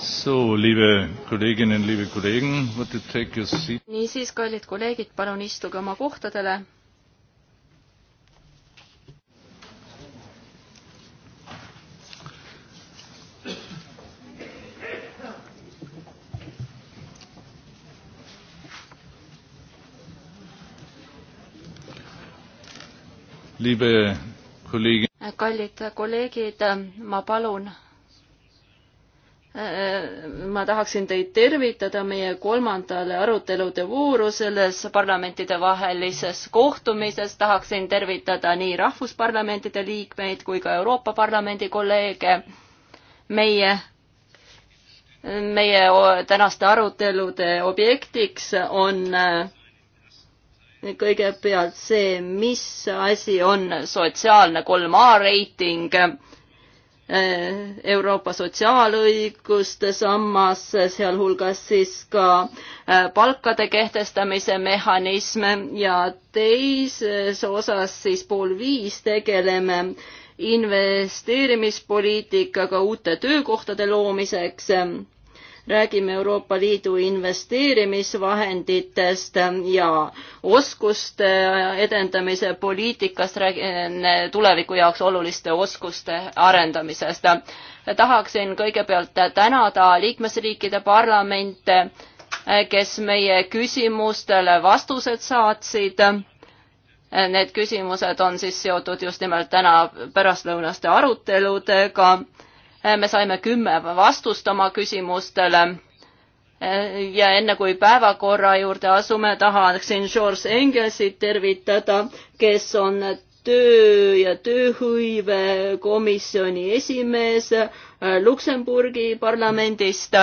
So, liebe Kolleginnen, liebe Kollegen, would you take your seat? niisiis, kallid kolleegid, palun istuge oma kohtadele. liebe Kollegin. kallid kolleegid, ma palun ma tahaksin teid tervitada meie kolmandale arutelude vooru selles parlamentidevahelises kohtumises. tahaksin tervitada nii rahvusparlamentide liikmeid kui ka Euroopa Parlamendi kolleege. meie, meie tänaste arutelude objektiks on äh, kõigepealt see, mis asi on sotsiaalne kolm A reiting Eh, Euroopa sotsiaalõiguste sammas, sealhulgas siis ka eh, palkade kehtestamise mehhanisme ja teises osas siis pool viis tegeleme investeerimispoliitikaga uute töökohtade loomiseks räägime Euroopa Liidu investeerimisvahenditest ja oskuste edendamise poliitikast, tuleviku jaoks oluliste oskuste arendamisest. tahaksin kõigepealt tänada liikmesriikide parlamente, kes meie küsimustele vastused saatsid Need küsimused on siis seotud just nimelt täna pärastlõunaste aruteludega Äh, me saime kümme vastust oma küsimustele. Äh, ja enne kui päevakorra juurde asume, tahaksin George Engelsit tervitada, kes on töö ja tööhõive komisjoni esimees äh, Luksemburgi parlamendist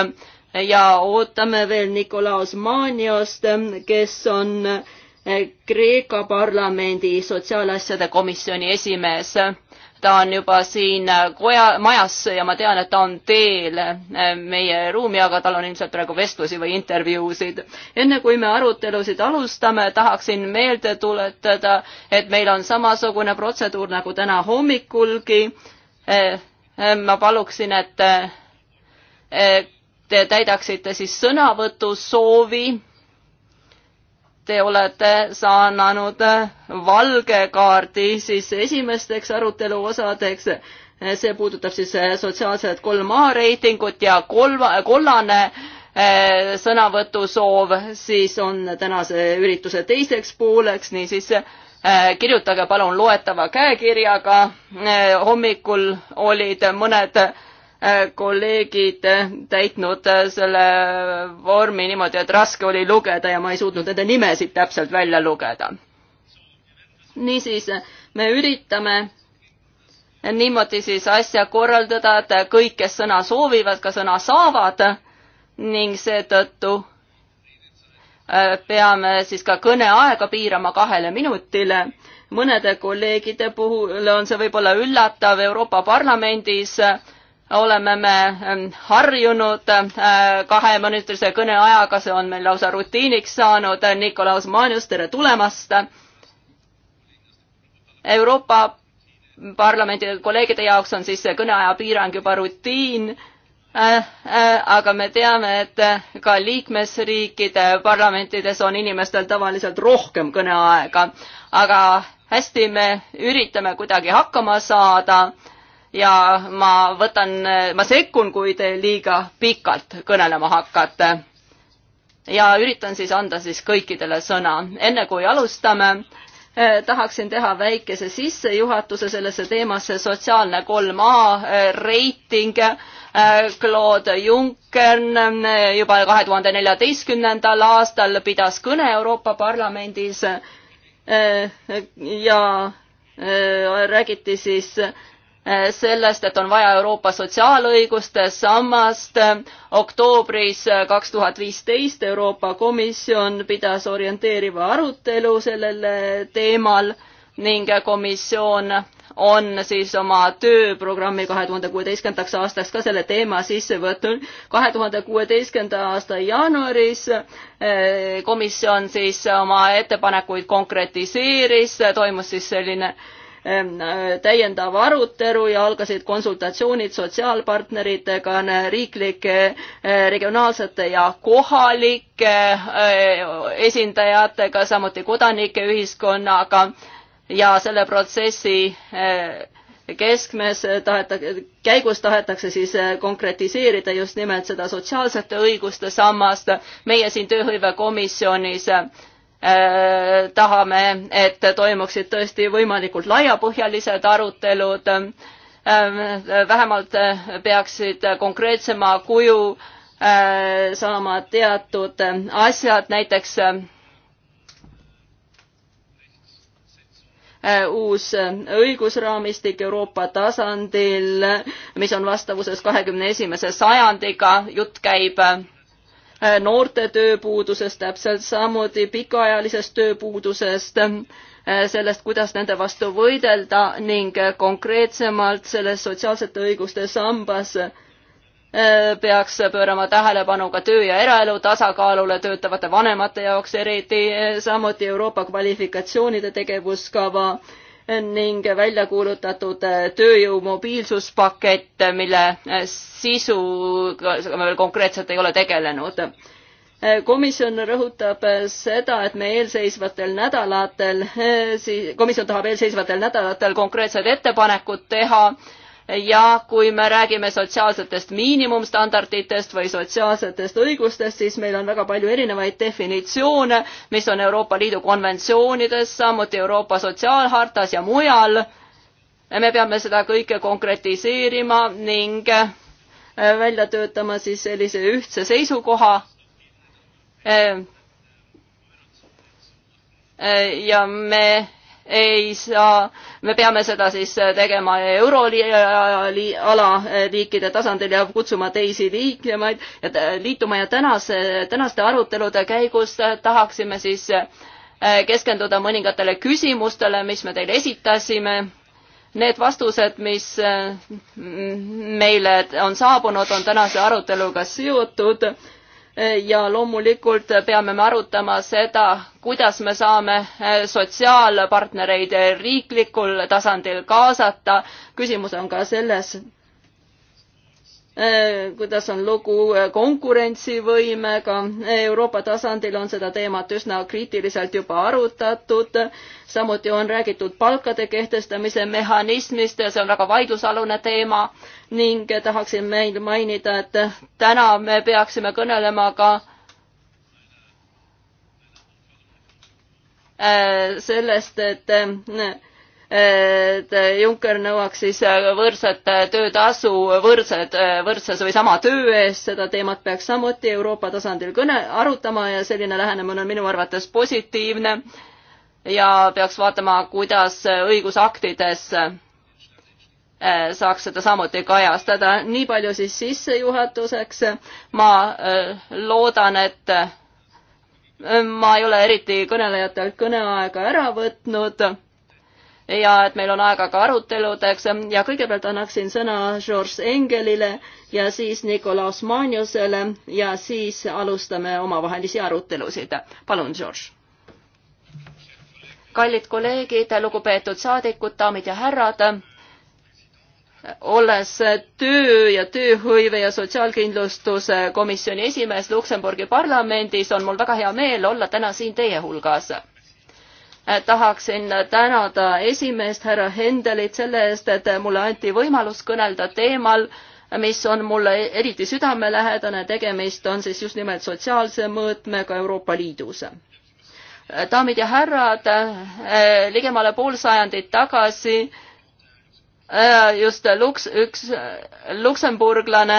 ja ootame veel Nikolaos Maaniost, kes on Kreeka parlamendi sotsiaalasjade komisjoni esimees ta on juba siin koja, majas ja ma tean, et ta on teel eh, meie ruumi, aga tal on ilmselt praegu vestlusi või intervjuusid. enne kui me arutelusid alustame, tahaksin meelde tuletada, et meil on samasugune protseduur nagu täna hommikulgi. Eh, eh, ma paluksin, et te täidaksite siis sõnavõtusoovi te olete saanud valge kaardi siis esimesteks arutelu osadeks. see puudutab siis sotsiaalset kolm A reitingut ja kolma, kollane eh, sõnavõtusoov siis on tänase ürituse teiseks pooleks, niisiis eh, kirjutage palun loetava käekirjaga. Eh, hommikul olid mõned Äh, kolleegid äh, täitnud äh, selle vormi niimoodi, et raske oli lugeda ja ma ei suutnud nende nimesid täpselt välja lugeda. niisiis, me üritame niimoodi siis asja korraldada, et kõik, kes sõna soovivad, ka sõna saavad ning seetõttu peame siis ka kõneaega piirama kahele minutile. mõnede kolleegide puhul on see võib-olla üllatav Euroopa Parlamendis äh, oleme me ähm, harjunud äh, kaheminutilise kõneajaga, see on meil lausa rutiiniks saanud. Nikolaus Maanius, tere tulemast. Euroopa Parlamendi kolleegide jaoks on siis see kõneaja piirang juba rutiin äh, äh, aga me teame, et ka liikmesriikide parlamentides on inimestel tavaliselt rohkem kõneaega, aga hästi me üritame kuidagi hakkama saada ja ma võtan, ma sekkun, kui te liiga pikalt kõnelema hakkate. ja üritan siis anda siis kõikidele sõna. enne kui alustame, eh, tahaksin teha väikese sissejuhatuse sellesse teemasse, sotsiaalne kolm A eh, reiting. Eh, Claude Juncker juba kahe tuhande neljateistkümnendal aastal pidas kõne Euroopa Parlamendis ja räägiti siis Eh, sellest, et on vaja Euroopa sotsiaalõiguste sammast. oktoobris eh, kaks tuhat viisteist Euroopa Komisjon pidas orienteeriva arutelu sellel eh, teemal ning komisjon on siis oma tööprogrammi kahe tuhande kuueteistkümnendaks aastaks ka selle teema sisse võtnud. kahe tuhande kuueteistkümnenda aasta jaanuaris komisjon siis oma ettepanekuid konkretiseeris, toimus siis selline äh, Ähm, äh, täiendav arutelu ja algasid konsultatsioonid sotsiaalpartneritega, äh, riiklike, äh, regionaalsete ja kohalike esindajatega, samuti kodanikeühiskonnaga ja selle protsessi keskmes tahetakse, käigus tahetakse siis konkretiseerida just nimelt seda sotsiaalsete õiguste sammast. meie siin tööhõivekomisjonis Äh, tahame, et toimuksid tõesti võimalikult laiapõhjalised arutelud. Äh, vähemalt peaksid konkreetsema kuju äh, saama teatud asjad, näiteks uus õigusraamistik Euroopa tasandil, mis on vastavuses kahekümne esimese sajandiga, jutt käib Äh, noorte tööpuudusest, täpselt samuti pikaajalisest tööpuudusest, äh, sellest, kuidas nende vastu võidelda ning konkreetsemalt selles sotsiaalsete õiguste sambas äh, peaks pöörama tähelepanu ka töö ja eraelu tasakaalule töötavate vanemate jaoks eriti, samuti Euroopa kvalifikatsioonide tegevuskava ning välja kuulutatud äh, tööjõu mobiilsuspakett, mille äh, sisuga me veel konkreetselt ei ole tegelenud. Äh, komisjon rõhutab seda, et me eelseisvatel nädalatel, komisjon tahab eelseisvatel nädalatel konkreetsed ettepanekud teha ja kui me räägime sotsiaalsetest miinimumstandarditest või sotsiaalsetest õigustest, siis meil on väga palju erinevaid definitsioone, mis on Euroopa Liidu konventsioonides, samuti Euroopa sotsiaalhartas ja mujal. me peame seda kõike konkretiseerima ning äh, välja töötama siis sellise ühtse seisukoha äh, äh, ja me ei saa, me peame seda siis tegema euroala riikide tasandil ja kutsuma teisi liikmemaid, liituma ja tänase, tänaste arutelude käigus tahaksime siis eh, keskenduda mõningatele küsimustele, mis me teile esitasime need vastused, mis eh, meile on saabunud, on tänase aruteluga seotud ja loomulikult peame me arutama seda, kuidas me saame eh, sotsiaalpartnereid riiklikul tasandil kaasata. küsimus on ka selles, Äh, kuidas on lugu äh, konkurentsivõimega. Euroopa tasandil on seda teemat üsna kriitiliselt juba arutatud. samuti on räägitud palkade kehtestamise mehhanismist ja see on väga vaidlusalune teema ning tahaksin meil mainida, et täna me peaksime kõnelema ka äh, sellest, et et Juncker nõuaks siis võrdset töötasu, võrdsed, võrdses või sama töö eest, seda teemat peaks samuti Euroopa tasandil kõne, arutama ja selline lähenemine on minu arvates positiivne ja peaks vaatama, kuidas õigusaktides eh, saaks seda samuti kajastada. nii palju siis sissejuhatuseks. ma eh, loodan, et eh, ma ei ole eriti kõnelejatelt kõneaega ära võtnud ja et meil on aega ka aruteludeks ja kõigepealt annaksin sõna George Engelile ja siis Nikolaus Maniusele ja siis alustame omavahelisi arutelusid. palun, George. kallid kolleegid, lugupeetud saadikud, daamid ja härrad olles töö ja tööhõive ja sotsiaalkindlustuse komisjoni esimees Luksemburgi parlamendis, on mul väga hea meel olla täna siin teie hulgas Äh, tahaksin tänada esimeest härra Hendelit selle eest, et mulle anti võimalus kõnelda teemal, mis on mulle eriti südamelähedane, tegemist on siis just nimelt sotsiaalse mõõtmega Euroopa Liidus. Äh, daamid ja härrad, äh, ligemale pool sajandit tagasi just Lux, üks luksemburglane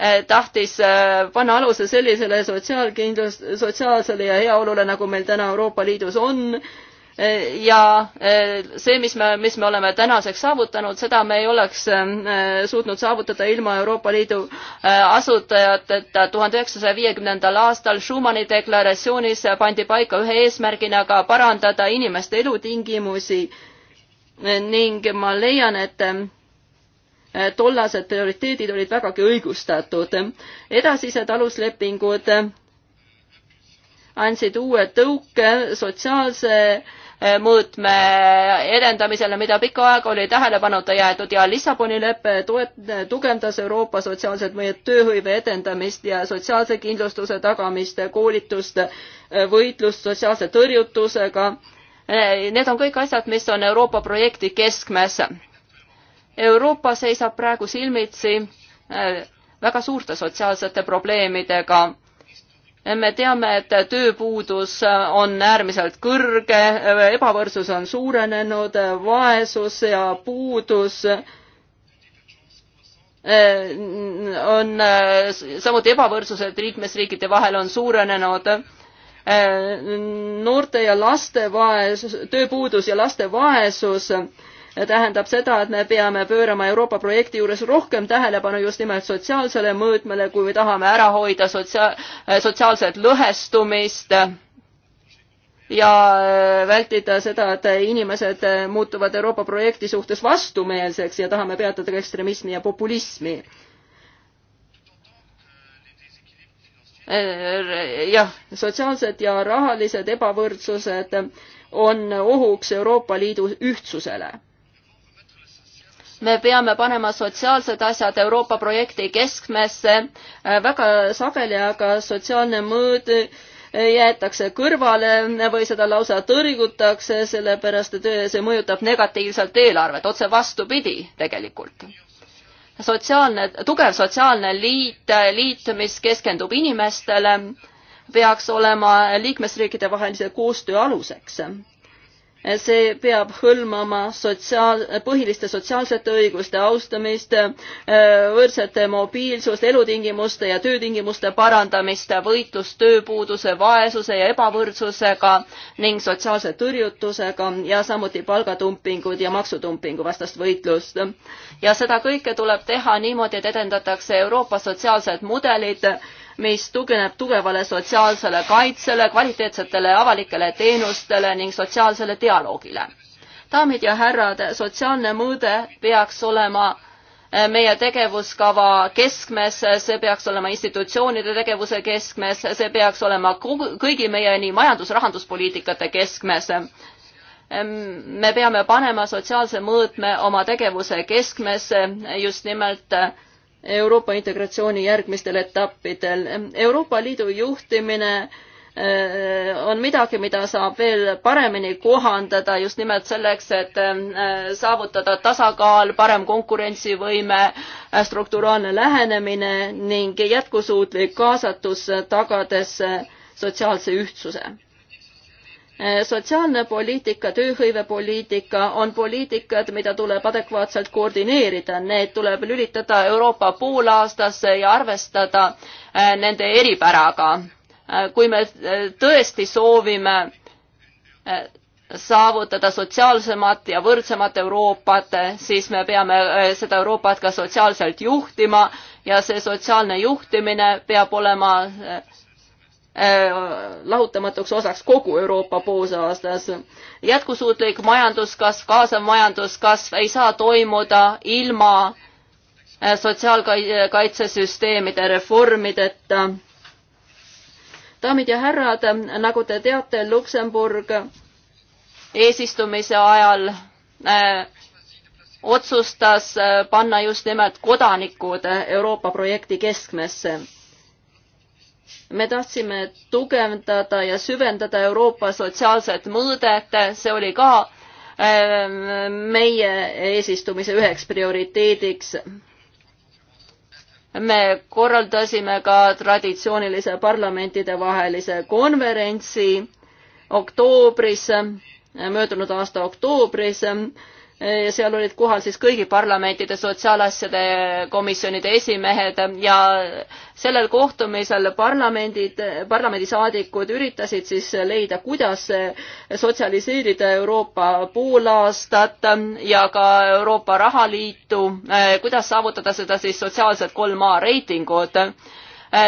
Eh, tahtis eh, panna aluse sellisele sotsiaalkindlust, sotsiaalsele ja heaolule, nagu meil täna Euroopa Liidus on. Eh, ja see, mis me, mis me oleme tänaseks saavutanud, seda me ei oleks suutnud saavutada ilma Euroopa Liidu asutajateta. tuhande üheksasaja viiekümnendal aastal Schumani deklaratsioonis pandi paika ühe eesmärgina ka parandada inimeste elutingimusi ning ma leian, et Eh, tollased prioriteedid olid vägagi õigustatud. edasised aluslepingud eh, andsid uue tõuke sotsiaalse eh, mõõtme edendamisele, mida pikka aega oli tähelepanuta jäetud ja Lissaboni lepe toet-, tugevdas Euroopa sotsiaalset mõjet, tööhõive edendamist ja sotsiaalse kindlustuse tagamist, koolitust, võitlust sotsiaalse tõrjutusega. Need on kõik asjad, mis on Euroopa projekti keskmes Euroopa seisab praegu silmitsi äh, väga suurte sotsiaalsete probleemidega. me teame, et tööpuudus on äärmiselt kõrge, ebavõrdsus on suurenenud, vaesus ja puudus äh, on, äh, samuti ebavõrdsused liikmesriikide vahel on suurenenud. noorte ja laste vaesus, tööpuudus ja laste vaesus tähendab seda, et me peame pöörama Euroopa projekti juures rohkem tähelepanu just nimelt sotsiaalsele mõõtmele, kui me tahame ära hoida sotsiaal, sotsiaalset lõhestumist ja äh, vältida seda, et inimesed äh, muutuvad Euroopa projekti suhtes vastumeelseks ja tahame peatada ka ekstremismi ja populismi. Äh, jah, sotsiaalsed ja rahalised ebavõrdsused on ohuks Euroopa Liidu ühtsusele me peame panema sotsiaalsed asjad Euroopa projekti keskmesse. Äh, väga sageli aga sotsiaalne mõõde äh, jäetakse kõrvale või seda lausa tõrgutakse, sellepärast et äh, see mõjutab negatiivselt eelarvet, otse vastupidi tegelikult. sotsiaalne, tugev sotsiaalne liit, liit, mis keskendub inimestele, peaks olema liikmesriikide vahelise koostöö aluseks see peab hõlmama sotsiaal, põhiliste sotsiaalsete õiguste austamist, äh, võrdsete mobiilsust, elutingimuste ja töötingimuste parandamist, võitlust tööpuuduse, vaesuse ja ebavõrdsusega ning sotsiaalse tõrjutusega ja samuti palgatumpingud ja maksutumpingu vastast võitlust. ja seda kõike tuleb teha niimoodi, et edendatakse Euroopa sotsiaalsed mudelid, mis tugineb tugevale sotsiaalsele kaitsele, kvaliteetsetele avalikele teenustele ning sotsiaalsele dialoogile. daamid ja härrad, sotsiaalne mõõde peaks olema eh, meie tegevuskava keskmes, see peaks olema institutsioonide tegevuse keskmes, see peaks olema kõigi meie nii majandus, rahanduspoliitikate keskmes. me peame panema sotsiaalse mõõtme oma tegevuse keskmesse just nimelt äh, Euroopa integratsiooni järgmistel etappidel. Euroopa Liidu juhtimine eh, on midagi, mida saab veel paremini kohandada just nimelt selleks, et eh, saavutada tasakaal, parem konkurentsivõime, eh, strukturaalne lähenemine ning jätkusuutlik kaasatus, tagades sotsiaalse ühtsuse Eh, sotsiaalne poliitika, tööhõivepoliitika on poliitikad, mida tuleb adekvaatselt koordineerida, need tuleb lülitada Euroopa poolaastasse ja arvestada eh, nende eripäraga. Eh, kui me tõesti soovime saavutada sotsiaalsemat ja võrdsemat Euroopat, siis me peame seda Euroopat ka sotsiaalselt juhtima ja see sotsiaalne juhtimine peab olema lahutamatuks osaks kogu Euroopa poolsaastas. jätkusuutlik majanduskasv, kaasav majanduskasv ei saa toimuda ilma äh, sotsiaalkaitsesüsteemide reformideta. daamid ja härrad, nagu te teate, Luksemburg eesistumise ajal äh, otsustas äh, panna just nimelt kodanikud äh, Euroopa projekti keskmesse me tahtsime tugevdada ja süvendada Euroopa sotsiaalset mõõdet, see oli ka ähm, meie eesistumise üheks prioriteediks. me korraldasime ka traditsioonilise parlamentidevahelise konverentsi oktoobris, möödunud aasta oktoobris ja seal olid kohal siis kõigi parlamentide sotsiaalasjade komisjonide esimehed ja sellel kohtumisel parlamendid, parlamendisaadikud üritasid siis leida, kuidas sotsialiseerida Euroopa poolaastat ja ka Euroopa rahaliitu, kuidas saavutada seda siis sotsiaalset kolm A reitingut.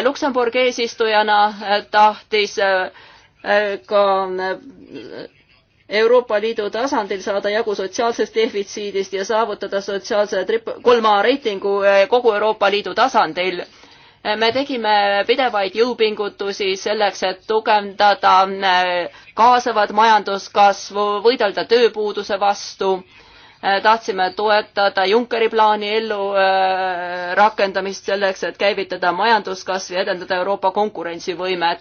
Luksemburgi eesistujana tahtis ka Euroopa Liidu tasandil saada jagu sotsiaalsest defitsiidist ja saavutada sotsiaalse kolma reitingu eh, kogu Euroopa Liidu tasandil. Eh, me tegime pidevaid jõupingutusi selleks, et tugevdada eh, kaasavat majanduskasvu, võidelda tööpuuduse vastu Äh, tahtsime toetada Junckeri plaani ellurakendamist äh, selleks, et käivitada majanduskasv ja edendada Euroopa konkurentsivõimet.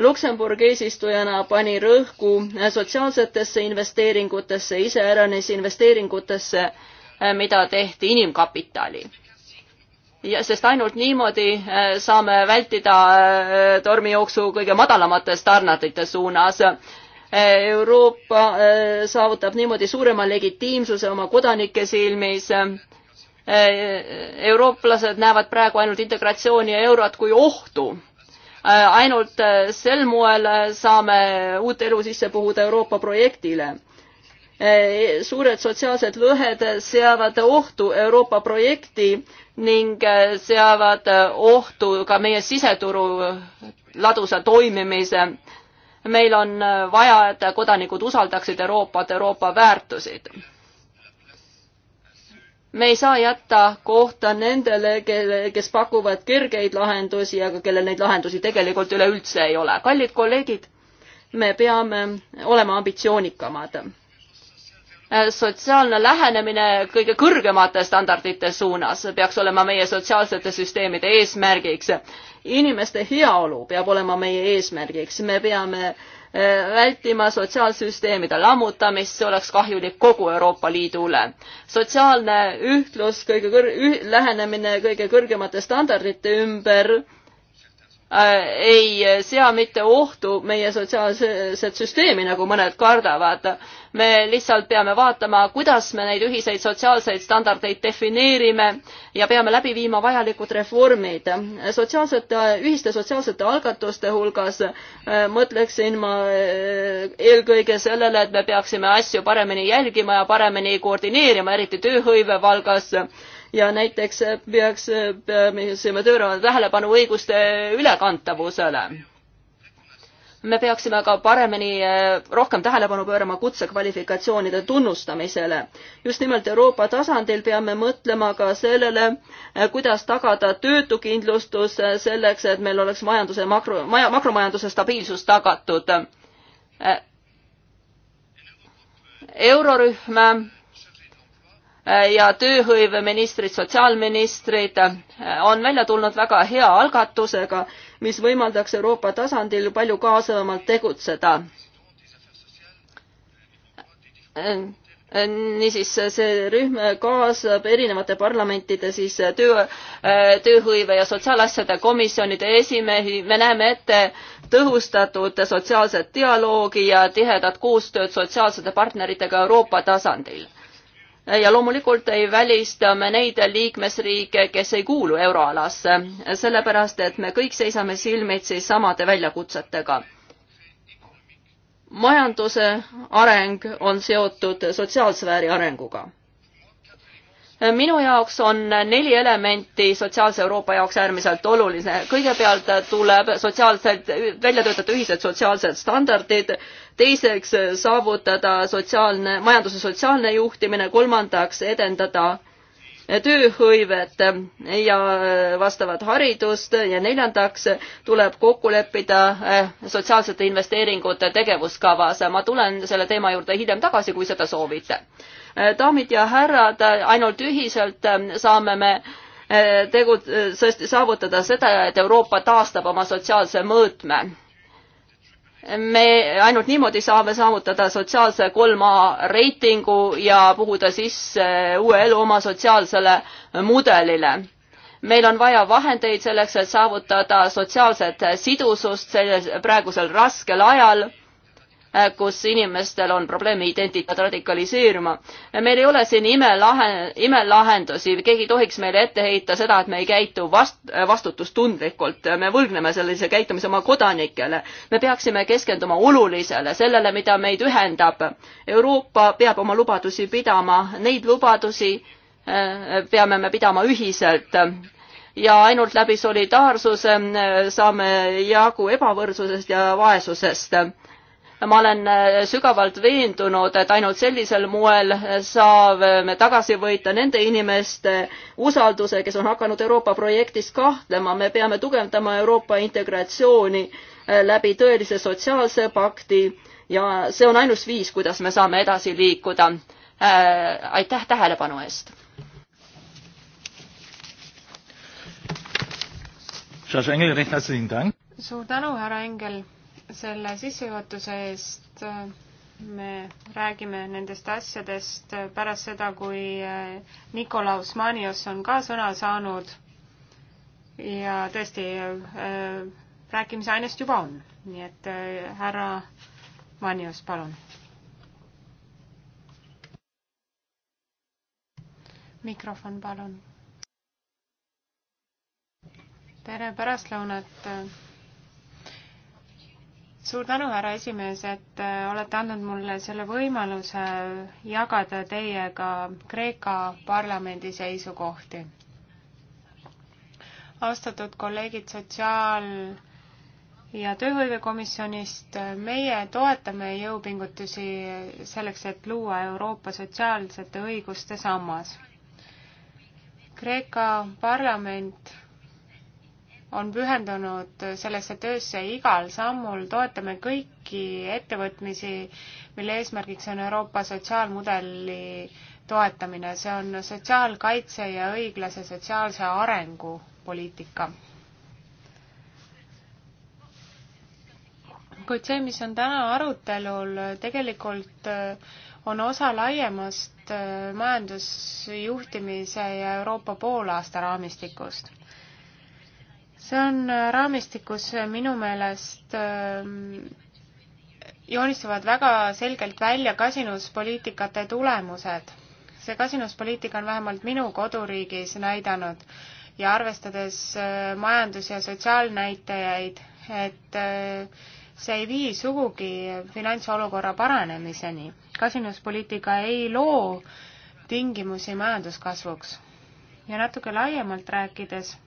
Luksemburg eesistujana pani rõhku sotsiaalsetesse investeeringutesse, iseäranis investeeringutesse, äh, mida tehti inimkapitali ja sest ainult niimoodi saame vältida tormijooksu kõige madalamates tarnatite suunas. Euroopa äh, saavutab niimoodi suurema legitiimsuse oma kodanike silmis. Äh, eurooplased näevad praegu ainult integratsiooni ja eurot kui ohtu. Äh, ainult sel moel saame uut elu sisse puhuda Euroopa projektile suured sotsiaalsed lõhed seavad ohtu Euroopa projekti ning seavad ohtu ka meie siseturu ladusa toimimise meil on äh, vaja, et kodanikud usaldaksid Euroopat, Euroopa väärtusid. me ei saa jätta kohta nendele, kelle, kes pakuvad kergeid lahendusi, aga kellel neid lahendusi tegelikult üleüldse ei ole. kallid kolleegid, me peame olema ambitsioonikamad. Äh, sotsiaalne lähenemine kõige kõrgemate standardite suunas peaks olema meie sotsiaalsete süsteemide eesmärgiks inimeste heaolu peab olema meie eesmärgiks, me peame eh, vältima sotsiaalsüsteemide lammutamist, see oleks kahjulik kogu Euroopa Liidule. sotsiaalne ühtlus, kõige kõr-, üh-, lähenemine kõige kõrgemate standardite ümber Äh, ei sea mitte ohtu meie sotsiaalset süsteemi, nagu mõned kardavad. me lihtsalt peame vaatama, kuidas me neid ühiseid sotsiaalseid standardeid defineerime ja peame läbi viima vajalikud reformid. sotsiaalsete, ühiste sotsiaalsete algatuste hulgas äh, mõtleksin ma äh, eelkõige sellele, et me peaksime asju paremini jälgima ja paremini koordineerima, eriti tööhõive valgas ja näiteks peaks, peaksime pöörama tähelepanu õiguste ülekantavusele. me peaksime ka paremini, eh, rohkem tähelepanu pöörama kutsekvalifikatsioonide tunnustamisele. just nimelt Euroopa tasandil peame mõtlema ka sellele, eh, kuidas tagada töötukindlustus eh, selleks, et meil oleks majanduse makro, maja, makromajanduse stabiilsus tagatud eurorühm Äh, ja tööhõiveministrid, sotsiaalministrid äh, on välja tulnud väga hea algatusega, mis võimaldaks Euroopa tasandil palju kaasavamalt tegutseda. Äh, niisiis, see rühm kaasab erinevate parlamentide siis töö, tööhõive ja sotsiaalasjade komisjonide esimehi, me näeme ette tõhustatud sotsiaalset dialoogi ja tihedat koostööd sotsiaalsete partneritega Euroopa tasandil ja loomulikult ei välista me neid liikmesriike, kes ei kuulu euroalasse, sellepärast et me kõik seisame silmitsi samade väljakutsetega. majanduse areng on seotud sotsiaalsfääri arenguga. minu jaoks on neli elementi sotsiaalse Euroopa jaoks äärmiselt oluline. kõigepealt tuleb sotsiaalselt, välja töötada ühised sotsiaalsed standardid teiseks äh, saavutada sotsiaalne, majanduse sotsiaalne juhtimine, kolmandaks edendada äh, tööhõivet äh, ja vastavat haridust ja neljandaks tuleb kokku leppida sotsiaalsete investeeringute tegevuskavas. ma tulen selle teema juurde hiljem tagasi, kui seda soovite. daamid ja härrad, ainult ühiselt saame me tegu-, saavutada seda, et Euroopa taastab oma sotsiaalse mõõtme me ainult niimoodi saame saavutada sotsiaalse kolma reitingu ja puhuda sisse uue elu oma sotsiaalsele mudelile. meil on vaja vahendeid selleks, et saavutada sotsiaalset sidusust sellel praegusel raskel ajal Äh, kus inimestel on probleeme identiteedi radikaliseeruma. meil ei ole siin imelahe, imelahendusi, keegi ei tohiks meile ette heita seda, et me ei käitu vast-, äh, vastutustundlikult, me võlgneme sellise käitumise oma kodanikele. me peaksime keskenduma olulisele, sellele, mida meid ühendab. Euroopa peab oma lubadusi pidama, neid lubadusi äh, peame me pidama ühiselt ja ainult läbi solidaarsuse saame jagu ebavõrdsusest ja vaesusest ma olen äh, sügavalt veendunud, et ainult sellisel moel äh, saame äh, me tagasi võita nende inimeste usalduse, kes on hakanud Euroopa projektis kahtlema. me peame tugevdama Euroopa integratsiooni läbi tõelise sotsiaalse pakti ja see on ainus viis, kuidas me saame edasi liikuda. aitäh tähelepanu eest! suur tänu, härra Engel! selle sissejuhatuse eest. Äh, me räägime nendest asjadest pärast seda, kui äh, Nikolaus Manios on ka sõna saanud. ja tõesti, äh, rääkimise ainest juba on, nii et härra Manios, palun. mikrofon, palun. tere pärastlõunat suur tänu, härra esimees, et äh, olete andnud mulle selle võimaluse jagada teiega Kreeka parlamendi seisukohti. austatud kolleegid sotsiaal- ja tööhõivekomisjonist, meie toetame jõupingutusi selleks, et luua Euroopa sotsiaalsete õiguste sammas. Kreeka parlament on pühendunud sellesse töösse igal sammul, toetame kõiki ettevõtmisi, mille eesmärgiks on Euroopa sotsiaalmudeli toetamine, see on sotsiaalkaitse ja õiglase sotsiaalse arengu poliitika. kuid see, mis on täna arutelul, tegelikult äh, on osa laiemast äh, majandusjuhtimise ja Euroopa poolaasta raamistikust see on äh, raamistikus äh, minu meelest ähm, joonistuvad väga selgelt välja kasinuspoliitikate tulemused. see kasinuspoliitika on vähemalt minu koduriigis näidanud ja arvestades äh, majandus- ja sotsiaalnäitajaid, et see ei vii sugugi finantsolukorra paranemiseni. kasinuspoliitika ei loo tingimusi majanduskasvuks. ja natuke laiemalt rääkides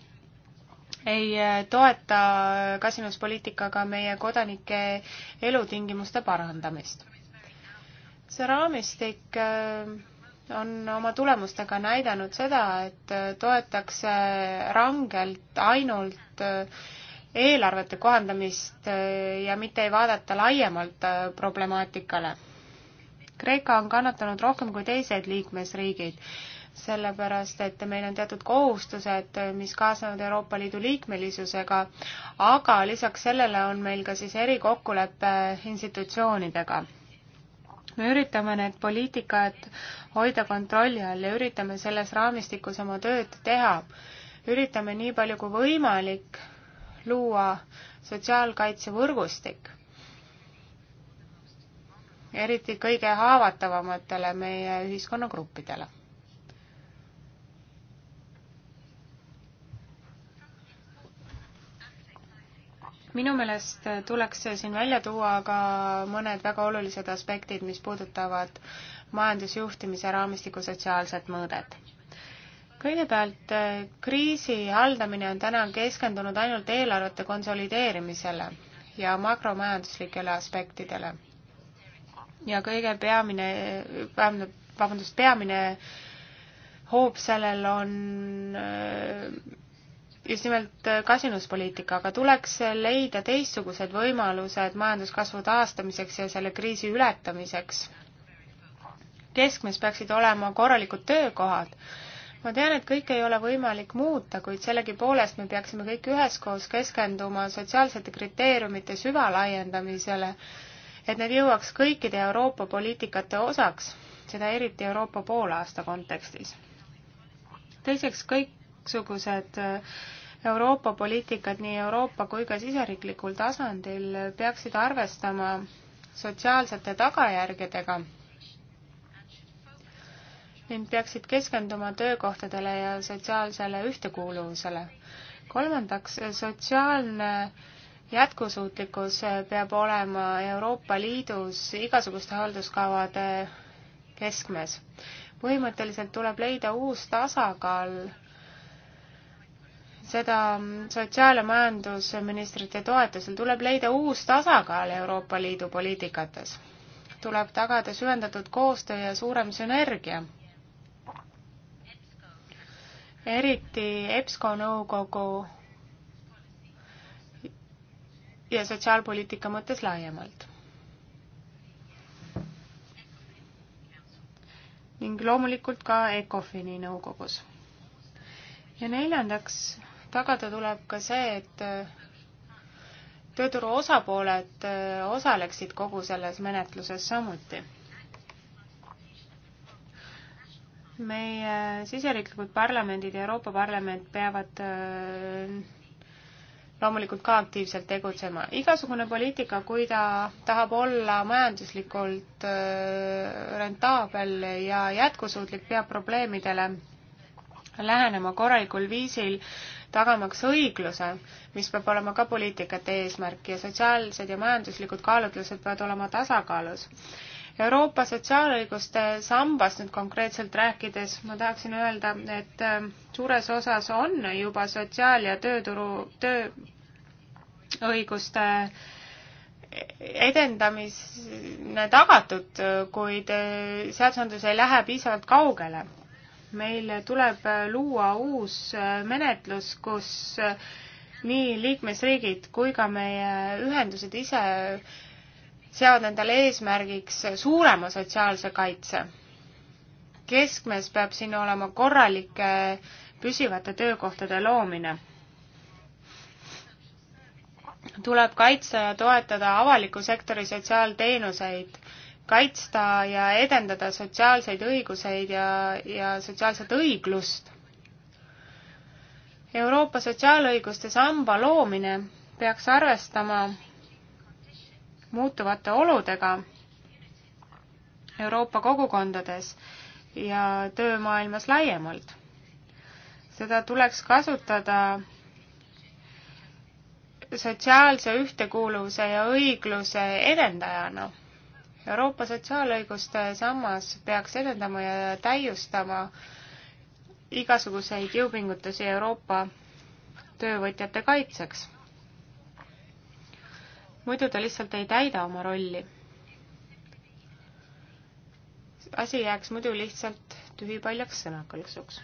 ei äh, toeta äh, kasinuspoliitikaga meie kodanike elutingimuste parandamist. see raamistik äh, on oma tulemustega näidanud seda, et toetakse rangelt ainult eelarvete kohandamist ja mitte ei vaadata laiemalt problemaatikale Kreeka on kannatanud rohkem kui teised liikmesriigid sellepärast et meil on teatud kohustused, mis kaasnevad Euroopa Liidu liikmelisusega, aga lisaks sellele on meil ka siis erikokkulepe institutsioonidega. me üritame need poliitikad hoida kontrolli all ja üritame selles raamistikus oma tööd teha. üritame nii palju kui võimalik luua sotsiaalkaitsevõrgustik eriti kõige haavatavamatele meie ühiskonnagruppidele minu meelest tuleks siin välja tuua ka mõned väga olulised aspektid, mis puudutavad majandusjuhtimise raamistiku sotsiaalset mõõdet. kõigepealt, kriisi haldamine on täna keskendunud ainult eelarvete konsolideerimisele ja makromajanduslikele aspektidele. ja kõige peamine, vabandust, peamine hoob sellel on äh, just nimelt äh, kasinuspoliitikaga, tuleks leida teistsugused võimalused majanduskasvu taastamiseks ja selle kriisi ületamiseks. keskmes peaksid olema korralikud töökohad. ma tean, et kõike ei ole võimalik muuta, kuid sellegipoolest me peaksime kõik üheskoos keskenduma sotsiaalsete kriteeriumite süvalaiendamisele, et need jõuaks kõikide Euroopa poliitikate osaks, seda eriti Euroopa poolaasta kontekstis. teiseks, kõik igasugused äh, Euroopa poliitikad nii Euroopa kui ka siseriiklikul tasandil peaksid arvestama sotsiaalsete tagajärgedega ning peaksid keskenduma töökohtadele ja sotsiaalsele ühtekuuluvusele. kolmandaks, sotsiaalne jätkusuutlikkus peab olema Euroopa Liidus igasuguste halduskavade keskmes. põhimõtteliselt tuleb leida uus tasakaal seda sotsiaal- ja majandusministrite toetusel, tuleb leida uus tasakaal Euroopa Liidu poliitikates. tuleb tagada süvendatud koostöö ja suurem sünergia. eriti EBSCO nõukogu ja sotsiaalpoliitika mõttes laiemalt. ning loomulikult ka ECOFIN-i nõukogus. ja neljandaks tagada tuleb ka see, et äh, tööturu osapooled äh, osaleksid kogu selles menetluses samuti. meie siseriiklikud parlamendid ja Euroopa Parlament peavad äh, loomulikult ka aktiivselt tegutsema. igasugune poliitika, kui ta tahab olla majanduslikult rentaabel ja jätkusuutlik, peab probleemidele lähenema korralikul viisil tagamaks õigluse, mis peab olema ka poliitikate eesmärk ja sotsiaalsed ja majanduslikud kaalutlused peavad olema tasakaalus. Euroopa sotsiaalõiguste sambast nüüd konkreetselt rääkides ma tahaksin öelda, et ähm, suures osas on juba sotsiaal- ja tööturu, tööõiguste edendamine tagatud, kuid äh, seadusandlus ei lähe piisavalt kaugele meil tuleb luua uus menetlus, kus nii liikmesriigid kui ka meie ühendused ise seavad endale eesmärgiks suurema sotsiaalse kaitse. keskmes peab siin olema korralike püsivate töökohtade loomine tuleb kaitsta ja toetada avaliku sektori sotsiaalteenuseid kaitsta ja edendada sotsiaalseid õiguseid ja, ja sotsiaalset õiglust. Euroopa sotsiaalõiguste samba loomine peaks arvestama muutuvate oludega Euroopa kogukondades ja töömaailmas laiemalt. seda tuleks kasutada sotsiaalse ühtekuuluvuse ja õigluse edendajana no Euroopa sotsiaalõiguste sammas peaks edendama ja täiustama igasuguseid jõupingutusi Euroopa töövõtjate kaitseks. muidu ta lihtsalt ei täida oma rolli. asi jääks muidu lihtsalt tühipaljaks sõnakõlksuks.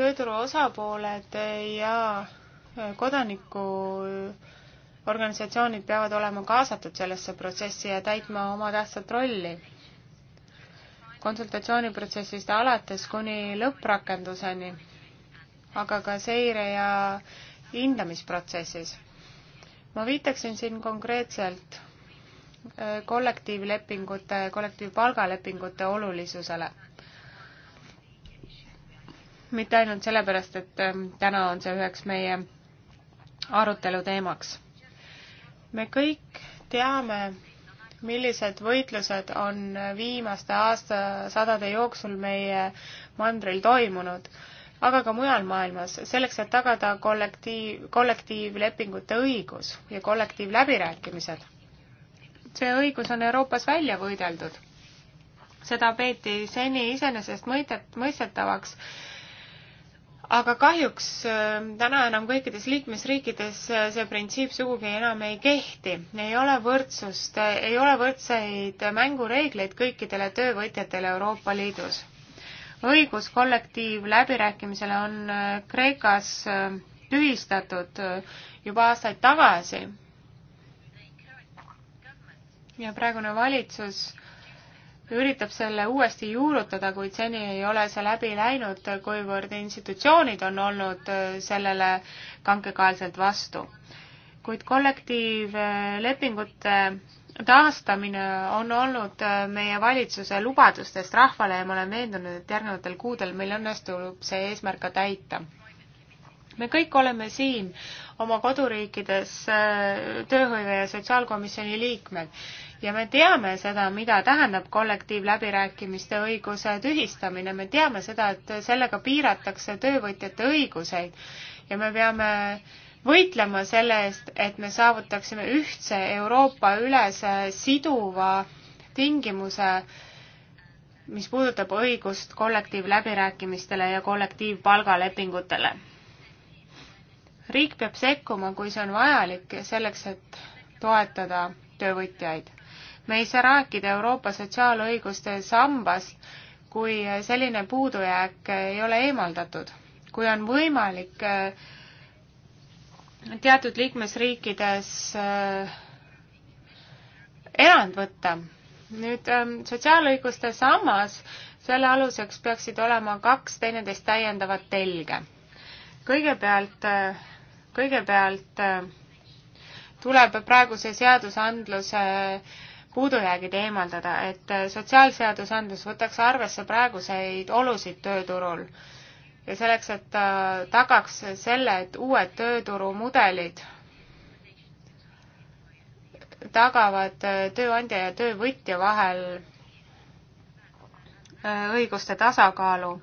tööturu osapooled ja kodaniku organisatsioonid peavad olema kaasatud sellesse protsessi ja täitma oma tähtsat rolli. konsultatsiooniprotsessist alates kuni lõpprakenduseni, aga ka seire ja hindamisprotsessis. ma viitaksin siin konkreetselt äh, kollektiivlepingute, kollektiivpalgalepingute olulisusele. mitte ainult sellepärast, et äh, täna on see üheks meie arutelu teemaks me kõik teame, millised võitlused on viimaste aastasadade jooksul meie mandril toimunud, aga ka mujal maailmas, selleks, et tagada kollektiiv, kollektiivlepingute õigus ja kollektiivläbirääkimised. see õigus on Euroopas välja võideldud. seda peeti seni iseenesestmõistetavaks aga kahjuks äh, täna enam kõikides liikmesriikides äh, see printsiip sugugi enam ei kehti. ei ole võrdsust, äh, ei ole võrdseid mängureegleid kõikidele töövõtjatele Euroopa Liidus. õigus kollektiivläbirääkimisele on Kreekas tühistatud juba aastaid tagasi ja praegune valitsus üritab selle uuesti juurutada, kuid seni ei ole see läbi läinud, kuivõrd institutsioonid on olnud äh, sellele kangekaelselt vastu. kuid kollektiivlepingute taastamine on olnud äh, meie valitsuse lubadustest rahvale ja ma olen veendunud, et järgnevatel kuudel meil õnnestub see eesmärk ka täita. me kõik oleme siin oma koduriikides äh, tööhõive ja sotsiaalkomisjoni liikmed ja me teame seda, mida tähendab kollektiivläbirääkimiste õiguse tühistamine, me teame seda, et sellega piiratakse töövõtjate õiguseid ja me peame võitlema selle eest, et me saavutaksime ühtse Euroopa ülese siduva tingimuse, mis puudutab õigust kollektiivläbirääkimistele ja kollektiivpalgalepingutele. riik peab sekkuma, kui see on vajalik, selleks et toetada töövõtjaid me ei saa rääkida Euroopa sotsiaalõiguste sambast, kui selline puudujääk ei ole eemaldatud. kui on võimalik äh, teatud liikmesriikides äh, erand võtta, nüüd ähm, sotsiaalõiguste sammas, selle aluseks peaksid olema kaks teineteist täiendavat telge. kõigepealt, äh, kõigepealt tuleb praeguse seadusandluse äh, puudujäägid eemaldada, et sotsiaalseadusandlus võtaks arvesse praeguseid olusid tööturul ja selleks, et ta äh, tagaks selle, et uued tööturumudelid tagavad äh, tööandja ja töövõtja vahel äh, õiguste tasakaalu.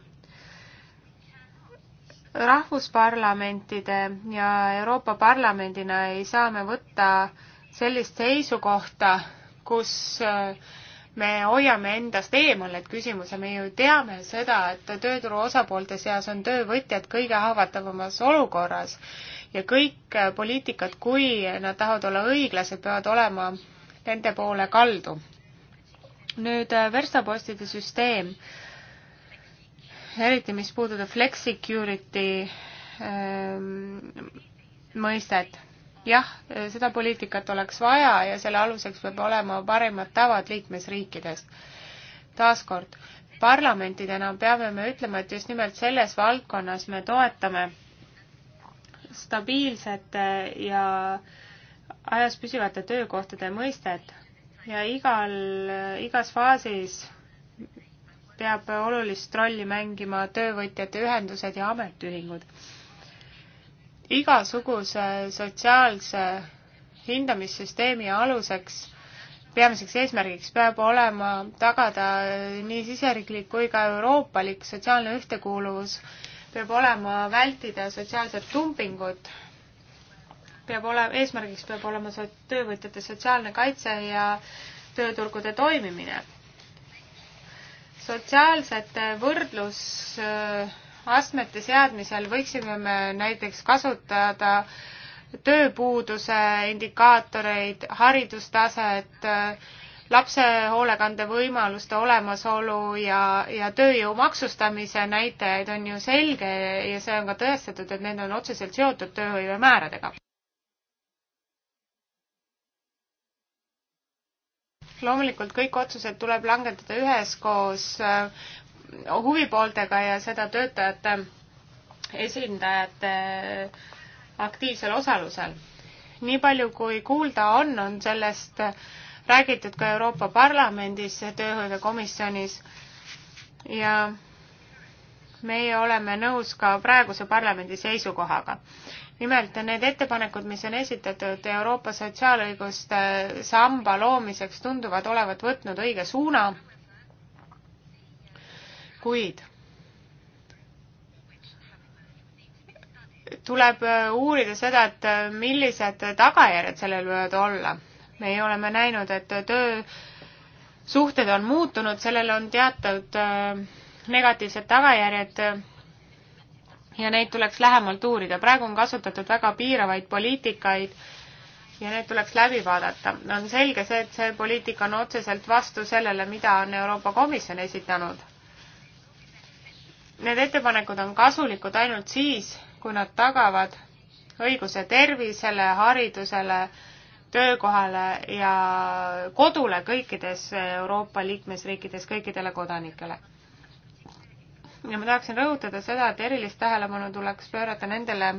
rahvusparlamentide ja Euroopa Parlamendina ei saa me võtta sellist seisukohta, kus äh, me hoiame endast eemal need küsimused, me ju teame seda, et tööturu osapoolte seas on töövõtjad kõige haavatavamas olukorras ja kõik äh, poliitikad, kui nad tahavad olla õiglased, peavad olema nende poole kaldu. nüüd äh, verstapostide süsteem, eriti mis puudutab flexicurity ähm, mõistet jah, seda poliitikat oleks vaja ja selle aluseks peab olema parimad tavad liikmesriikidest. taaskord, parlamentidena peame me ütlema, et just nimelt selles valdkonnas me toetame stabiilsete ja ajas püsivate töökohtade mõistet ja igal, igas faasis peab olulist rolli mängima töövõtjate ühendused ja ametiühingud igasuguse sotsiaalse hindamissüsteemi aluseks, peamiseks eesmärgiks peab olema tagada nii siseriiklik kui ka euroopalik sotsiaalne ühtekuuluvus, peab olema vältida sotsiaalset dumpingut, peab olema, eesmärgiks peab olema so-, töövõtjate sotsiaalne kaitse ja tööturgude toimimine. sotsiaalsete võrdlus äh, astmete seadmisel võiksime me näiteks kasutada tööpuuduse indikaatoreid, haridustaset, lapse hoolekandevõimaluste olemasolu ja, ja tööjõu maksustamise näitajaid on ju selge ja see on ka tõestatud, et need on otseselt seotud tööhõive määradega. loomulikult kõik otsused tuleb langetada üheskoos huvipooltega ja seda töötajate esindajate aktiivsel osalusel. nii palju, kui kuulda on, on sellest räägitud ka Euroopa Parlamendis tööhõivekomisjonis ja meie oleme nõus ka praeguse parlamendi seisukohaga. nimelt need ettepanekud, mis on esitatud Euroopa sotsiaalõiguste samba loomiseks, tunduvad olevat võtnud õige suuna kuid tuleb äh, uurida seda, et äh, millised tagajärjed sellel võivad olla. meie oleme näinud, et töösuhted on muutunud, sellel on teatud äh, negatiivsed tagajärjed ja neid tuleks lähemalt uurida. praegu on kasutatud väga piiravaid poliitikaid ja need tuleks läbi vaadata. on selge see, et see poliitika on otseselt vastu sellele, mida on Euroopa Komisjon esitanud Need ettepanekud on kasulikud ainult siis, kui nad tagavad õiguse tervisele, haridusele, töökohale ja kodule kõikides Euroopa liikmesriikides kõikidele kodanikele. ja ma tahaksin rõhutada seda, et erilist tähelepanu tuleks pöörata nendele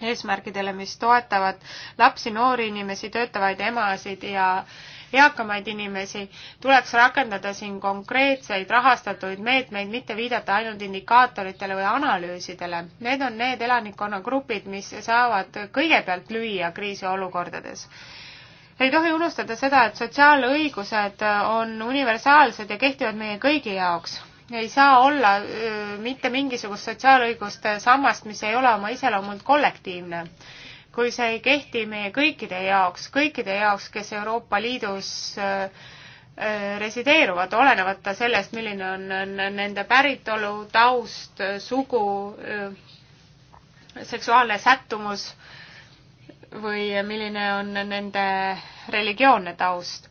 eesmärkidele, mis toetavad lapsi, noori inimesi, töötavaid emasid ja äh, eakamaid inimesi, tuleks rakendada siin konkreetseid rahastatuid meetmeid, mitte viidata ainult indikaatoritele või analüüsidele. Need on need elanikkonnagrupid, mis saavad kõigepealt lüüa kriisiolukordades ei tohi unustada seda, et sotsiaalõigused on universaalsed ja kehtivad meie kõigi jaoks. ei saa olla öö, äh, mitte mingisugust sotsiaalõiguste sammast, mis ei ole oma iseloomult kollektiivne kui see ei kehti meie kõikide jaoks, kõikide jaoks, kes Euroopa Liidus äh, äh, resideeruvad, olenemata sellest, milline on nende päritolu, taust, sugu, äh, seksuaalne sättumus või milline on nende religioonne taust.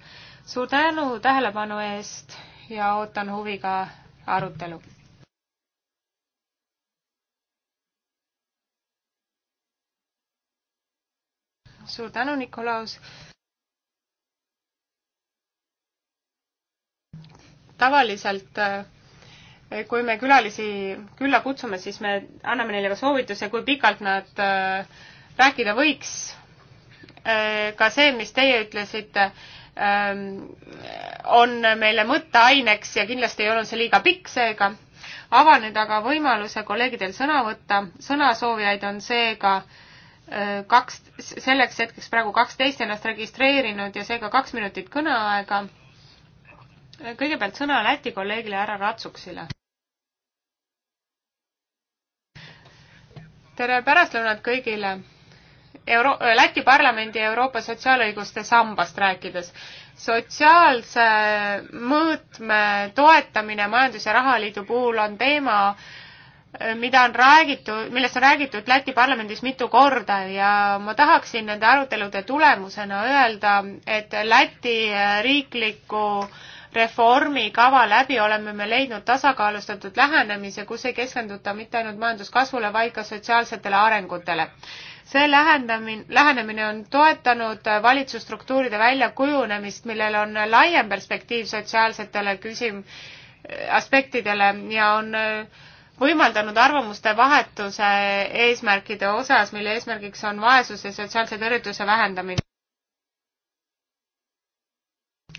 suur tänu tähelepanu eest ja ootan huviga arutelu suur tänu, Nikolaus. tavaliselt eh, kui me külalisi külla kutsume, siis me anname neile ka soovituse, kui pikalt nad eh, rääkida võiks. Eh, ka see, mis teie ütlesite, ehm, on meile mõtteaineks ja kindlasti ei olnud see liiga pikk seega. avan nüüd aga võimaluse kolleegidel sõna võtta. sõnasoovijaid on seega ka Äh, kaks, selleks hetkeks praegu kaksteist ennast registreerinud ja seega kaks minutit kõneaega. Äh, kõigepealt sõna Läti kolleegile härra Ratsuksile. tere pärastlõunat kõigile. Euro-, äh, Läti parlamendi Euroopa sotsiaalõiguste sambast rääkides. sotsiaalse mõõtme toetamine Majandus- ja Rahaliidu puhul on teema, Äh, mida on räägitud, millest on räägitud Läti parlamendis mitu korda ja ma tahaksin nende arutelude tulemusena öelda, et Läti äh, riikliku reformikava läbi oleme me leidnud tasakaalustatud lähenemise, kus ei keskenduta mitte ainult majanduskasvule, vaid ka sotsiaalsetele arengutele. see lähenemine, lähenemine on toetanud äh, valitsusstruktuuride väljakujunemist, millel on laiem perspektiiv sotsiaalsetele küsim-, aspektidele ja on äh, võimaldanud arvamuste vahetuse eesmärkide osas, mille eesmärgiks on vaesuse ja sotsiaalse tõrjutuse vähendamine.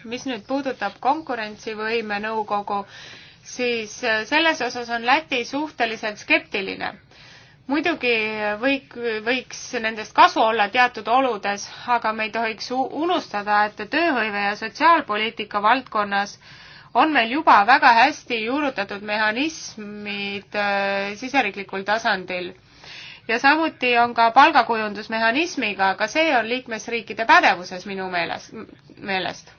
mis nüüd puudutab konkurentsivõime nõukogu, siis selles osas on Läti suhteliselt skeptiline. muidugi võik-, võiks nendest kasu olla teatud oludes, aga me ei tohiks unustada, et tööhõive ja sotsiaalpoliitika valdkonnas äh, on meil juba väga hästi juurutatud mehhanismid äh, siseriiklikul tasandil. ja samuti on ka palgakujundusmehhanismiga, aga see on liikmesriikide pädevuses minu meeles, meelest.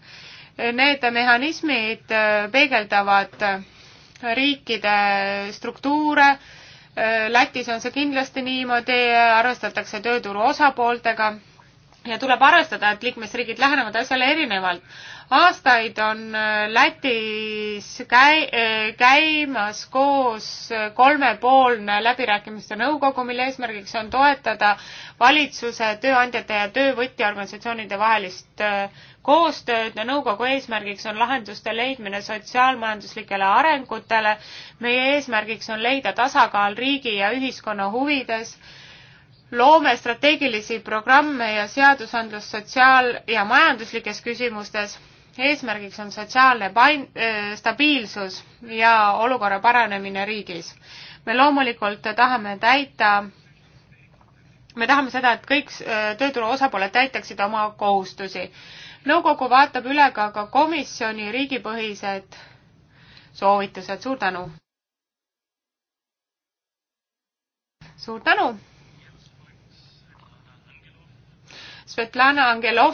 Need mehhanismid äh, peegeldavad äh, riikide struktuure, Lätis on see kindlasti niimoodi, arvestatakse tööturu osapooltega ja tuleb arvestada, et liikmesriigid lähenevad asjale erinevalt. aastaid on äh, Lätis käi-, äh, käimas koos äh, kolmepoolne läbirääkimiste nõukogu, mille eesmärgiks on toetada valitsuse, tööandjate ja töövõtjaorganisatsioonide vahelist koostööd ja nõukogu eesmärgiks on lahenduste leidmine sotsiaalmajanduslikele arengutele. meie eesmärgiks on leida tasakaal riigi ja ühiskonna huvides loome strateegilisi programme ja seadusandlust sotsiaal- ja majanduslikes küsimustes. eesmärgiks on sotsiaalne pain-, äh, stabiilsus ja olukorra paranemine riigis. me loomulikult tahame täita me tahame seda, et kõik äh, tööturu osapooled täitaksid oma kohustusi. nõukogu vaatab üle ka, ka komisjoni riigipõhised soovitused. suur tänu! suur tänu! Svetlana Angelov,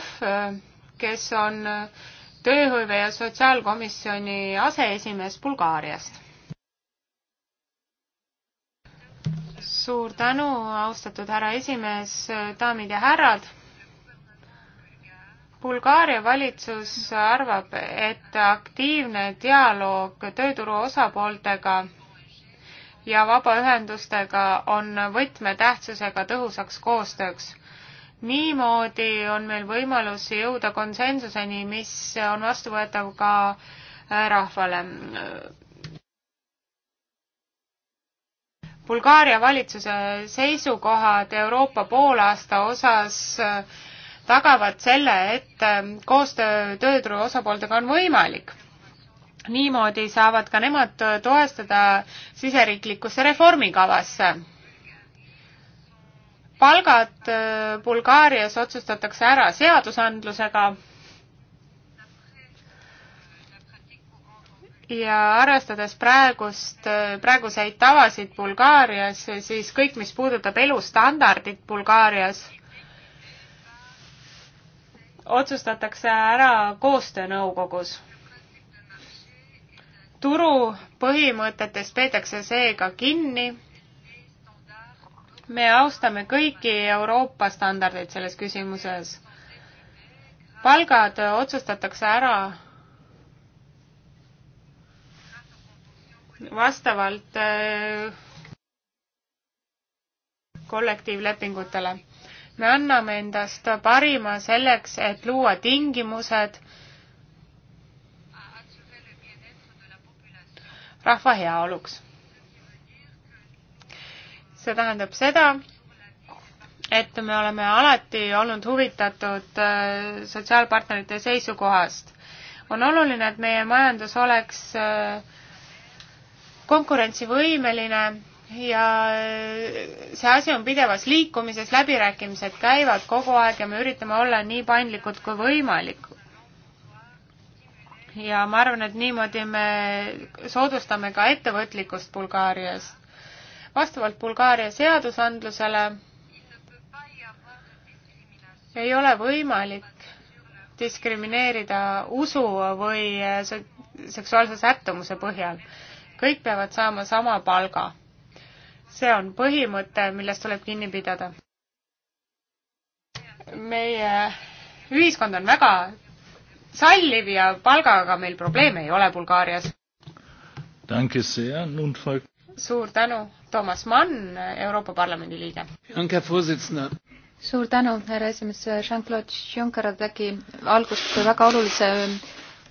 kes on tööhõive ja sotsiaalkomisjoni aseesimees Bulgaariast. suur tänu, austatud härra esimees, daamid ja härrad. Bulgaaria valitsus arvab, et aktiivne dialoog tööturu osapooltega ja vabaühendustega on võtmetähtsusega tõhusaks koostööks niimoodi on meil võimalus jõuda konsensuseni, mis on vastuvõetav ka äh, rahvale. Bulgaaria valitsuse seisukohad Euroopa poolaasta osas äh, tagavad selle, et äh, koostöö tööturu osapooltega on võimalik. niimoodi saavad ka nemad toestada siseriiklikusse reformikavasse palgad äh, Bulgaarias otsustatakse ära seadusandlusega ja arvestades praegust, äh, praeguseid tavasid Bulgaarias, siis kõik, mis puudutab elustandardit Bulgaarias, otsustatakse ära koostöönõukogus. turu põhimõtetest peetakse seega kinni me austame kõiki Euroopa standardeid selles küsimuses. palgad otsustatakse ära vastavalt äh, kollektiivlepingutele. me anname endast parima selleks, et luua tingimused rahva heaoluks see tähendab seda, et me oleme alati olnud huvitatud äh, sotsiaalpartnerite seisukohast. on oluline, et meie majandus oleks äh, konkurentsivõimeline ja äh, see asi on pidevas liikumises, läbirääkimised käivad kogu aeg ja me üritame olla nii paindlikud kui võimalik. ja ma arvan, et niimoodi me soodustame ka ettevõtlikkust Bulgaarias vastavalt Bulgaaria seadusandlusele ei ole võimalik diskrimineerida usu või seksuaalse sättumuse põhjal. kõik peavad saama sama palga. see on põhimõte, millest tuleb kinni pidada. meie ühiskond on väga salliv ja palgaga meil probleeme ei ole Bulgaarias. suur tänu, Toomas Mann, Euroopa Parlamendi liige. suur tänu, härra esimees, Jean-Claude Juncker tegi algust väga olulise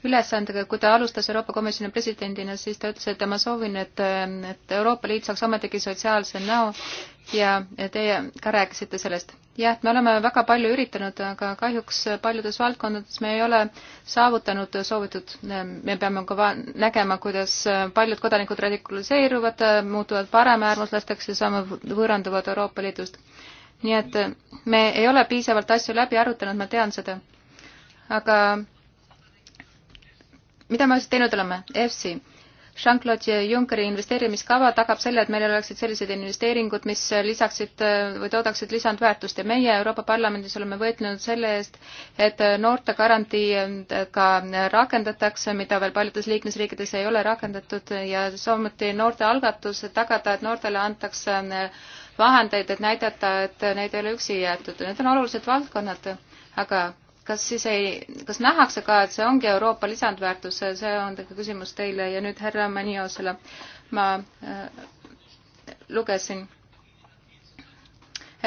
ülesandega, kui ta alustas Euroopa Komisjoni presidendina, siis ta ütles, et tema soovin, et, et Euroopa Liit saaks ometigi sotsiaalse näo ja teie ka rääkisite sellest. jah, me oleme väga palju üritanud, aga kahjuks paljudes valdkondades me ei ole saavutanud soovitud, me peame ka nägema, kuidas paljud kodanikud radikaliseeruvad, muutuvad paremäärmuslasteks ja saame võõranduvad Euroopa Liidust. nii et me ei ole piisavalt asju läbi arutanud, ma tean seda. aga mida me siis teinud oleme? EFSI Jean-Claude Junckeri investeerimiskava tagab selle, et meil oleksid sellised investeeringud, mis lisaksid või toodaksid lisandväärtust ja meie Euroopa Parlamendis oleme võitlenud selle eest, et noortegarantii ka rakendatakse, mida veel paljudes liikmesriikides ei ole rakendatud ja samuti noortealgatus, et tagada, et noortele antakse vahendeid, et näidata, et neid ei ole üksi jäetud. Need on olulised valdkonnad, aga kas siis ei, kas nähakse ka, et see ongi Euroopa lisandväärtus, see on tegelikult küsimus teile ja nüüd härra Maniosele ma äh, lugesin,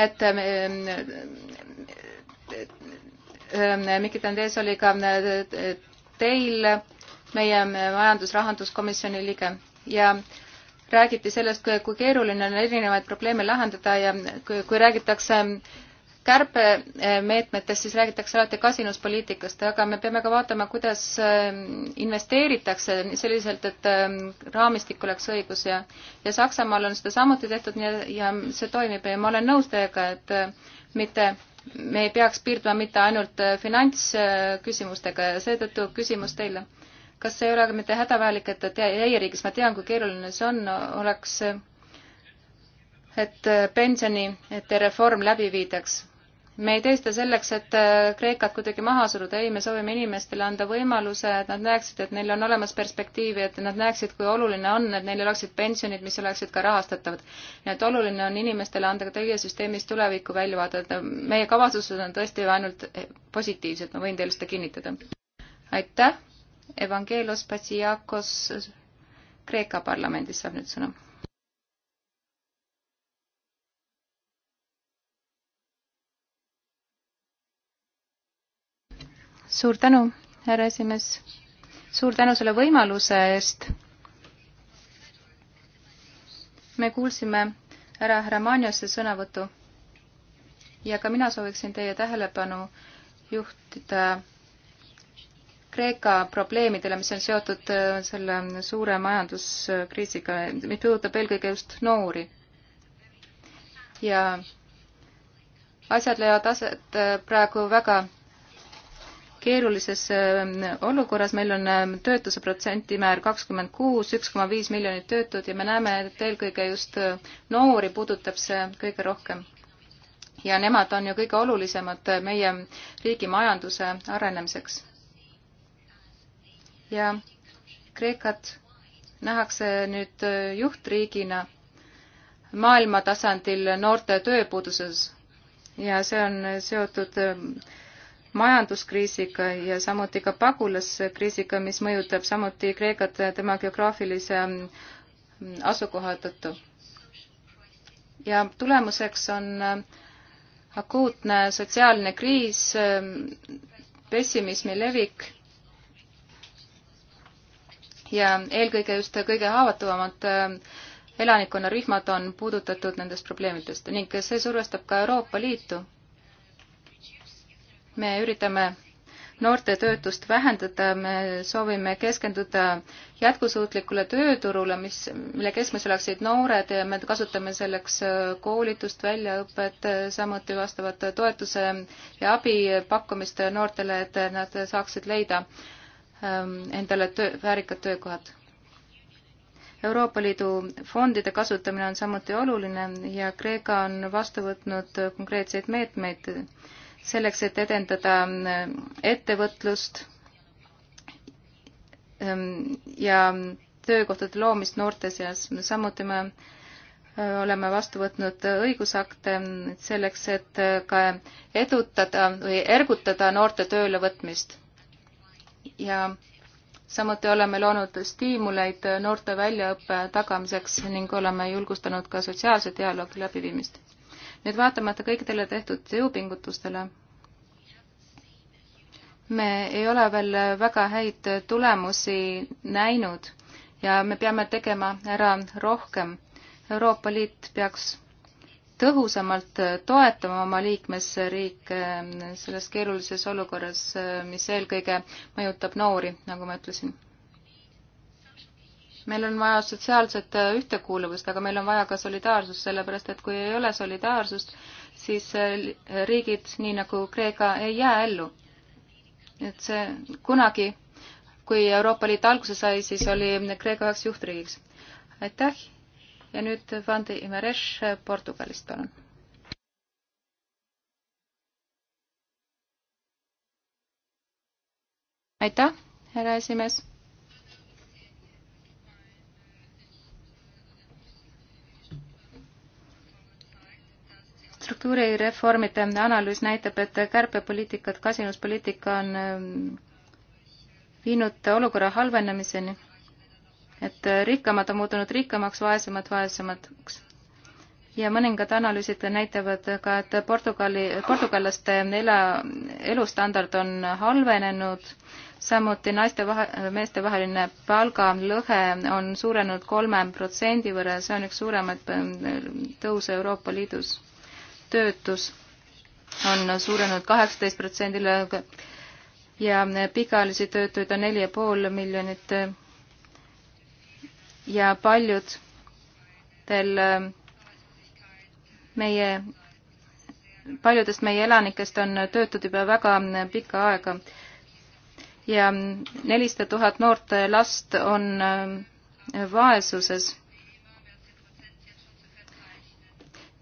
et äh, äh, äh Mikitan Tees oli ka äh, teil meie äh, majandus-rahanduskomisjoni liige ja räägiti sellest, kui keeruline on erinevaid probleeme lahendada ja kui, kui räägitakse äh, kärbemeetmetest, siis räägitakse alati kasinuspoliitikast, aga me peame ka vaatama, kuidas ähm, investeeritakse selliselt, et ähm, raamistik oleks õigus ja ja Saksamaal on seda samuti tehtud ja, ja see toimib ja ma olen nõus teiega, et äh, mitte me ei peaks piirduma mitte ainult äh, finantsküsimustega ja seetõttu küsimus teile. kas ei ole mitte hädavajalik, et teie riigis, ma tean, kui keeruline see on, oleks äh, et pensionite reform läbi viidaks? me ei tee seda selleks, et äh, Kreekat kuidagi maha suruda, ei, me soovime inimestele anda võimaluse, et nad näeksid, et neil on olemas perspektiivi, et nad näeksid, kui oluline on, et neil oleksid pensionid, mis oleksid ka rahastatavad. nii et oluline on inimestele anda ka teie süsteemis tulevikku välja vaadata, meie kavatsused on tõesti ainult eh, positiivsed, ma võin teile seda kinnitada. aitäh, Evangelos Patsiakos Kreeka parlamendist saab nüüd sõna suur tänu, härra esimees. suur tänu selle võimaluse eest. me kuulsime härra Ramaniosse sõnavõtu ja ka mina sooviksin teie tähelepanu juhtida Kreeka probleemidele, mis on seotud äh, selle suure majanduskriisiga, mis puudutab eelkõige just noori. ja asjad leiavad aset äh, praegu väga keerulises äh, olukorras, meil on äh, töötuse protsentimäär kakskümmend kuus, üks koma viis miljonit töötut ja me näeme, et eelkõige just äh, noori puudutab see kõige rohkem. ja nemad on ju kõige olulisemad meie riigi majanduse arenemiseks. ja Kreekat nähakse nüüd juhtriigina maailma tasandil noorte tööpuuduses ja see on seotud majanduskriisiga ja samuti ka pagulaskriisiga, mis mõjutab samuti Kreekat tema geograafilise mm, asukoha tõttu. ja tulemuseks on mm, akuutne sotsiaalne kriis, mm, pessimismi levik ja eelkõige just kõige haavatavamad elanikkonnarühmad on puudutatud nendest probleemidest ning see survestab ka Euroopa Liitu me üritame noorte töötust vähendada, me soovime keskenduda jätkusuutlikule tööturule, mis, mille keskmes oleksid noored ja me kasutame selleks äh, koolitust, väljaõpet, samuti vastavat toetuse ja abi pakkumist noortele, et nad saaksid leida ähm, endale töö, väärikad töökohad. Euroopa Liidu fondide kasutamine on samuti oluline ja Kreeka on vastu võtnud konkreetseid meetmeid meet selleks, et edendada ähm, ettevõtlust ähm, ja töökohtade loomist noorte seas. samuti me äh, oleme vastu võtnud õigusakte selleks, et äh, ka edutada või ergutada noorte töölevõtmist. ja samuti oleme loonud stiimuleid äh, noorte väljaõppe tagamiseks ning oleme julgustanud ka sotsiaalse dialoogi läbiviimist nüüd vaatamata kõikidele tehtud jõupingutustele, me ei ole veel väga häid tulemusi näinud ja me peame tegema ära rohkem. Euroopa Liit peaks tõhusamalt toetama oma liikmesriike selles keerulises olukorras, mis eelkõige mõjutab noori, nagu ma ütlesin meil on vaja sotsiaalset äh, ühtekuuluvust, aga meil on vaja ka solidaarsust, sellepärast et kui ei ole solidaarsust, siis äh, riigid, nii nagu Kreeka, ei jää ellu. et see kunagi, kui Euroopa Liit alguse sai, siis oli Kreeka üheks juhtriigiks. aitäh ja nüüd Vandi Imereš äh, Portugalist, palun. aitäh, härra esimees struktuurireformide analüüs näitab, et kärpepoliitikat, kasinuspoliitika on ähm, viinud olukorra halvenemiseni. et rikkamad on muutunud rikkamaks, vaesemad vaesemaks. ja mõningad analüüsid näitavad ka, et Portugali, portugallaste ela, elustandard on halvenenud, samuti naiste vahe, meeste vaheline palgalõhe on suurenenud kolme protsendi võrra, see on üks suuremaid ähm, tõuse Euroopa Liidus töötus on suurenenud kaheksateist protsendile ja pikaajalisi töötuid on neli ja pool miljonit ja paljudel meie, paljudest meie elanikest on töötud juba väga pikka aega ja nelisada tuhat noort last on vaesuses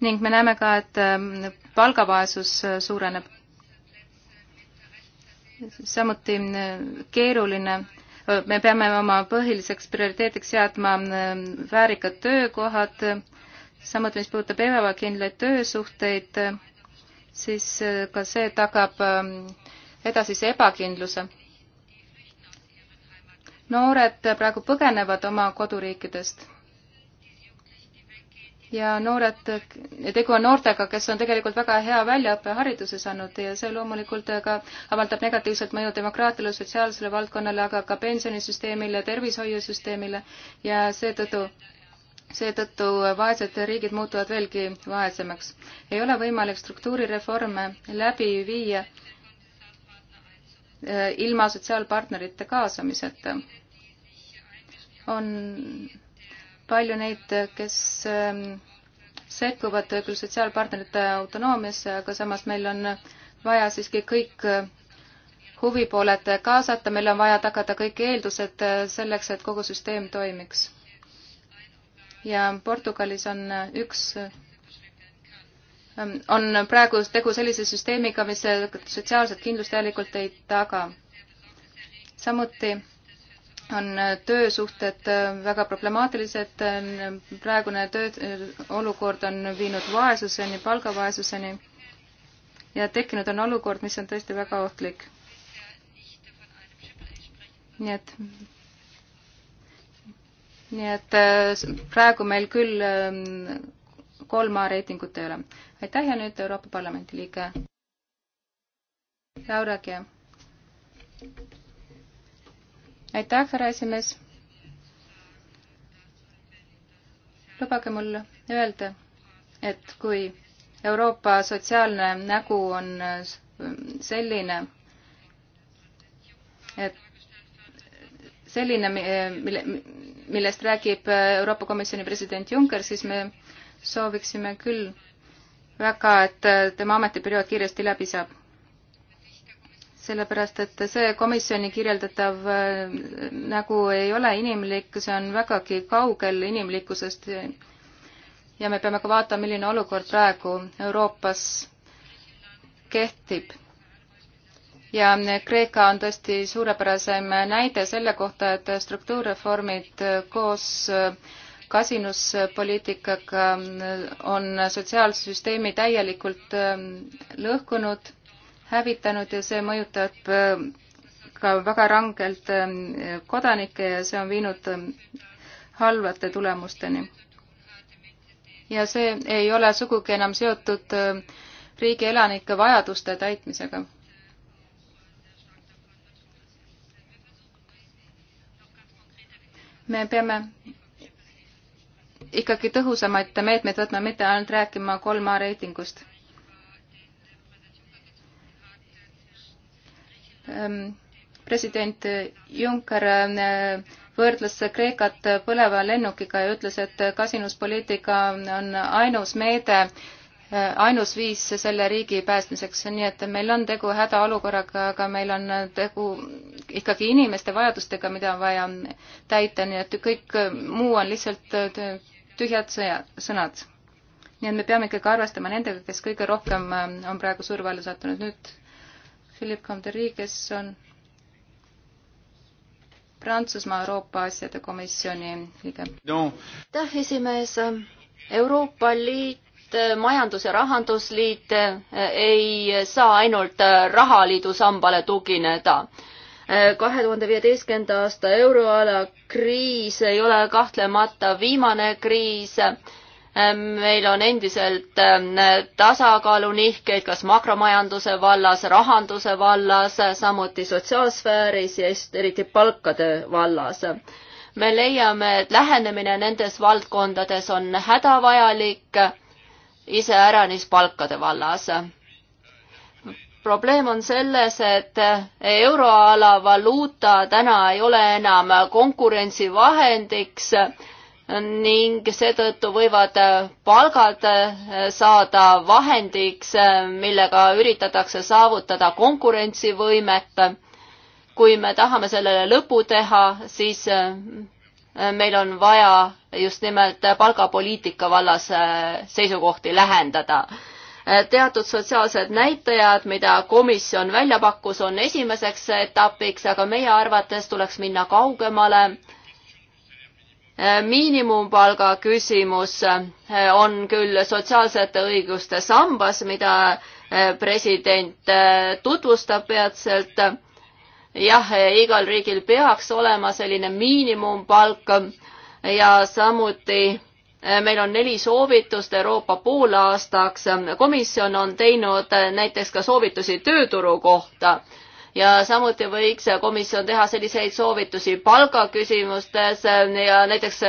ning me näeme ka, et ähm, palgavaesus äh, suureneb. samuti äh, keeruline, äh, me peame oma põhiliseks prioriteediks seadma ähm, väärikad töökohad, samuti mis puudutab ebakindlaid töösuhteid, siis ka see tagab ähm, edasise ebakindluse. noored praegu põgenevad oma koduriikidest ja noored, tegu on noortega, kes on tegelikult väga hea väljaõppe hariduse saanud ja see loomulikult ka avaldab negatiivset mõju demokraatiale, sotsiaalsele valdkonnale, aga ka pensionisüsteemile, tervishoiusüsteemile ja seetõttu seetõttu vaesed riigid muutuvad veelgi vaesemaks. ei ole võimalik struktuurireforme läbi viia eh, ilma sotsiaalpartnerite kaasamiseta. on palju neid, kes ähm, sekkuvad küll sotsiaalpartnerite autonoomiasse, aga samas meil on vaja siiski kõik äh, huvipooled kaasata, meil on vaja tagada kõik eeldused äh, selleks, et kogu süsteem toimiks. ja Portugalis on äh, üks ähm, on praegu tegu sellise süsteemiga, mis sotsiaalset kindlust tegelikult ei taga. samuti on äh, töösuhted äh, väga problemaatilised, äh, praegune töö, olukord on viinud vaesuseni, palgavaesuseni ja tekkinud on olukord, mis on tõesti väga ohtlik. nii et, nii et praegu meil küll ähm, kolm A-reitingut ei ole. aitäh ja nüüd Euroopa Parlamendi liige Laura Kie aitäh, härra esimees. lubage mul öelda, et kui Euroopa sotsiaalne nägu on selline, et selline, mille, millest räägib Euroopa Komisjoni president Juncker, siis me sooviksime küll väga, et tema ametiperiood kiiresti läbi saab sellepärast et see komisjoni kirjeldatav äh, nägu ei ole inimlik, see on vägagi kaugel inimlikkusest. ja me peame ka vaatama, milline olukord praegu Euroopas kehtib. ja Kreeka on tõesti suurepärasem näide selle kohta, et struktuurreformid koos äh, kasinuspoliitikaga äh, on sotsiaalsüsteemi täielikult lõhkunud hävitanud ja see mõjutab äh, ka väga rangelt äh, kodanikke ja see on viinud äh, halvate tulemusteni. ja see ei ole sugugi enam seotud riigi elanike vajaduste täitmisega. me peame ikkagi tõhusamaid meetmeid võtma, mitte ainult rääkima kolma reitingust Ähm, president Juncker äh, võrdles Kreekat põleva lennukiga ja ütles, et kasinuspoliitika on ainus meede, äh, ainus viis selle riigi päästmiseks, nii et meil on tegu hädaolukorraga, aga meil on tegu ikkagi inimeste vajadustega, mida on vaja täita, nii et kõik muu on lihtsalt tühjad sõja, sõnad. nii et me peame ikkagi arvestama nendega, kes kõige rohkem äh, on praegu surve alla sattunud. nüüd Philip Comderi, kes on Prantsusmaa Euroopa asjade komisjoni liige no.. aitäh, esimees. Euroopa Liit majandus- ja rahandusliit ei saa ainult rahaliidu sambale tugineda. kahe tuhande viieteistkümnenda aasta euroala kriis ei ole kahtlemata viimane kriis Ähm, meil on endiselt ähm, tasakaalunihkeid, kas makromajanduse vallas, rahanduse vallas, samuti sotsiaalsfääris ja eriti palkade vallas. me leiame, et lähenemine nendes valdkondades on hädavajalik iseäranis palkade vallas. probleem on selles, et euroala valuuta täna ei ole enam konkurentsivahendiks ning seetõttu võivad äh, palgad äh, saada vahendiks, äh, millega üritatakse saavutada konkurentsivõimet. kui me tahame sellele lõpu teha, siis meil on vaja just nimelt palgapoliitika vallas seisukohti lähendada. teatud sotsiaalsed näitajad, mida komisjon välja pakkus, on esimeseks etapiks, aga meie arvates tuleks minna kaugemale Äh, miinimumpalga küsimus äh, on küll sotsiaalsete õiguste sambas, mida äh, president tutvustab peatselt. jah, igal riigil peaks olema selline miinimumpalk ja samuti meil on neli soovitust Euroopa poolaastaks. komisjon on teinud näiteks ka soovitusi tööturu kohta ja samuti võiks komisjon teha selliseid soovitusi palgaküsimustes ja näiteks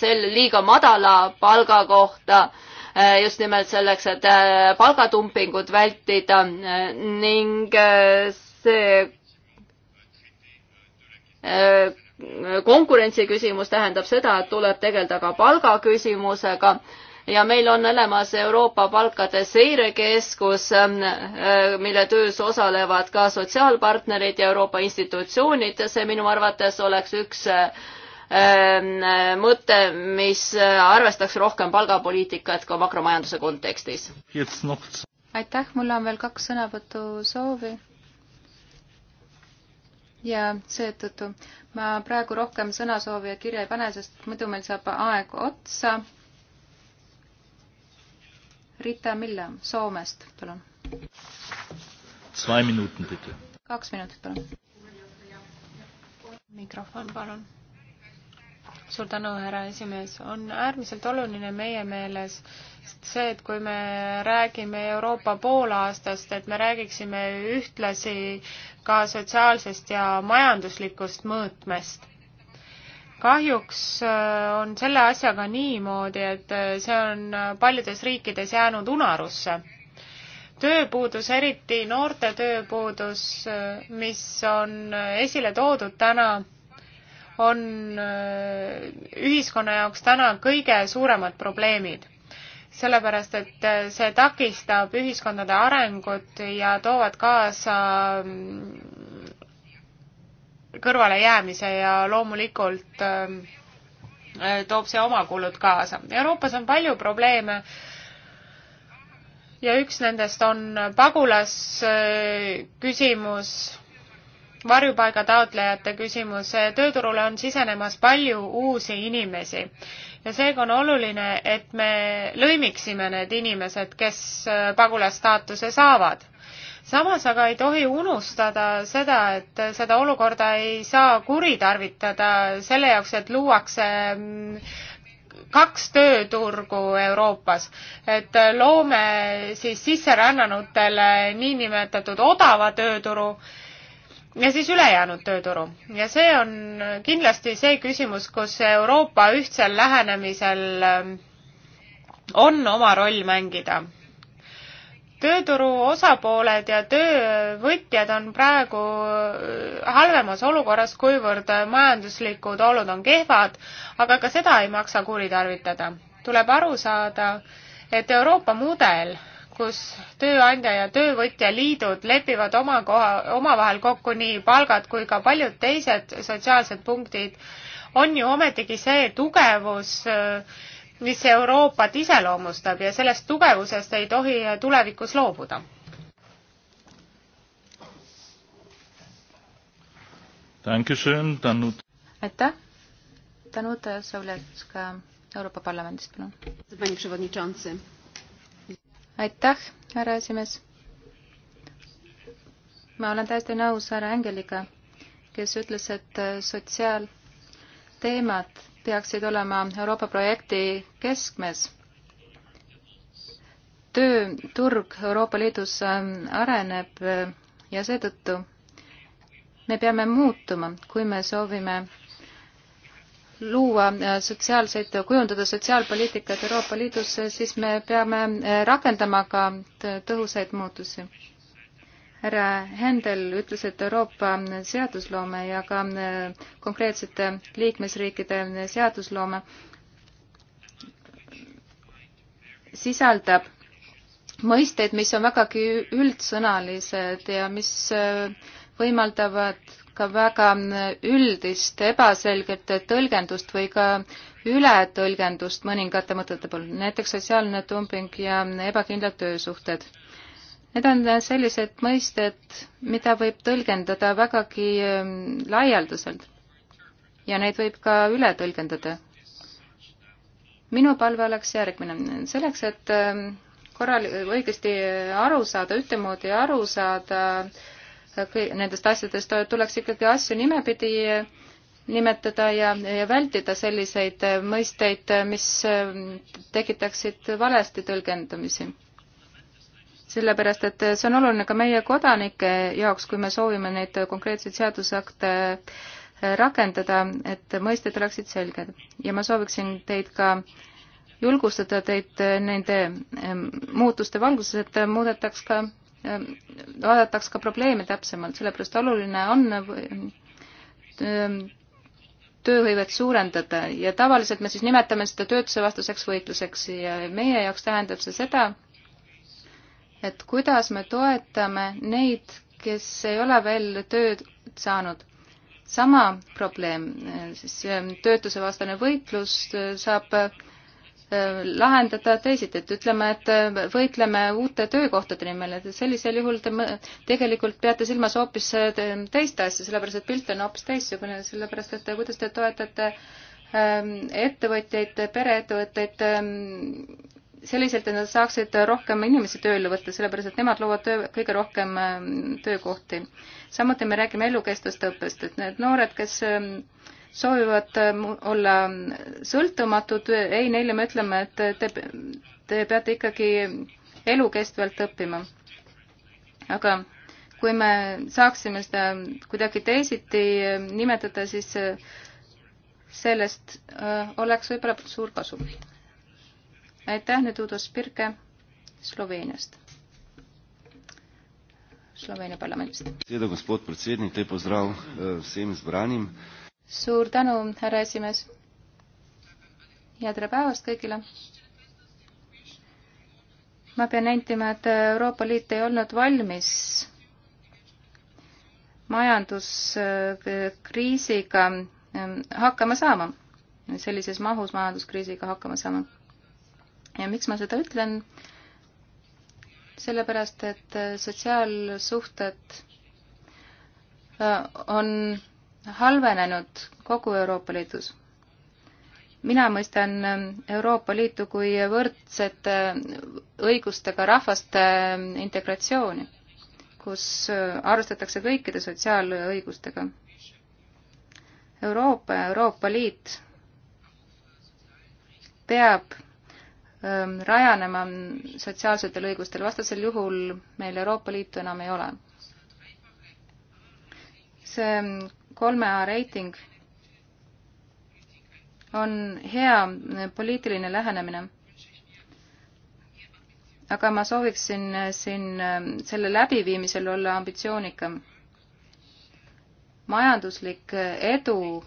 selle liiga madala palga kohta just nimelt selleks, et palgatumpingut vältida ning see konkurentsi küsimus tähendab seda, et tuleb tegeleda ka palgaküsimusega ja meil on olemas Euroopa Palkade Seirekeskus, ähm, äh, mille töös osalevad ka sotsiaalpartnerid ja Euroopa institutsioonid, see minu arvates oleks üks äh, ähm, mõte, mis äh, arvestaks rohkem palgapoliitikat ka makromajanduse kontekstis. aitäh, mul on veel kaks sõnavõtusoovi. ja seetõttu ma praegu rohkem sõnasoovi ja kirja ei pane, sest muidu meil saab aeg otsa Rita Millam Soomest, palun. kaks minutit, palun. mikrofon, palun. suur tänu, härra esimees. on äärmiselt oluline meie meeles see, et kui me räägime Euroopa poolaastast, et me räägiksime ühtlasi ka sotsiaalsest ja majanduslikust mõõtmest kahjuks äh, on selle asjaga niimoodi, et äh, see on äh, paljudes riikides jäänud unarusse. tööpuudus, eriti noorte tööpuudus, mis on esile toodud täna, on ühiskonna jaoks täna kõige suuremad probleemid sellepärast, et see takistab ühiskondade arengut ja toovad kaasa mm, kõrvalejäämise ja loomulikult ähm, äh, toob see oma kulud kaasa. Euroopas on palju probleeme ja üks nendest on pagulasküsimus, äh, varjupaiga taotlejate küsimus. tööturule on sisenemas palju uusi inimesi ja seega on oluline, et me lõimiksime need inimesed, kes äh, pagulasstaatuse saavad samas aga ei tohi unustada seda, et seda olukorda ei saa kuritarvitada selle jaoks, et luuakse mm, kaks tööturgu Euroopas, et loome siis sisserännanutele niinimetatud odava tööturu ja siis ülejäänud tööturu. ja see on kindlasti see küsimus, kus Euroopa ühtsel lähenemisel mm, on oma roll mängida tööturu osapooled ja töövõtjad on praegu äh, halvemas olukorras, kuivõrd äh, majanduslikud olud on kehvad, aga ka seda ei maksa kuritarvitada. tuleb aru saada, et Euroopa mudel, kus tööandja ja töövõtja liidud lepivad oma koha, omavahel kokku nii palgad kui ka paljud teised sotsiaalsed punktid, on ju ometigi see tugevus äh, mis Euroopat iseloomustab ja sellest tugevusest ei tohi tulevikus loobuda. aitäh, Danuta Savletska Euroopa Parlamendist, palun. aitäh, härra esimees. ma olen täiesti nõus härra Engeliga, kes ütles, et sotsiaalteemad peaksid olema Euroopa projekti keskmes. tööturg Euroopa Liidus ähm, areneb äh, ja seetõttu me peame muutuma, kui me soovime luua äh, sotsiaalseid, kujundada sotsiaalpoliitikat Euroopa Liidus, äh, siis me peame rakendama ka tõhusaid muutusi härra Händel ütles, et Euroopa seadusloome ja ka äh, konkreetsete liikmesriikide seadusloome sisaldab mõisteid, mis on vägagi üldsõnalised ja mis äh, võimaldavad ka väga äh, üldist ebaselget tõlgendust või ka ületõlgendust mõningate mõtete puhul, näiteks sotsiaalne dumping ja ebakindlad töösuhted Need on sellised mõisted, mida võib tõlgendada vägagi ähm, laialdaselt ja neid võib ka üle tõlgendada. minu palve oleks järgmine. selleks, et ähm, korral-, õigesti aru saada, ühtemoodi aru saada äh, nendest asjadest, tuleks ikkagi asju nimepidi äh, nimetada ja, ja vältida selliseid äh, mõisteid, mis tekitaksid valesti tõlgendamisi sellepärast, et see on oluline ka meie kodanike jaoks, kui me soovime neid konkreetseid seadusakte äh, rakendada, et mõisted oleksid selged. ja ma sooviksin teid ka julgustada teid äh, nende äh, muutuste valguses, et muudetaks ka, vaadataks ka probleeme täpsemalt, sellepärast oluline on tööhõivet suurendada ja tavaliselt me siis nimetame seda töötuse vastaseks võitluseks ja meie jaoks tähendab see seda, et kuidas me toetame neid, kes ei ole veel tööd saanud. sama probleem, siis eh, töötusevastane võitlus eh, saab eh, lahendada teisiti, et ütleme, et võitleme uute töökohtade nimel, et sellisel juhul te tegelikult peate silmas hoopis teist asja, sellepärast et pilt on hoopis teistsugune, sellepärast et kuidas te toetate ettevõtjaid, pereettevõtteid selliselt, et nad saaksid rohkem inimesi tööle võtta, sellepärast et nemad loovad töö, kõige rohkem ähm, töökohti. samuti me räägime elukestvast õppest, et need noored, kes ähm, soovivad ähm, olla sõltumatud, ei, neile me ütleme, et te, te peate ikkagi elukestvalt õppima. aga kui me saaksime seda kuidagi teisiti nimetada, siis äh, sellest äh, oleks võib-olla suur kasu aitäh, nüüd Udo Spirke Sloveeniast. Sloveenia parlamendist. Eh, suur tänu, härra esimees. ja tere päevast kõigile. ma pean nentima, et Euroopa Liit ei olnud valmis majanduskriisiga eh, hakkama saama, sellises mahus majanduskriisiga hakkama saama ja miks ma seda ütlen? sellepärast, et äh, sotsiaalsuhted äh, on halvenenud kogu Euroopa Liidus. mina mõistan äh, Euroopa Liitu kui võrdsete õigustega rahvaste integratsiooni, kus arvestatakse kõikide sotsiaalõigustega. Euroopa ja Euroopa Liit peab Ähm, rajanema sotsiaalsetel õigustel, vastasel juhul meil Euroopa Liitu enam ei ole. see kolme A reiting on hea poliitiline lähenemine. aga ma sooviksin siin ähm, selle läbiviimisel olla ambitsioonikam. majanduslik edu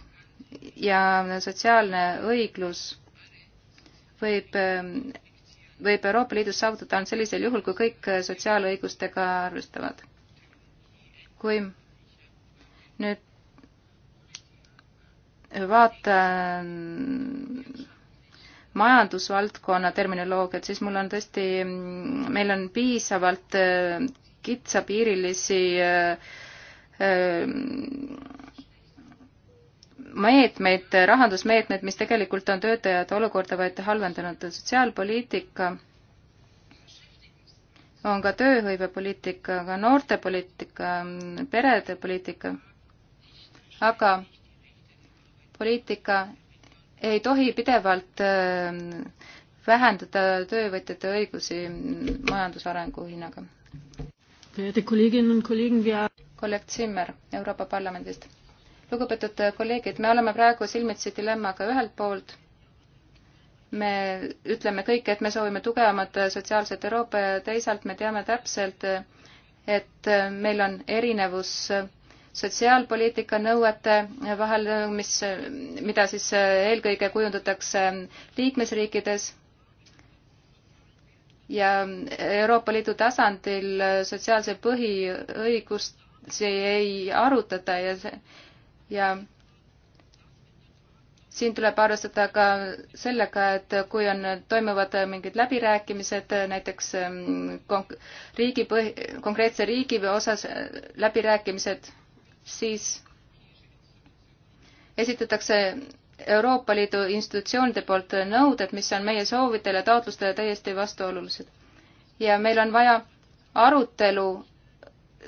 ja sotsiaalne õiglus võib, ähm, võib Euroopa Liidus saavutada ainult sellisel juhul, kui kõik äh, sotsiaalõigustega arvestavad. kui nüüd vaatan ähm, majandusvaldkonna terminoloogiat, siis mul on tõesti, mm, meil on piisavalt äh, kitsapiirilisi äh, ähm, meetmeid, rahandusmeetmeid, mis tegelikult on töötajate olukorda vaid halvendanud. sotsiaalpoliitika on ka tööhõivepoliitika, ka noortepoliitika, perede poliitika, aga poliitika ei tohi pidevalt äh, vähendada töövõtjate õigusi majandusarengu hinnaga. kolleeg Zimmer Euroopa Parlamendist lugupeetud kolleegid, me oleme praegu silmitsi dilemmaga ühelt poolt me ütleme kõik, et me soovime tugevamat sotsiaalset Euroopa ja teisalt me teame täpselt, et meil on erinevus sotsiaalpoliitika nõuete vahel, mis, mida siis eelkõige kujundatakse liikmesriikides ja Euroopa Liidu tasandil sotsiaalse põhiõigust see ei arutata ja see, ja siin tuleb arvestada ka sellega, et kui on, toimuvad mingid läbirääkimised näiteks mm, konk-, riigi põhi, konkreetse riigi osas äh, läbirääkimised, siis esitatakse Euroopa Liidu institutsioonide poolt nõuded, mis on meie soovidele, taotlustele täiesti vastuolulised. ja meil on vaja arutelu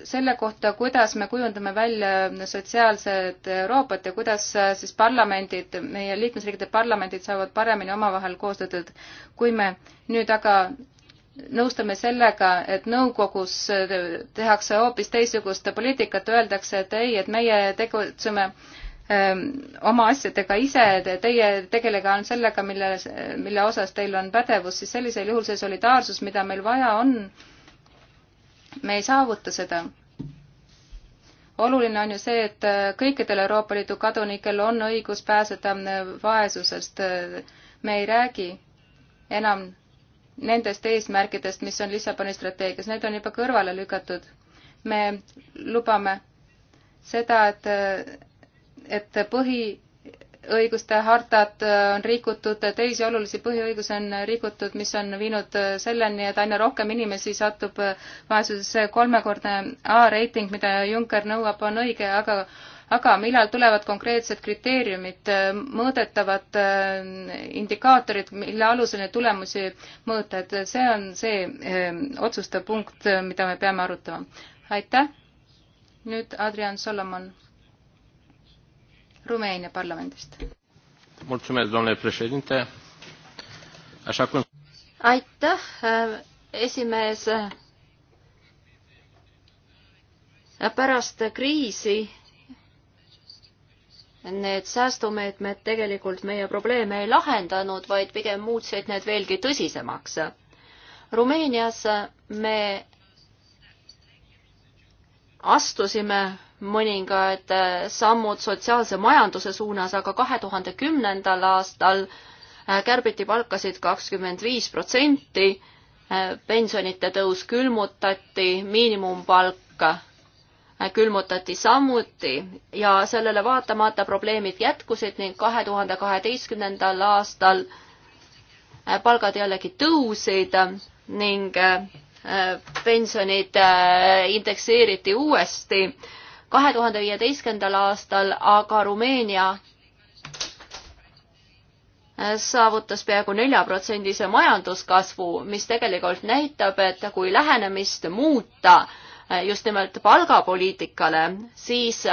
selle kohta, kuidas me kujundame välja sotsiaalset Euroopat ja kuidas äh, siis parlamendid, meie liikmesriikide parlamendid saavad paremini omavahel koostööd. kui me nüüd aga nõustume sellega, et nõukogus äh, tehakse hoopis teistsugust poliitikat, öeldakse, et ei, et meie tegutseme ähm, oma asjadega ise, teie tegelege ainult sellega, mille, mille osas teil on pädevus, siis sellisel juhul see solidaarsus, mida meil vaja on, me ei saavuta seda. oluline on ju see, et kõikidel Euroopa Liidu kadunikel on õigus pääseda vaesusest. me ei räägi enam nendest eesmärkidest, mis on Lissaboni strateegias, need on juba kõrvale lükatud. me lubame seda, et, et põhi õiguste hartat äh, on rikutud, teisi olulisi põhiõigusi on rikutud, mis on viinud äh, selleni, et aina rohkem inimesi satub äh, vaesusesse. kolmekordne A-reiting, mida Juncker nõuab, on õige, aga aga millal tulevad konkreetsed kriteeriumid, mõõdetavad indikaatorid, mille alusel neid tulemusi mõõta, et see on see öö, otsustav punkt, mida me peame arutama. aitäh. nüüd Adrian Solomon Rumeenia parlamendist. aitäh, äh, esimees. pärast kriisi need säästumeetmed tegelikult meie probleeme ei lahendanud, vaid pigem muutsid need veelgi tõsisemaks. Rumeenias me astusime mõningad äh, sammud sotsiaalse majanduse suunas, aga kahe tuhande kümnendal aastal äh, kärbiti palkasid kakskümmend viis protsenti, äh, pensionite tõus külmutati, miinimumpalk külmutati samuti ja sellele vaatamata probleemid jätkusid ning kahe tuhande kaheteistkümnendal aastal palgad jällegi tõusid ning pensionid indekseeriti uuesti kahe tuhande viieteistkümnendal aastal aga Rumeenia saavutas peaaegu neljaprotsendise majanduskasvu, mis tegelikult näitab, et kui lähenemist muuta just nimelt palgapoliitikale, siis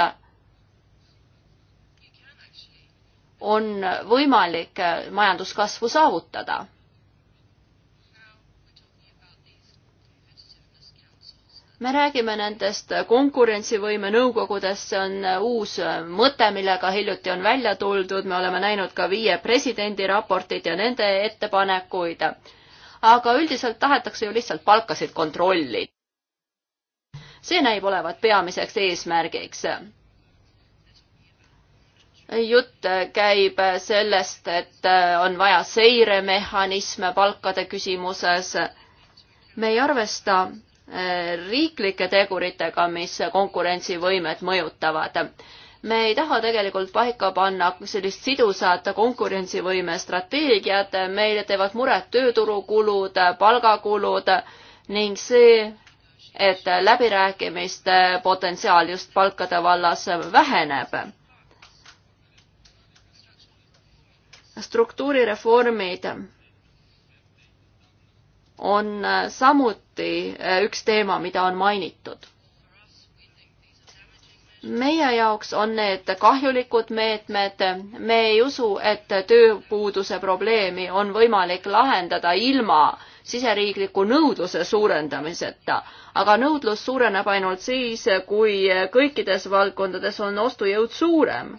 on võimalik majanduskasvu saavutada me räägime nendest konkurentsivõime nõukogudest, see on uus mõte, millega hiljuti on välja tuldud, me oleme näinud ka viie presidendi raportid ja nende ettepanekuid. aga üldiselt tahetakse ju lihtsalt palkasid kontrollida. see näib olevat peamiseks eesmärgiks. jutt käib sellest, et on vaja seiremehhanisme palkade küsimuses. me ei arvesta riiklike teguritega, mis konkurentsivõimet mõjutavad. me ei taha tegelikult paika panna sellist sidusat konkurentsivõime strateegiat, meile teevad muret tööturukulud, palgakulud ning see, et läbirääkimiste potentsiaal just palkade vallas väheneb struktuurireformid on äh, samuti äh, üks teema, mida on mainitud. meie jaoks on need kahjulikud meetmed, me ei usu, et tööpuuduse probleemi on võimalik lahendada ilma siseriikliku nõudluse suurendamiseta, aga nõudlus suureneb ainult siis, kui kõikides valdkondades on ostujõud suurem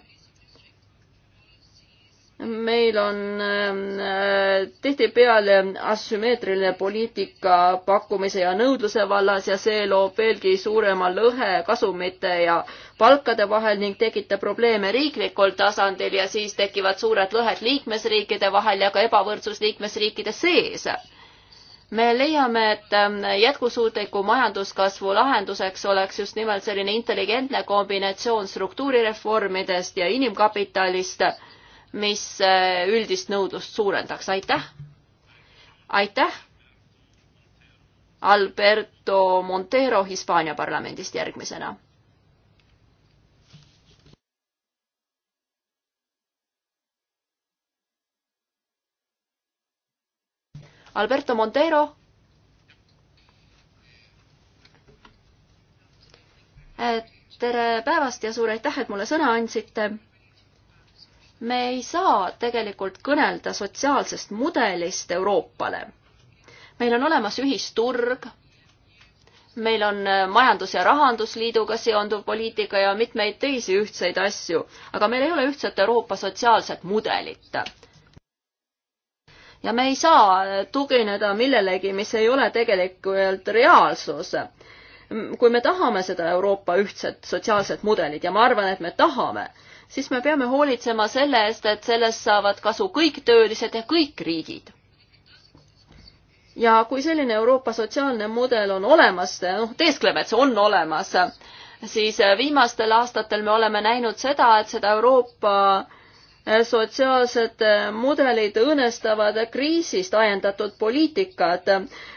meil on ähm, äh, tihtipeale asümmeetriline poliitika pakkumise ja nõudluse vallas ja see loob veelgi suurema lõhe kasumite ja palkade vahel ning tekitab probleeme riiklikul tasandil ja siis tekivad suured lõhed liikmesriikide vahel ja ka ebavõrdsus liikmesriikide sees me leiame, et ähm, jätkusuutliku majanduskasvu lahenduseks oleks just nimelt selline intelligentne kombinatsioon struktuurireformidest ja inimkapitalist mis äh, üldist nõudlust suurendaks, aitäh! aitäh! Alberto Montero Hispaania parlamendist järgmisena. Alberto Montero. Äh, tere päevast ja suur aitäh, et mulle sõna andsite me ei saa tegelikult kõnelda sotsiaalsest mudelist Euroopale. meil on olemas ühisturg, meil on äh, Majandus- ja Rahandusliiduga seonduv poliitika ja mitmeid teisi ühtseid asju, aga meil ei ole ühtset Euroopa sotsiaalset mudelit. ja me ei saa äh, tugineda millelegi, mis ei ole tegelikult reaalsus kui me tahame seda Euroopa ühtset sotsiaalset mudelit ja ma arvan, et me tahame, siis me peame hoolitsema selle eest, et sellest saavad kasu kõik töölised ja kõik riigid. ja kui selline Euroopa sotsiaalne mudel on olemas, noh, teeskleme, et see on olemas, siis viimastel aastatel me oleme näinud seda, et seda Euroopa sotsiaalsed mudelid õõnestavad kriisist ajendatud poliitikad.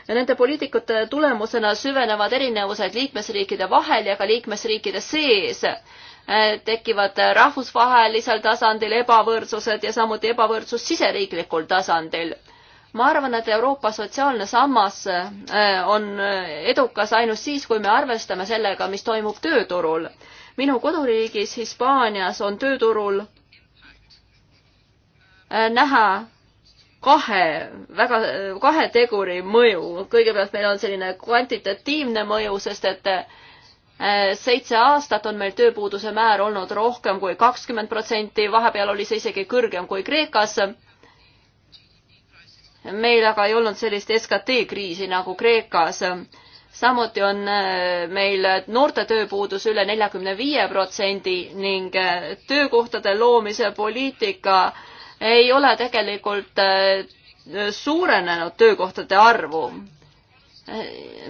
Nende poliitikute tulemusena süvenevad erinevused liikmesriikide vahel ja ka liikmesriikide sees tekivad rahvusvahelisel tasandil ebavõrdsused ja samuti ebavõrdsus siseriiklikul tasandil. ma arvan, et Euroopa sotsiaalne sammas äh, on edukas ainult siis, kui me arvestame sellega, mis toimub tööturul. minu koduriigis Hispaanias on tööturul Äh, näha kahe, väga, kahe teguri mõju. kõigepealt meil on selline kvantitatiivne mõju, sest et äh, seitse aastat on meil tööpuuduse määr olnud rohkem kui kakskümmend protsenti, vahepeal oli see isegi kõrgem kui Kreekas. meil aga ei olnud sellist SKT kriisi nagu Kreekas. samuti on äh, meil noorte tööpuudus üle neljakümne viie protsendi ning töökohtade loomise poliitika ei ole tegelikult äh, suurenenud töökohtade arvu.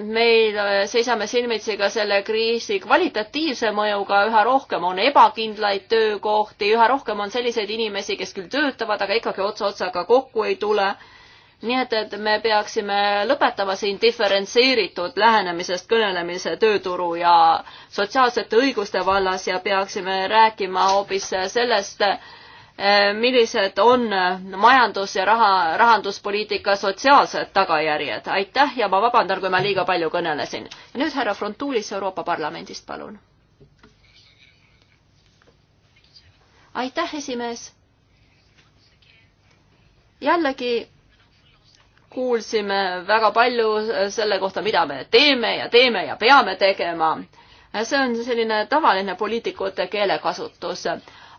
meil äh, seisame silmitsi ka selle kriisi kvalitatiivse mõjuga, üha rohkem on ebakindlaid töökohti, üha rohkem on selliseid inimesi, kes küll töötavad, aga ikkagi ots otsaga kokku ei tule nii et, et me peaksime lõpetama siin diferentseeritud lähenemisest kõnelemise tööturu ja sotsiaalsete õiguste vallas ja peaksime rääkima hoopis sellest, Eh, millised on eh, majandus- ja raha, rahanduspoliitika sotsiaalsed tagajärjed. aitäh ja ma vabandan, kui ma liiga palju kõnelesin. nüüd härra Frontuulis Euroopa Parlamendist, palun. aitäh, esimees. jällegi kuulsime väga palju selle kohta, mida me teeme ja teeme ja peame tegema. see on selline tavaline poliitikute keelekasutus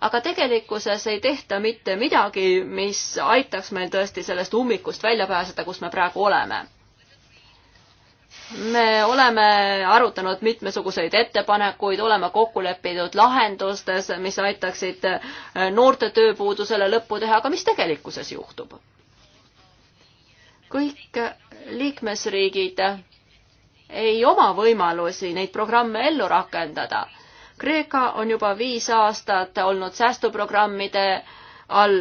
aga tegelikkuses ei tehta mitte midagi, mis aitaks meil tõesti sellest ummikust välja pääseda, kus me praegu oleme. me oleme arutanud mitmesuguseid ettepanekuid, oleme kokku leppinud lahendustes, mis aitaksid noorte tööpuudusele lõppu teha, aga mis tegelikkuses juhtub? kõik liikmesriigid ei oma võimalusi neid programme ellu rakendada Kreeka on juba viis aastat olnud säästuprogrammide all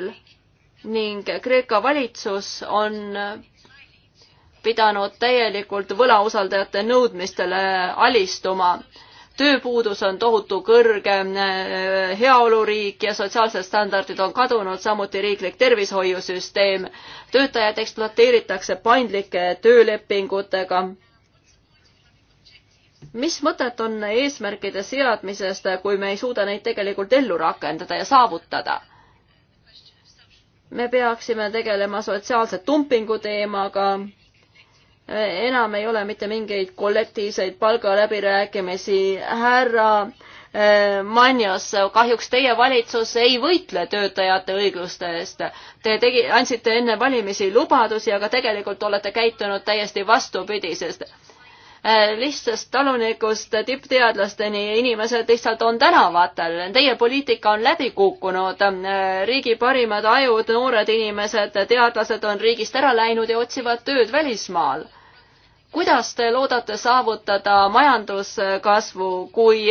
ning Kreeka valitsus on pidanud täielikult võlausaldajate nõudmistele alistuma. tööpuudus on tohutu kõrge, heaoluriik ja sotsiaalsed standardid on kadunud, samuti riiklik tervishoiusüsteem. töötajaid ekspluateeritakse paindlike töölepingutega mis mõtet on eesmärkide seadmisest, kui me ei suuda neid tegelikult ellu rakendada ja saavutada? me peaksime tegelema sotsiaalse dumpingu teemaga, enam ei ole mitte mingeid kollektiivseid palgaläbirääkimisi, härra eh, Manjas, kahjuks teie valitsus ei võitle töötajate õigluste eest. Te tegi, andsite enne valimisi lubadusi, aga tegelikult olete käitunud täiesti vastupidisest Äh, lihtsast talunikust tippteadlasteni inimesed lihtsalt on tänavatel. Teie poliitika on läbi kukkunud. Äh, riigi parimad ajud, noored inimesed, teadlased on riigist ära läinud ja otsivad tööd välismaal. kuidas te loodate saavutada majanduskasvu, kui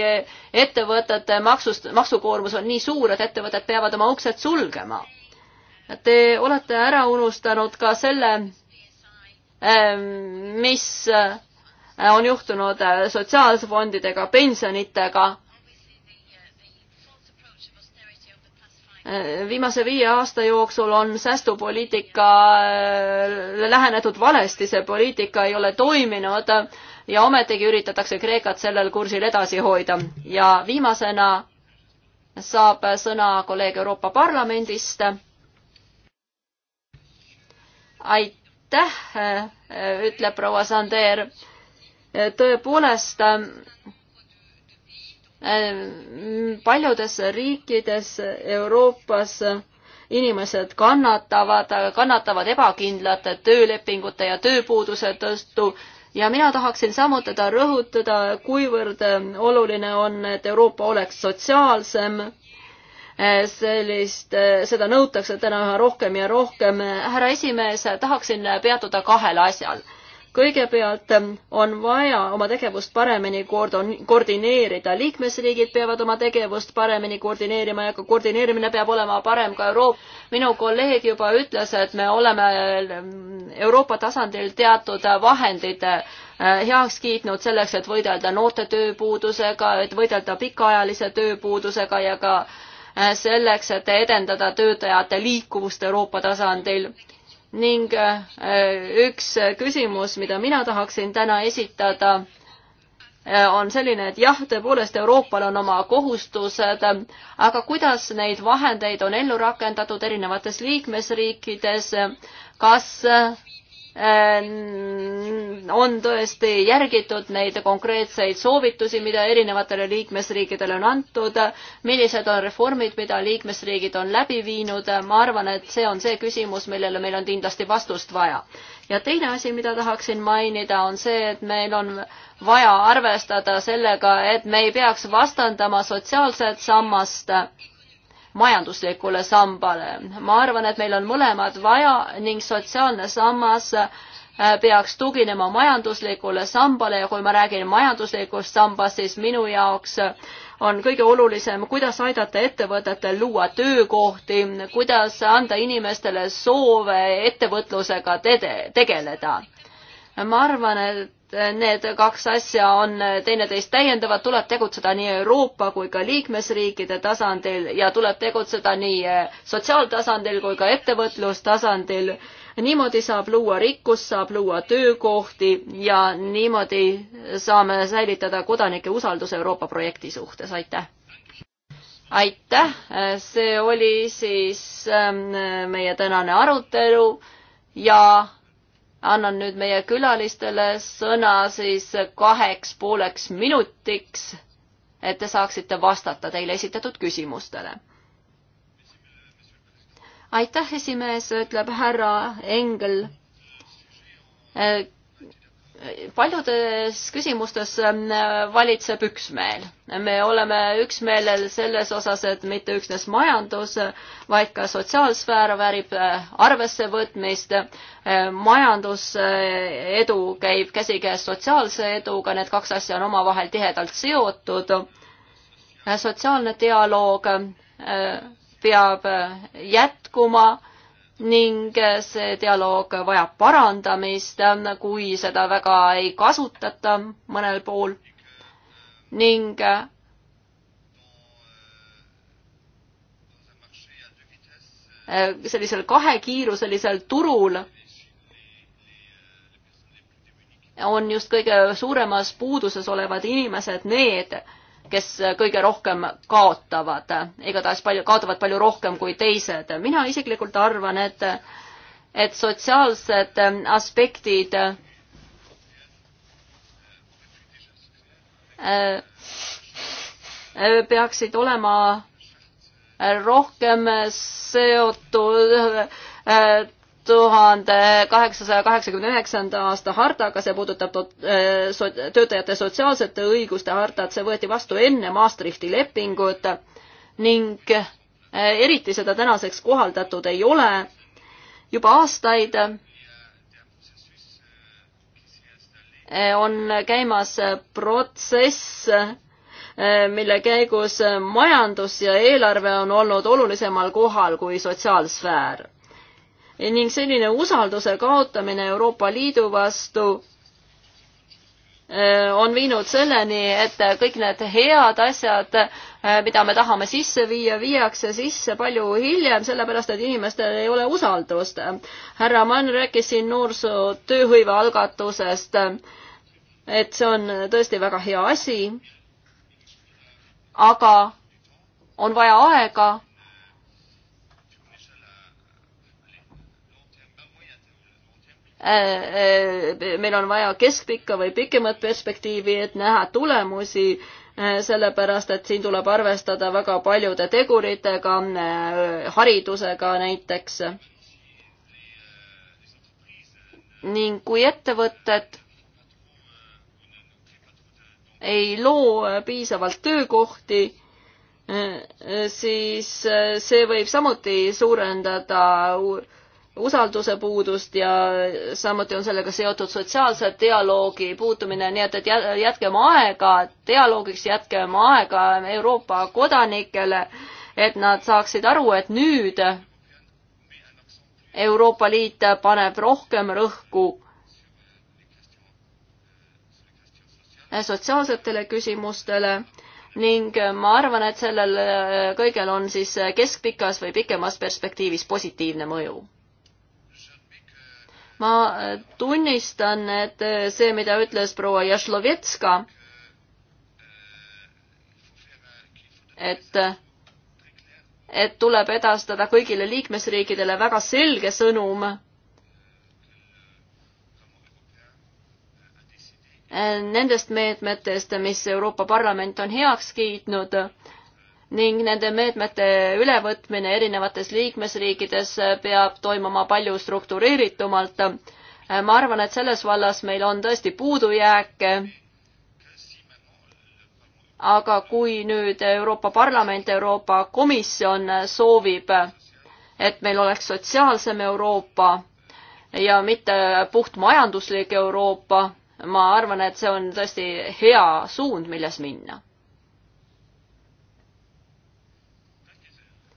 ettevõtete maksust, maksukoormus on nii suur, et ettevõtted peavad oma uksed sulgema? Te olete ära unustanud ka selle, äh, mis Äh, on juhtunud äh, sotsiaalfondidega, pensionitega. Äh, viimase viie aasta jooksul on säästupoliitikale lähenetud valesti, see poliitika ei ole toiminud ja ometigi üritatakse Kreekat sellel kursil edasi hoida. ja viimasena saab sõna kolleeg Euroopa Parlamendist. aitäh, ütleb proua Sander tõepoolest paljudes riikides Euroopas inimesed kannatavad, kannatavad ebakindlate töölepingute ja tööpuuduse tõttu ja mina tahaksin samuti ta rõhutada, kuivõrd oluline on, et Euroopa oleks sotsiaalsem. sellist, seda nõutakse täna üha rohkem ja rohkem. härra esimees, tahaksin peatuda kahel asjal kõigepealt ähm, on vaja oma tegevust paremini koordineerida, liikmesriigid peavad oma tegevust paremini koordineerima ja ka koordineerimine peab olema parem ka Euroopa. minu kolleeg juba ütles, et me oleme ähm, Euroopa tasandil teatud vahendid äh, heaks kiitnud selleks, et võidelda noorte tööpuudusega, et võidelda pikaajalise tööpuudusega ja ka äh, selleks, et edendada töötajate liikuvust Euroopa tasandil ning äh, üks küsimus, mida mina tahaksin täna esitada, äh, on selline, et jah, tõepoolest Euroopal on oma kohustused, aga kuidas neid vahendeid on ellu rakendatud erinevates liikmesriikides, kas Äh, on tõesti järgitud neid konkreetseid soovitusi, mida erinevatele liikmesriikidele on antud, millised on reformid, mida liikmesriigid on läbi viinud, ma arvan, et see on see küsimus, millele meil on kindlasti vastust vaja. ja teine asi, mida tahaksin mainida, on see, et meil on vaja arvestada sellega, et me ei peaks vastandama sotsiaalset sammast majanduslikule sambale. ma arvan, et meil on mõlemad vaja ning sotsiaalne sammas äh, peaks tuginema majanduslikule sambale ja kui ma räägin majanduslikust sambast, siis minu jaoks äh, on kõige olulisem, kuidas aidata ettevõtetel luua töökohti, kuidas anda inimestele soove ettevõtlusega tede, tegeleda. ma arvan, et need kaks asja on teineteist täiendavad, tuleb tegutseda nii Euroopa kui ka liikmesriikide tasandil ja tuleb tegutseda nii eh, sotsiaaltasandil kui ka ettevõtlustasandil. niimoodi saab luua rikkust, saab luua töökohti ja niimoodi saame säilitada kodanike usalduse Euroopa projekti suhtes, aitäh! aitäh, see oli siis ehm, meie tänane arutelu ja annan nüüd meie külalistele sõna siis kaheks pooleks minutiks, et te saaksite vastata teile esitatud küsimustele. aitäh, esimees, ütleb härra Engel paljudes küsimustes ähm, valitseb üksmeel. me oleme üksmeelel selles osas, et mitte üksnes majandus, vaid ka sotsiaalsfäär väärib äh, arvesse võtmist. Äh, majandusedu äh, käib käsikäes sotsiaalse eduga, need kaks asja on omavahel tihedalt seotud. sotsiaalne dialoog peab jätkuma ning see dialoog vajab parandamist, kui seda väga ei kasutata mõnel pool ning äh, sellisel kahekiiruselisel turul on just kõige suuremas puuduses olevad inimesed need, kes kõige rohkem kaotavad, igatahes palju, kaotavad palju rohkem kui teised. mina isiklikult arvan, et, et sotsiaalsed aspektid äh, äh, peaksid olema rohkem seotud äh, tuhande kaheksasaja kaheksakümne üheksanda aasta hartaga, see puudutab äh, töötajate sotsiaalsete õiguste hartat, see võeti vastu enne Maastrichti lepingut ning äh, eriti seda tänaseks kohaldatud ei ole. juba aastaid äh, on käimas protsess, mille käigus majandus ja eelarve on olnud olulisemal kohal kui sotsiaalsfäär ning selline usalduse kaotamine Euroopa Liidu vastu eh, on viinud selleni, et kõik need head asjad, eh, mida me tahame sisse viia, viiakse sisse palju hiljem, sellepärast et inimestel ei ole usaldust. härra Mann rääkis siin noorsoo tööhõive algatusest, et see on tõesti väga hea asi, aga on vaja aega Äh, äh, meil on vaja keskpikka või pikemat perspektiivi, et näha tulemusi, äh, sellepärast et siin tuleb arvestada väga paljude teguritega, haridusega näiteks. ning kui ettevõtted ei loo piisavalt töökohti, siis see võib samuti suurendada usalduse puudust ja samuti on sellega seotud sotsiaalse dialoogi puutumine, nii et, et jätkem aega dialoogiks, jätkem aega Euroopa kodanikele, et nad saaksid aru, et nüüd Euroopa Liit paneb rohkem rõhku sotsiaalsetele küsimustele ning ma arvan, et sellel kõigel on siis keskpikas või pikemas perspektiivis positiivne mõju ma äh, tunnistan, et äh, see, mida ütles proua Jašlovetska, et, äh, et tuleb edastada kõigile liikmesriikidele väga selge sõnum nendest meetmetest, mis Euroopa Parlament on heaks kiitnud ning nende meetmete ülevõtmine erinevates liikmesriikides peab toimuma palju struktureeritumalt. ma arvan, et selles vallas meil on tõesti puudujääke. aga kui nüüd Euroopa Parlament, Euroopa Komisjon soovib, et meil oleks sotsiaalsem Euroopa ja mitte puht majanduslik Euroopa, ma arvan, et see on tõesti hea suund, milles minna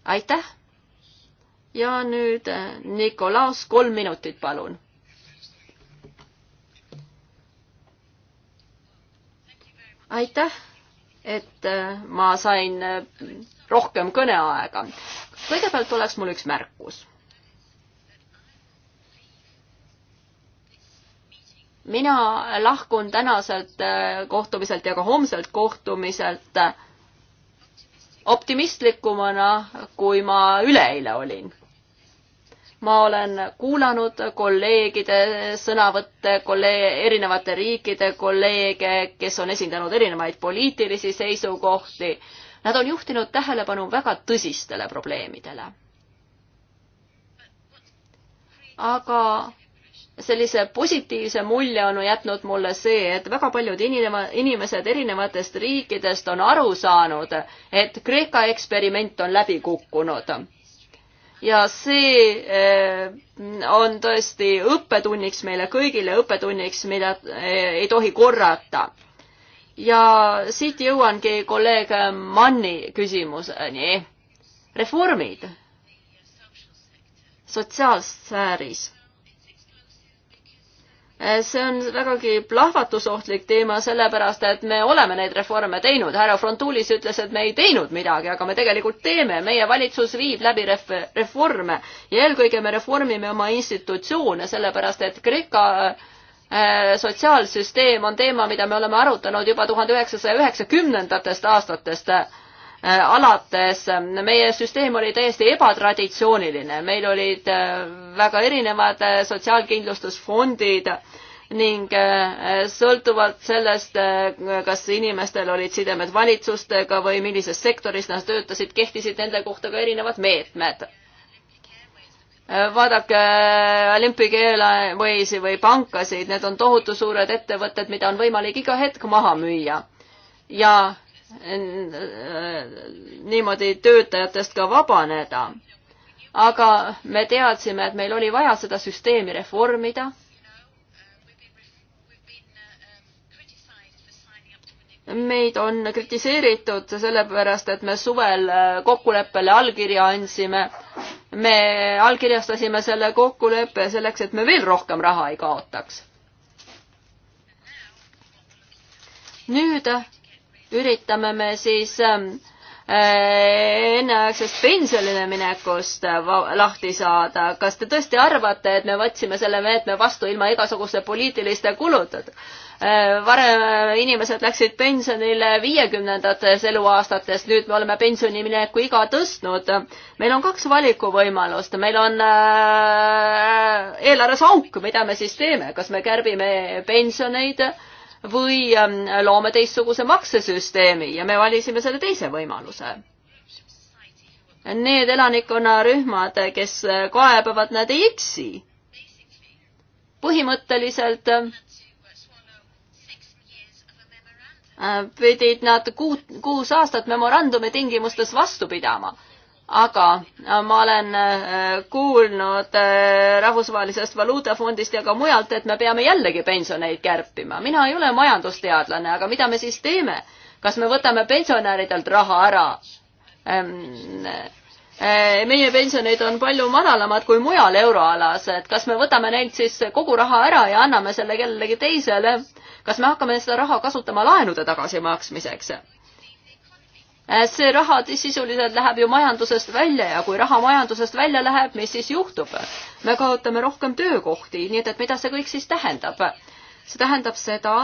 aitäh. ja nüüd äh, Nikolaos, kolm minutit, palun. aitäh, et äh, ma sain äh, rohkem kõneaega. kõigepealt oleks mul üks märkus. mina lahkun tänaselt kohtumiselt ja ka homselt kohtumiselt äh, optimistlikumana, kui ma üleeile olin. ma olen kuulanud kolleegide sõnavõtte, kolleeg, erinevate riikide kolleege, kes on esindanud erinevaid poliitilisi seisukohti. Nad on juhtinud tähelepanu väga tõsistele probleemidele. aga sellise positiivse mulje on jätnud mulle see, et väga paljud inima, inimesed erinevatest riikidest on aru saanud, et Kreeka eksperiment on läbi kukkunud. ja see eh, on tõesti õppetunniks meile kõigile, õppetunniks, mida eh, ei tohi korrata. ja siit jõuangi kolleeg Manni küsimuseni. reformid sotsiaalsfääris see on vägagi plahvatusohtlik teema, sellepärast et me oleme neid reforme teinud. härra Frontulis ütles, et me ei teinud midagi, aga me tegelikult teeme. meie valitsus viib läbi ref-, reforme ja eelkõige me reformime oma institutsioone, sellepärast et Kreeka äh, sotsiaalsüsteem on teema, mida me oleme arutanud juba tuhande üheksasaja üheksakümnendatest aastatest Äh, alates. Äh, meie süsteem oli täiesti ebatraditsiooniline, meil olid äh, väga erinevad sotsiaalkindlustusfondid ning sõltuvalt sellest, kas inimestel olid sidemed valitsustega või millises sektoris nad töötasid, kehtisid nende kohta ka erinevad meetmed vaadake olümpiakeelevaisi või pankasid, need on tohutu suured ettevõtted, mida on võimalik iga hetk maha müüa. ja niimoodi töötajatest ka vabaneda. aga me teadsime, et meil oli vaja seda süsteemi reformida. meid on kritiseeritud sellepärast, et me suvel kokkuleppele allkirja andsime. me allkirjastasime selle kokkuleppe selleks, et me veel rohkem raha ei kaotaks. nüüd üritame me siis ähm, äh, enneaegsest pensionile minekust äh, lahti saada. kas te tõesti arvate, et me võtsime selle meetme vastu ilma igasuguste poliitiliste kuluteta? Äh, varem inimesed läksid pensionile viiekümnendates eluaastates, nüüd me oleme pensionimineku iga tõstnud. meil on kaks valikuvõimalust, meil on eelarves auk, mida me siis teeme, kas me kärbime pensioneid või ähm, loome teistsuguse maksesüsteemi ja me valisime selle teise võimaluse. Need elanikkonnarühmad, kes äh, kaebavad, nad ei eksi. põhimõtteliselt äh, pidid nad kuut, kuus aastat memorandumi tingimustes vastu pidama aga äh, ma olen äh, kuulnud äh, Rahvusvahelisest Valuutafondist ja ka mujalt, et me peame jällegi pensioneid kärpima. mina ei ole majandusteadlane, aga mida me siis teeme? kas me võtame pensionäridelt raha ära? Ehm, meie pensionid on palju madalamad kui mujal euroalas, et kas me võtame neilt siis kogu raha ära ja anname selle kellelegi teisele? kas me hakkame seda raha kasutama laenude tagasimaksmiseks? Äh, see raha sisuliselt läheb ju majandusest välja ja kui raha majandusest välja läheb, mis siis juhtub? me kaotame rohkem töökohti, nii et, et mida see kõik siis tähendab? see tähendab seda,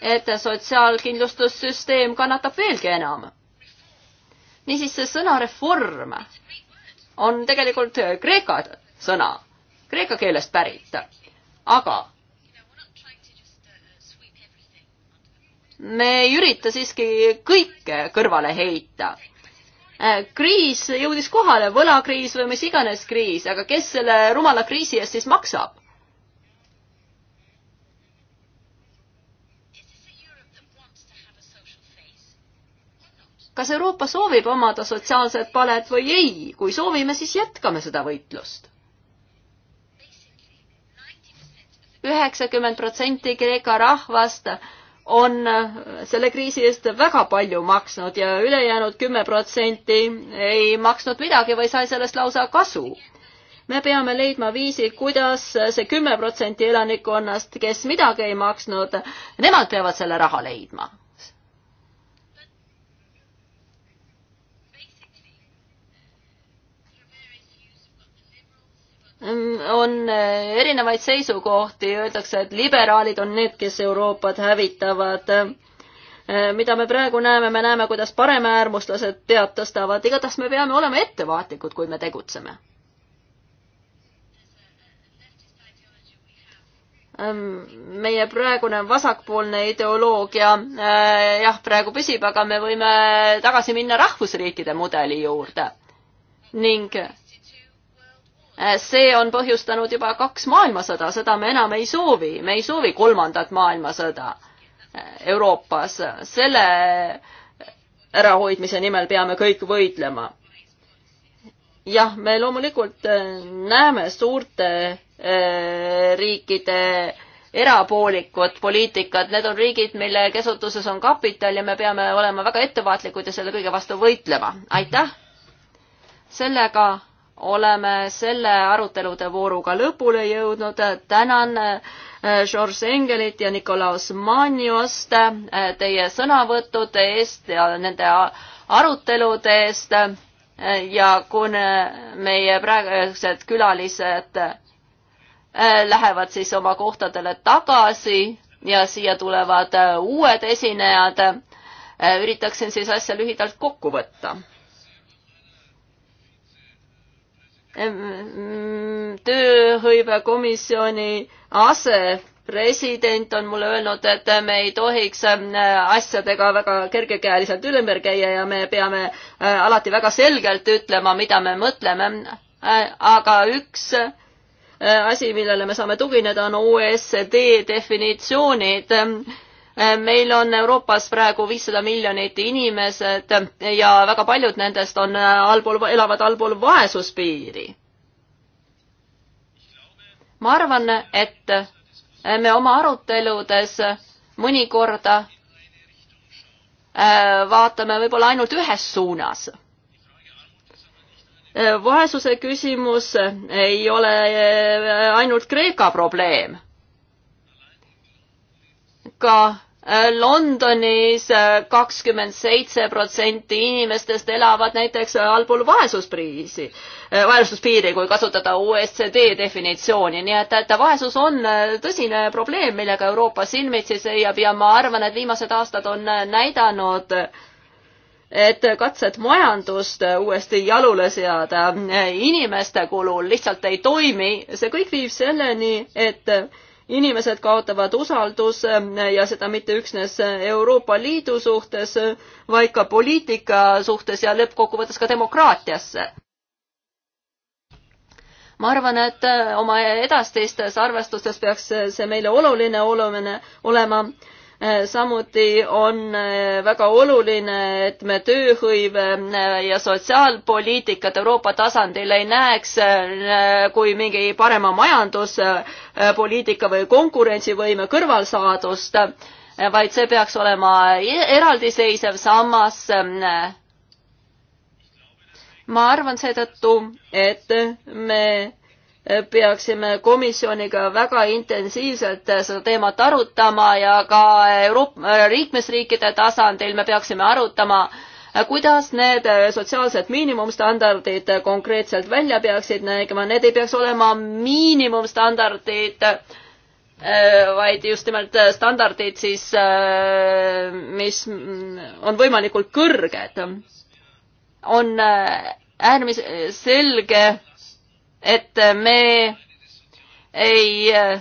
et sotsiaalkindlustussüsteem kannatab veelgi enam. niisiis, see sõna reform on tegelikult kreeka sõna, kreeka keelest pärit. aga me ei ürita siiski kõike kõrvale heita. Äh, kriis jõudis kohale, võlakriis või mis iganes kriis, aga kes selle rumala kriisi eest siis maksab? kas Euroopa soovib omada sotsiaalset palet või ei, kui soovime, siis jätkame seda võitlust. üheksakümmend protsenti Kreeka rahvast on äh, selle kriisi eest väga palju maksnud ja ülejäänud kümme protsenti ei maksnud midagi või sai sellest lausa kasu. me peame leidma viisi, kuidas see kümme protsenti elanikkonnast, kes midagi ei maksnud, nemad peavad selle raha leidma on äh, erinevaid seisukohti, öeldakse, et liberaalid on need, kes Euroopat hävitavad. Äh, mida me praegu näeme, me näeme, kuidas paremäärmuslased pead tõstavad, igatahes me peame olema ettevaatlikud, kui me tegutseme. Ähm, meie praegune vasakpoolne ideoloogia äh, jah, praegu püsib, aga me võime tagasi minna rahvusriikide mudeli juurde ning Äh, see on põhjustanud juba kaks maailmasõda, seda me enam ei soovi, me ei soovi kolmandat maailmasõda äh, Euroopas. selle ärahoidmise nimel peame kõik võitlema. jah, me loomulikult äh, näeme suurte riikide erapoolikud poliitikad, need on riigid, mille käsutuses on kapital ja me peame olema väga ettevaatlikud ja selle kõige vastu võitlema. aitäh! sellega oleme selle arutelude vooruga lõpule jõudnud. tänan eh, Georges Engelit ja Nikolaus Maniost eh, teie sõnavõttude eest ja nende arutelude eest eh, ja kuna meie praegused külalised lähevad siis oma kohtadele tagasi ja siia tulevad uued esinejad, üritaksin siis asja lühidalt kokku võtta Mm, tööhõivekomisjoni asepresident on mulle öelnud, et me ei tohiks asjadega väga kergekäeliselt ülember käia ja me peame äh, alati väga selgelt ütlema, mida me mõtleme. Äh, aga üks äh, asi, millele me saame tugineda, on OSCD definitsioonid Äh, meil on Euroopas praegu viissada miljonit inimesed ja väga paljud nendest on äh, allpool, elavad allpool vaesuspiiri. ma arvan, et äh, me oma aruteludes mõnikorda vaatame võib-olla ainult ühes suunas vaesuse küsimus ei ole ainult Kreeka probleem. ka Äh, Londonis äh, kakskümmend seitse protsenti inimestest elavad näiteks äh, allpool vaesuspiiri, vaesuspiiri, kui kasutada OECD definitsiooni, nii et, et vaesus on tõsine probleem, millega Euroopa silmitsi seisab ja ma arvan, et viimased aastad on näidanud, et katsed majandust uuesti jalule seada inimeste kulul lihtsalt ei toimi, see kõik viib selleni, et inimesed kaotavad usalduse ja seda mitte üksnes Euroopa Liidu suhtes, vaid ka poliitika suhtes ja lõppkokkuvõttes ka demokraatiasse. ma arvan, et oma edasistes arvestustes peaks see meile oluline, oluline olema Äh, samuti on äh, väga oluline, et me tööhõive äh, ja sotsiaalpoliitikat Euroopa tasandil ei näeks kui mingi parema majanduspoliitika või konkurentsivõime kõrvalsaadust, vaid see peaks olema e-, eraldiseisev sammas. ma arvan seetõttu, et me peaksime komisjoniga väga intensiivselt seda teemat arutama ja ka Euroopa äh, liikmesriikide tasandil me peaksime arutama, kuidas need sotsiaalsed miinimumstandardid konkreetselt välja peaksid nägema, need ei peaks olema miinimumstandardid, äh, vaid just nimelt standardid siis, äh, mis on võimalikult kõrged. on äärmiselt selge et me ei eh,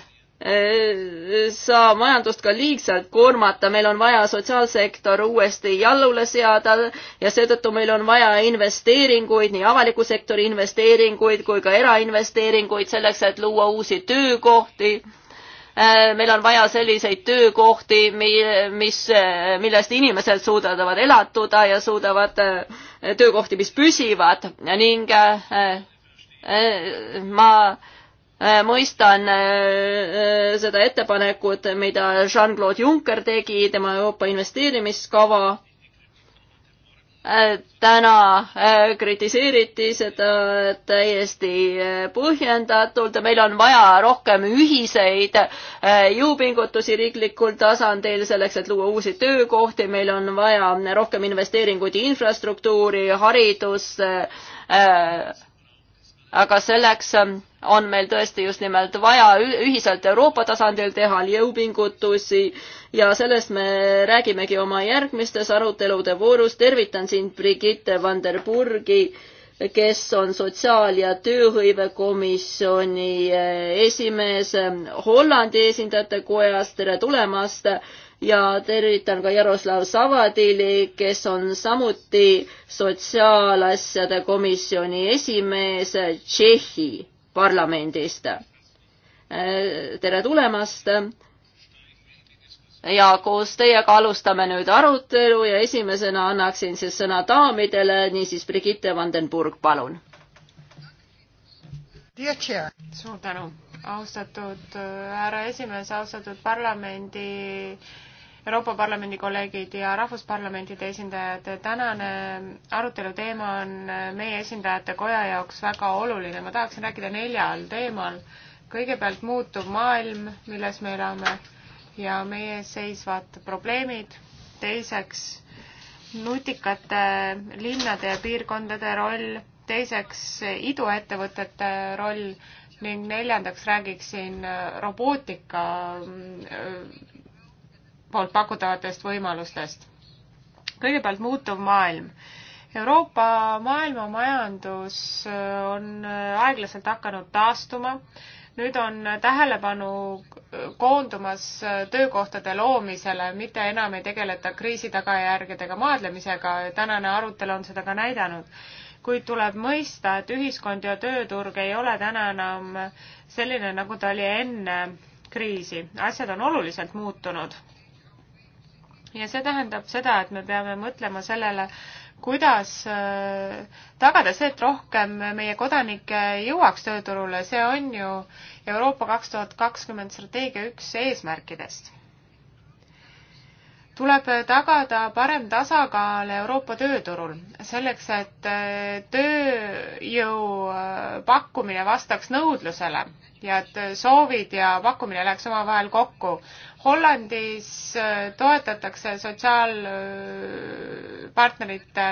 saa majandust ka liigselt koormata, meil on vaja sotsiaalsektor uuesti jallule seada ja seetõttu meil on vaja investeeringuid, nii avaliku sektori investeeringuid kui ka erainvesteeringuid selleks, et luua uusi töökohti eh, meil on vaja selliseid töökohti, mis, eh, millest inimesed suudavad elatuda ja suudavad töökohti, mis püsivad ning Eh, ma eh, mõistan eh, seda ettepanekut, mida Jean-Claude Juncker tegi, tema Euroopa investeerimiskava. täna kritiseeriti seda täiesti põhjendatult, meil on vaja rohkem ühiseid jõupingutusi riiklikul tasandil selleks, et luua uusi töökohti, meil on vaja rohkem investeeringuid infrastruktuuri, haridusse aga selleks ähm, on meil tõesti just nimelt vaja ühiselt Euroopa tasandil teha jõupingutusi ja sellest me räägimegi oma järgmistes arutelude voorus. tervitan sind, Brigitte van der Burgi, kes on sotsiaal- ja tööhõivekomisjoni äh, esimees ähm, Hollandi esindajate kojast. tere tulemast ja tervitan ka Jaroslav Savadili, kes on samuti sotsiaalasjade komisjoni esimees Tšehhi parlamendist. tere tulemast. ja koos teiega alustame nüüd arutelu ja esimesena annaksin siis sõna daamidele, niisiis Brigitte Vandenburg, palun. suur tänu austatud äh, härra esimees, austatud parlamendi Euroopa Parlamendi kolleegid ja rahvusparlamentide esindajad, tänane arutelu teema on meie esindajate koja jaoks väga oluline. ma tahaksin rääkida neljal teemal. kõigepealt muutuv maailm, milles me elame ja meie ees seisvad probleemid. teiseks nutikate linnade ja piirkondade roll, teiseks iduettevõtete roll ning neljandaks räägiksin robootika poolt pakutavatest võimalustest. kõigepealt muutuv maailm. Euroopa maailmamajandus äh, on äh, aeglaselt hakanud taastuma, nüüd on tähelepanu koondumas äh, töökohtade loomisele, mitte enam ei tegeleta kriisi tagajärgedega maadlemisega, tänane arutelu on seda ka näidanud kuid tuleb mõista, et ühiskond ja tööturg ei ole täna enam selline, nagu ta oli enne kriisi. asjad on oluliselt muutunud ja see tähendab seda, et me peame mõtlema sellele, kuidas äh, tagada see, et rohkem meie kodanikke jõuaks tööturule, see on ju Euroopa kaks tuhat kakskümmend strateegia üks eesmärkidest tuleb tagada parem tasakaal Euroopa tööturul, selleks et äh, tööjõu äh, pakkumine vastaks nõudlusele ja et soovid ja pakkumine läheks omavahel kokku. Hollandis äh, toetatakse sotsiaalpartnerite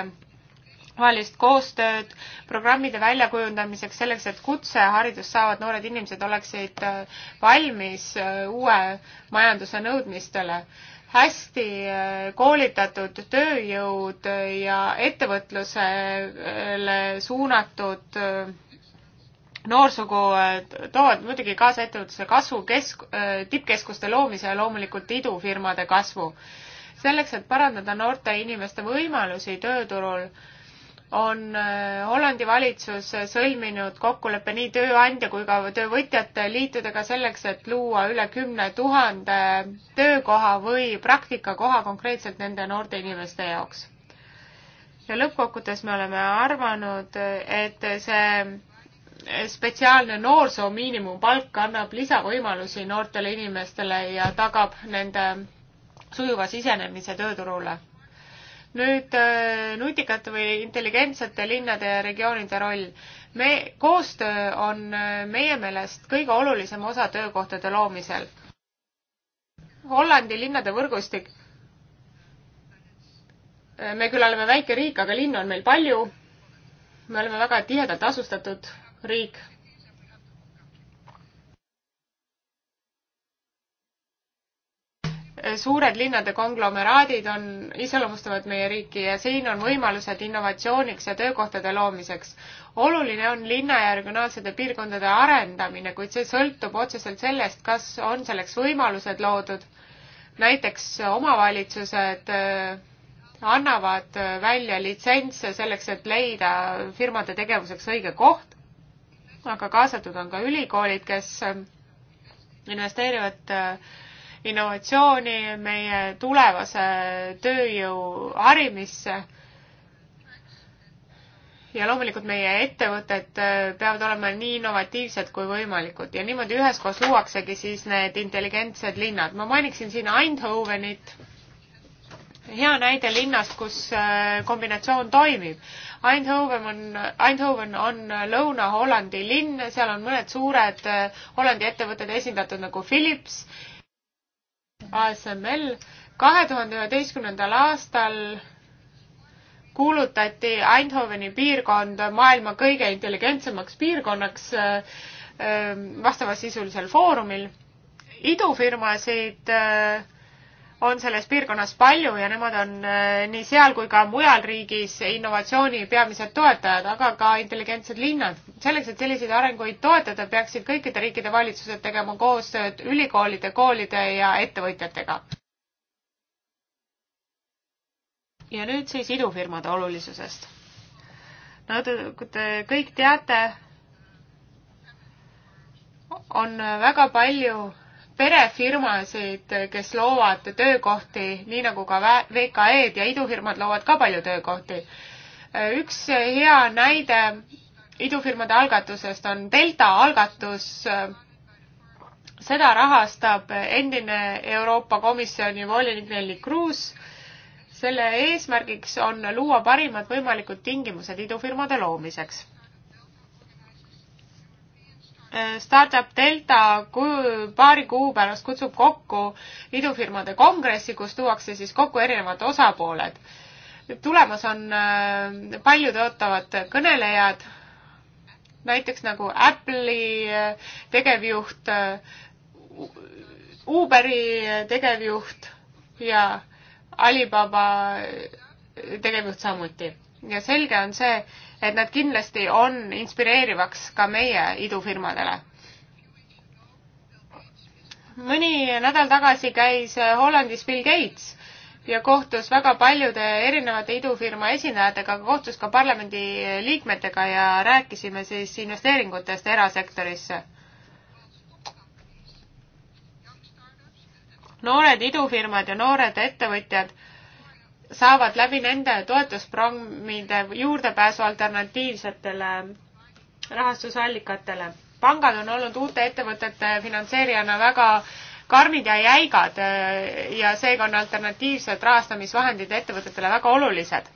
vahelist koostööd programmide väljakujundamiseks selleks, et kutseharidust saavad noored inimesed oleksid valmis uue majanduse nõudmistele hästi äh, koolitatud tööjõud ja ettevõtlusele suunatud äh, noorsugu toovad muidugi kaasa ettevõtluse kasvu, kesk-, äh, tippkeskuste loomise ja loomulikult idufirmade kasvu. selleks, et parandada noorte inimeste võimalusi tööturul, on äh, Hollandi valitsus sõlminud kokkuleppe nii tööandja kui ka töövõtjate liitudega selleks, et luua üle kümne tuhande töökoha või praktikakoha konkreetselt nende noorte inimeste jaoks. ja lõppkokkuvõttes me oleme arvanud, et see spetsiaalne noorsoo miinimumpalk annab lisavõimalusi noortele inimestele ja tagab nende sujuva sisenemise tööturule nüüd äh, nutikate või intelligentsete linnade ja regioonide roll. me, koostöö on äh, meie meelest kõige olulisem osa töökohtade loomisel. Hollandi linnade võrgustik. Äh, me küll oleme väike riik, aga linnu on meil palju. me oleme väga tihedalt asustatud riik suured linnade konglomeraadid on, iseloomustavad meie riiki ja siin on võimalused innovatsiooniks ja töökohtade loomiseks. oluline on linna ja regionaalsete piirkondade arendamine, kuid see sõltub otseselt sellest, kas on selleks võimalused loodud. näiteks omavalitsused äh, annavad äh, välja litsentse selleks, et leida firmade tegevuseks õige koht, aga kaasatud on ka ülikoolid, kes äh, investeerivad äh, innovatsiooni, meie tulevase tööjõu harimisse. ja loomulikult meie ettevõtted äh, peavad olema nii innovatiivsed kui võimalikud ja niimoodi üheskoos luuaksegi siis need intelligentsed linnad. ma mainiksin siin Eindhovenit, hea näide linnast, kus äh, kombinatsioon toimib. Eindhoven on, Eindhoven on Lõuna-Hollandi linn, seal on mõned suured äh, Hollandi ettevõtted esindatud nagu Philips ASML kahe tuhande üheteistkümnendal aastal kuulutati Eindhoveni piirkond maailma kõige intelligentsemaks piirkonnaks äh, äh, vastavasisulisel foorumil. idufirmasid äh, on selles piirkonnas palju ja nemad on äh, nii seal kui ka mujal riigis innovatsiooni peamised toetajad, aga ka intelligentsed linnad. selleks, et selliseid arenguid toetada, peaksid kõikide riikide valitsused tegema koostööd ülikoolide, koolide ja ettevõtjatega. ja nüüd siis idufirmade olulisusest. nagu te kõik teate, on väga palju perefirmasid, kes loovad töökohti, nii nagu ka VKE-d ja idufirmad loovad ka palju töökohti. üks hea näide idufirmade algatusest on Delta algatus. seda rahastab endine Euroopa Komisjoni volinik Nelli Kruus. selle eesmärgiks on luua parimad võimalikud tingimused idufirmade loomiseks Startup Delta paari kuu pärast kutsub kokku idufirmade kongressi, kus tuuakse siis kokku erinevad osapooled. tulemas on äh, paljud ootavad kõnelejad, näiteks nagu Apple'i äh, tegevjuht, äh, Uberi tegevjuht ja Alibaba tegevjuht samuti. ja selge on see, et nad kindlasti on inspireerivaks ka meie idufirmadele. mõni nädal tagasi käis Hollandis Bill Gates ja kohtus väga paljude erinevate idufirma esindajatega, kohtus ka parlamendi liikmetega ja rääkisime siis investeeringutest erasektorisse. noored idufirmad ja noored ettevõtjad saavad läbi nende toetusprogrammide juurdepääsu alternatiivsetele rahastusallikatele. pangad on olnud uute ettevõtete finantseerijana väga karmid ja jäigad eh, ja seega on alternatiivsed rahastamisvahendid ettevõtetele väga olulised.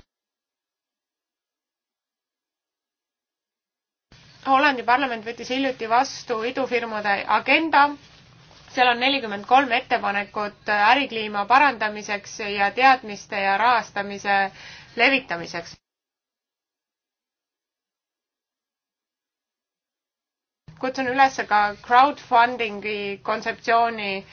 Hollandi parlament võttis hiljuti vastu idufirmade agenda seal on nelikümmend kolm ettepanekut äh, ärikliima parandamiseks ja teadmiste ja rahastamise levitamiseks. kutsun üles ka crowdfundingi kontseptsiooni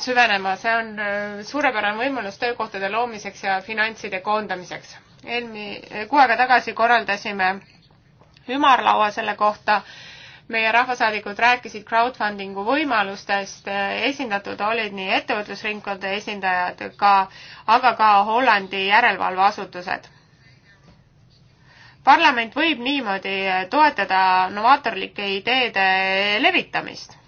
süvenema, see on äh, suurepärane võimalus töökohtade loomiseks ja finantside koondamiseks. eelmi-, kuu aega tagasi korraldasime ümarlaua selle kohta meie rahvasaadikud rääkisid crowdfundingu võimalustest, esindatud olid nii ettevõtlusringkondade esindajad ka, aga ka Hollandi järelevalveasutused. parlament võib niimoodi toetada novaatorlike ideede levitamist.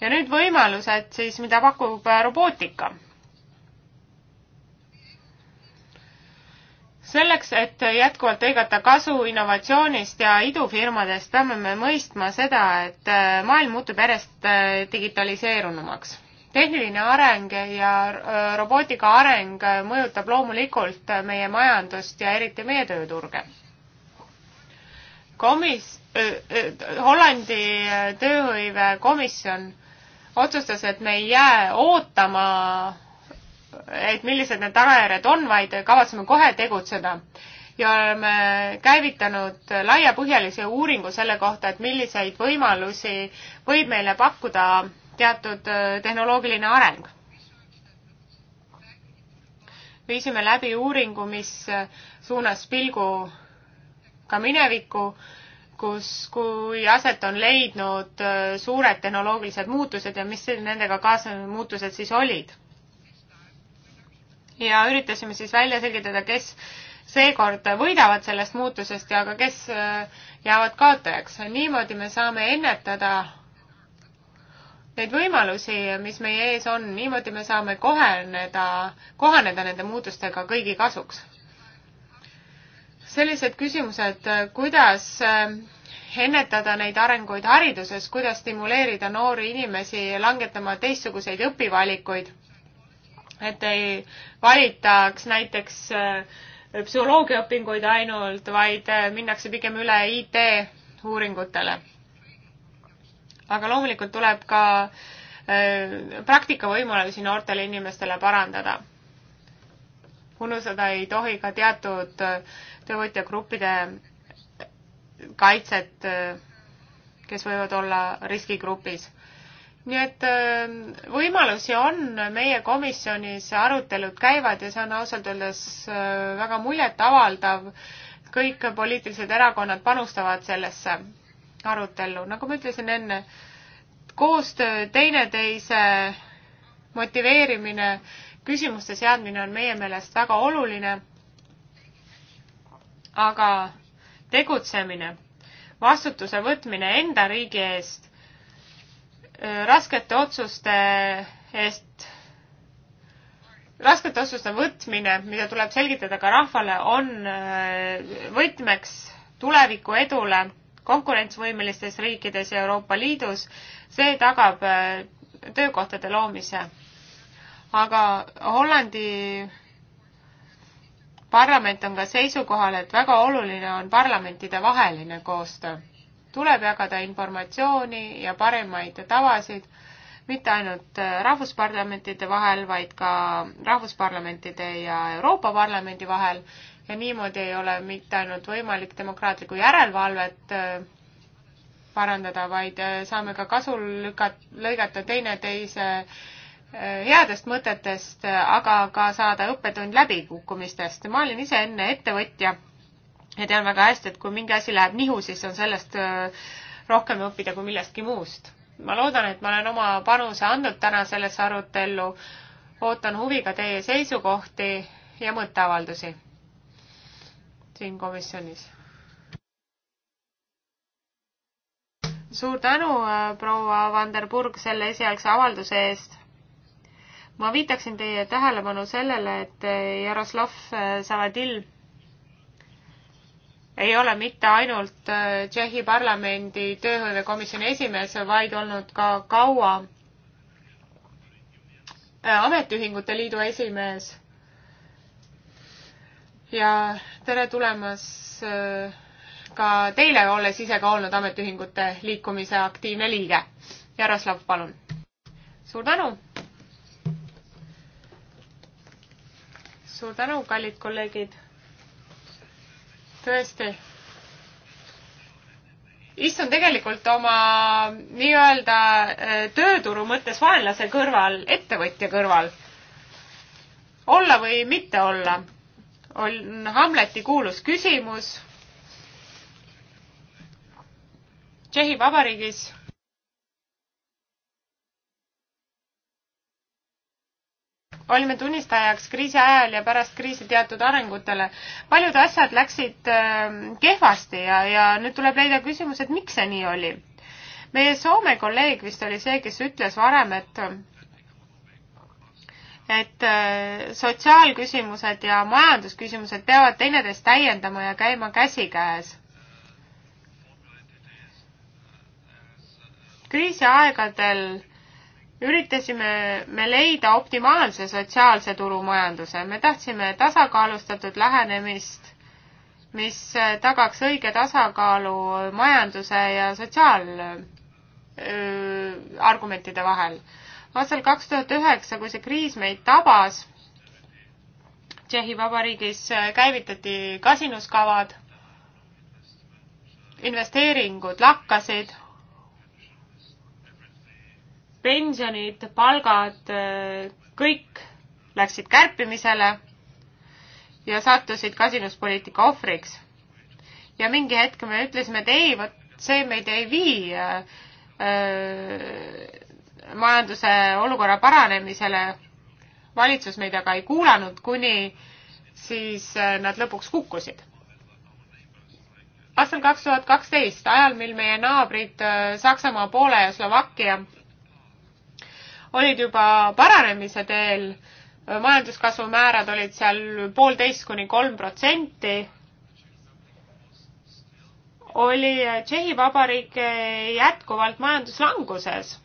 ja nüüd võimalused siis, mida pakub robootika selleks, et jätkuvalt lõigata kasu innovatsioonist ja idufirmadest, peame me mõistma seda, et äh, maailm muutub järjest äh, digitaliseerunumaks. tehniline areng ja äh, robootika areng mõjutab loomulikult meie majandust ja eriti meie tööturge. komis- äh,, Hollandi tööhõivekomisjon otsustas, et me ei jää ootama et millised need tagajärjed on, vaid kavatseme kohe tegutseda. ja oleme käivitanud laiapõhjalise uuringu selle kohta, et milliseid võimalusi võib meile pakkuda teatud äh, tehnoloogiline areng. viisime läbi uuringu, mis äh, suunas pilgu ka minevikku kus, kui aset on leidnud äh, suured tehnoloogilised muutused ja mis nendega kaasnevad muutused siis olid ja üritasime siis välja selgitada, kes seekord võidavad sellest muutusest ja ka kes äh, jäävad kaotajaks. niimoodi me saame ennetada neid võimalusi, mis meie ees on, niimoodi me saame koheneda, kohaneda nende muutustega kõigi kasuks. sellised küsimused, kuidas äh, ennetada neid arenguid hariduses, kuidas stimuleerida noori inimesi langetama teistsuguseid õpivalikuid et ei valitaks näiteks äh, psühholoogiaõpinguid ainult, vaid äh, minnakse pigem üle IT-uuringutele. aga loomulikult tuleb ka äh, praktikavõimalusi noortele inimestele parandada. unustada ei tohi ka teatud töövõtjagruppide kaitset, kes võivad olla riskigrupis nii et äh, võimalusi on, meie komisjonis arutelud käivad ja see on ausalt öeldes äh, väga muljetavaldav. kõik poliitilised erakonnad panustavad sellesse arutellu, nagu ma ütlesin enne, koostöö teineteise motiveerimine, küsimuste seadmine on meie meelest väga oluline. aga tegutsemine, vastutuse võtmine enda riigi eest Äh, raskete otsuste eest, raskete otsuste võtmine, mida tuleb selgitada ka rahvale, on äh, võtmeks tuleviku edule konkurentsivõimelistes riikides ja Euroopa Liidus. see tagab äh, töökohtade loomise. aga Hollandi parlament on ka seisukohal, et väga oluline on parlamentide vaheline koostöö tuleb jagada informatsiooni ja paremaid tavasid mitte ainult äh, rahvusparlamentide vahel, vaid ka rahvusparlamentide ja Euroopa Parlamendi vahel ja niimoodi ei ole mitte ainult võimalik demokraatlikku järelevalvet äh, parandada, vaid äh, saame ka kasu lükat-, lõigata teineteise headest mõtetest, aga ka saada õppetund läbikukkumistest. ma olin ise enne ettevõtja ja tean väga hästi, et kui mingi asi läheb nihu, siis on sellest äh, rohkem õppida kui millestki muust. ma loodan, et ma olen oma panuse andnud täna sellesse arutellu. ootan huviga teie seisukohti ja mõtteavaldusi siin komisjonis. suur tänu, äh, proua Vanderburg, selle esialgse avalduse eest ma viitaksin teie tähelepanu sellele, et äh, Jaroslav Savadil ei ole mitte ainult äh, Tšehhi parlamendi tööhõivekomisjoni esimees, vaid olnud ka kaua äh, ametiühingute liidu esimees. ja tere tulemast äh, ka teile, olles ise ka olnud ametiühingute liikumise aktiivne liige. Jaroslav, palun. suur tänu. suur tänu, kallid kolleegid tõesti. istun tegelikult oma nii-öelda äh, tööturu mõttes vaenlase kõrval, ettevõtja kõrval. olla või mitte olla, on Hamleti kuulus küsimus. Tšehhi Vabariigis olime tunnistajaks kriisi ajal ja pärast kriisi teatud arengutele. paljud asjad läksid ähm, kehvasti ja, ja nüüd tuleb leida küsimus, et miks see nii oli. meie Soome kolleeg vist oli see, kes ütles varem, et et äh, sotsiaalküsimused ja majandusküsimused peavad teineteist täiendama ja käima käsikäes. kriisiaegadel üritasime me leida optimaalse sotsiaalse turumajanduse, me tahtsime tasakaalustatud lähenemist, mis tagaks õige tasakaalu majanduse ja sotsiaalargumentide vahel. aastal kaks tuhat üheksa, kui see kriis meid tabas, Tšehhi Vabariigis käivitati kasinuskavad, investeeringud lakkasid pensionid, palgad, kõik läksid kärpimisele ja sattusid kasinuspoliitika ohvriks. ja mingi hetk me ütlesime, et ei, vot see meid ei vii öö, äh, majanduse olukorra paranemisele. valitsus meid aga ei kuulanud, kuni siis äh, nad lõpuks kukkusid. aastal kaks tuhat kaksteist, ajal mil meie naabrid äh, Saksamaa, Poola ja Slovakkia olid juba paranemise teel, majanduskasvu määrad olid seal poolteist kuni kolm protsenti, oli Tšehhi Vabariik jätkuvalt majanduslanguses.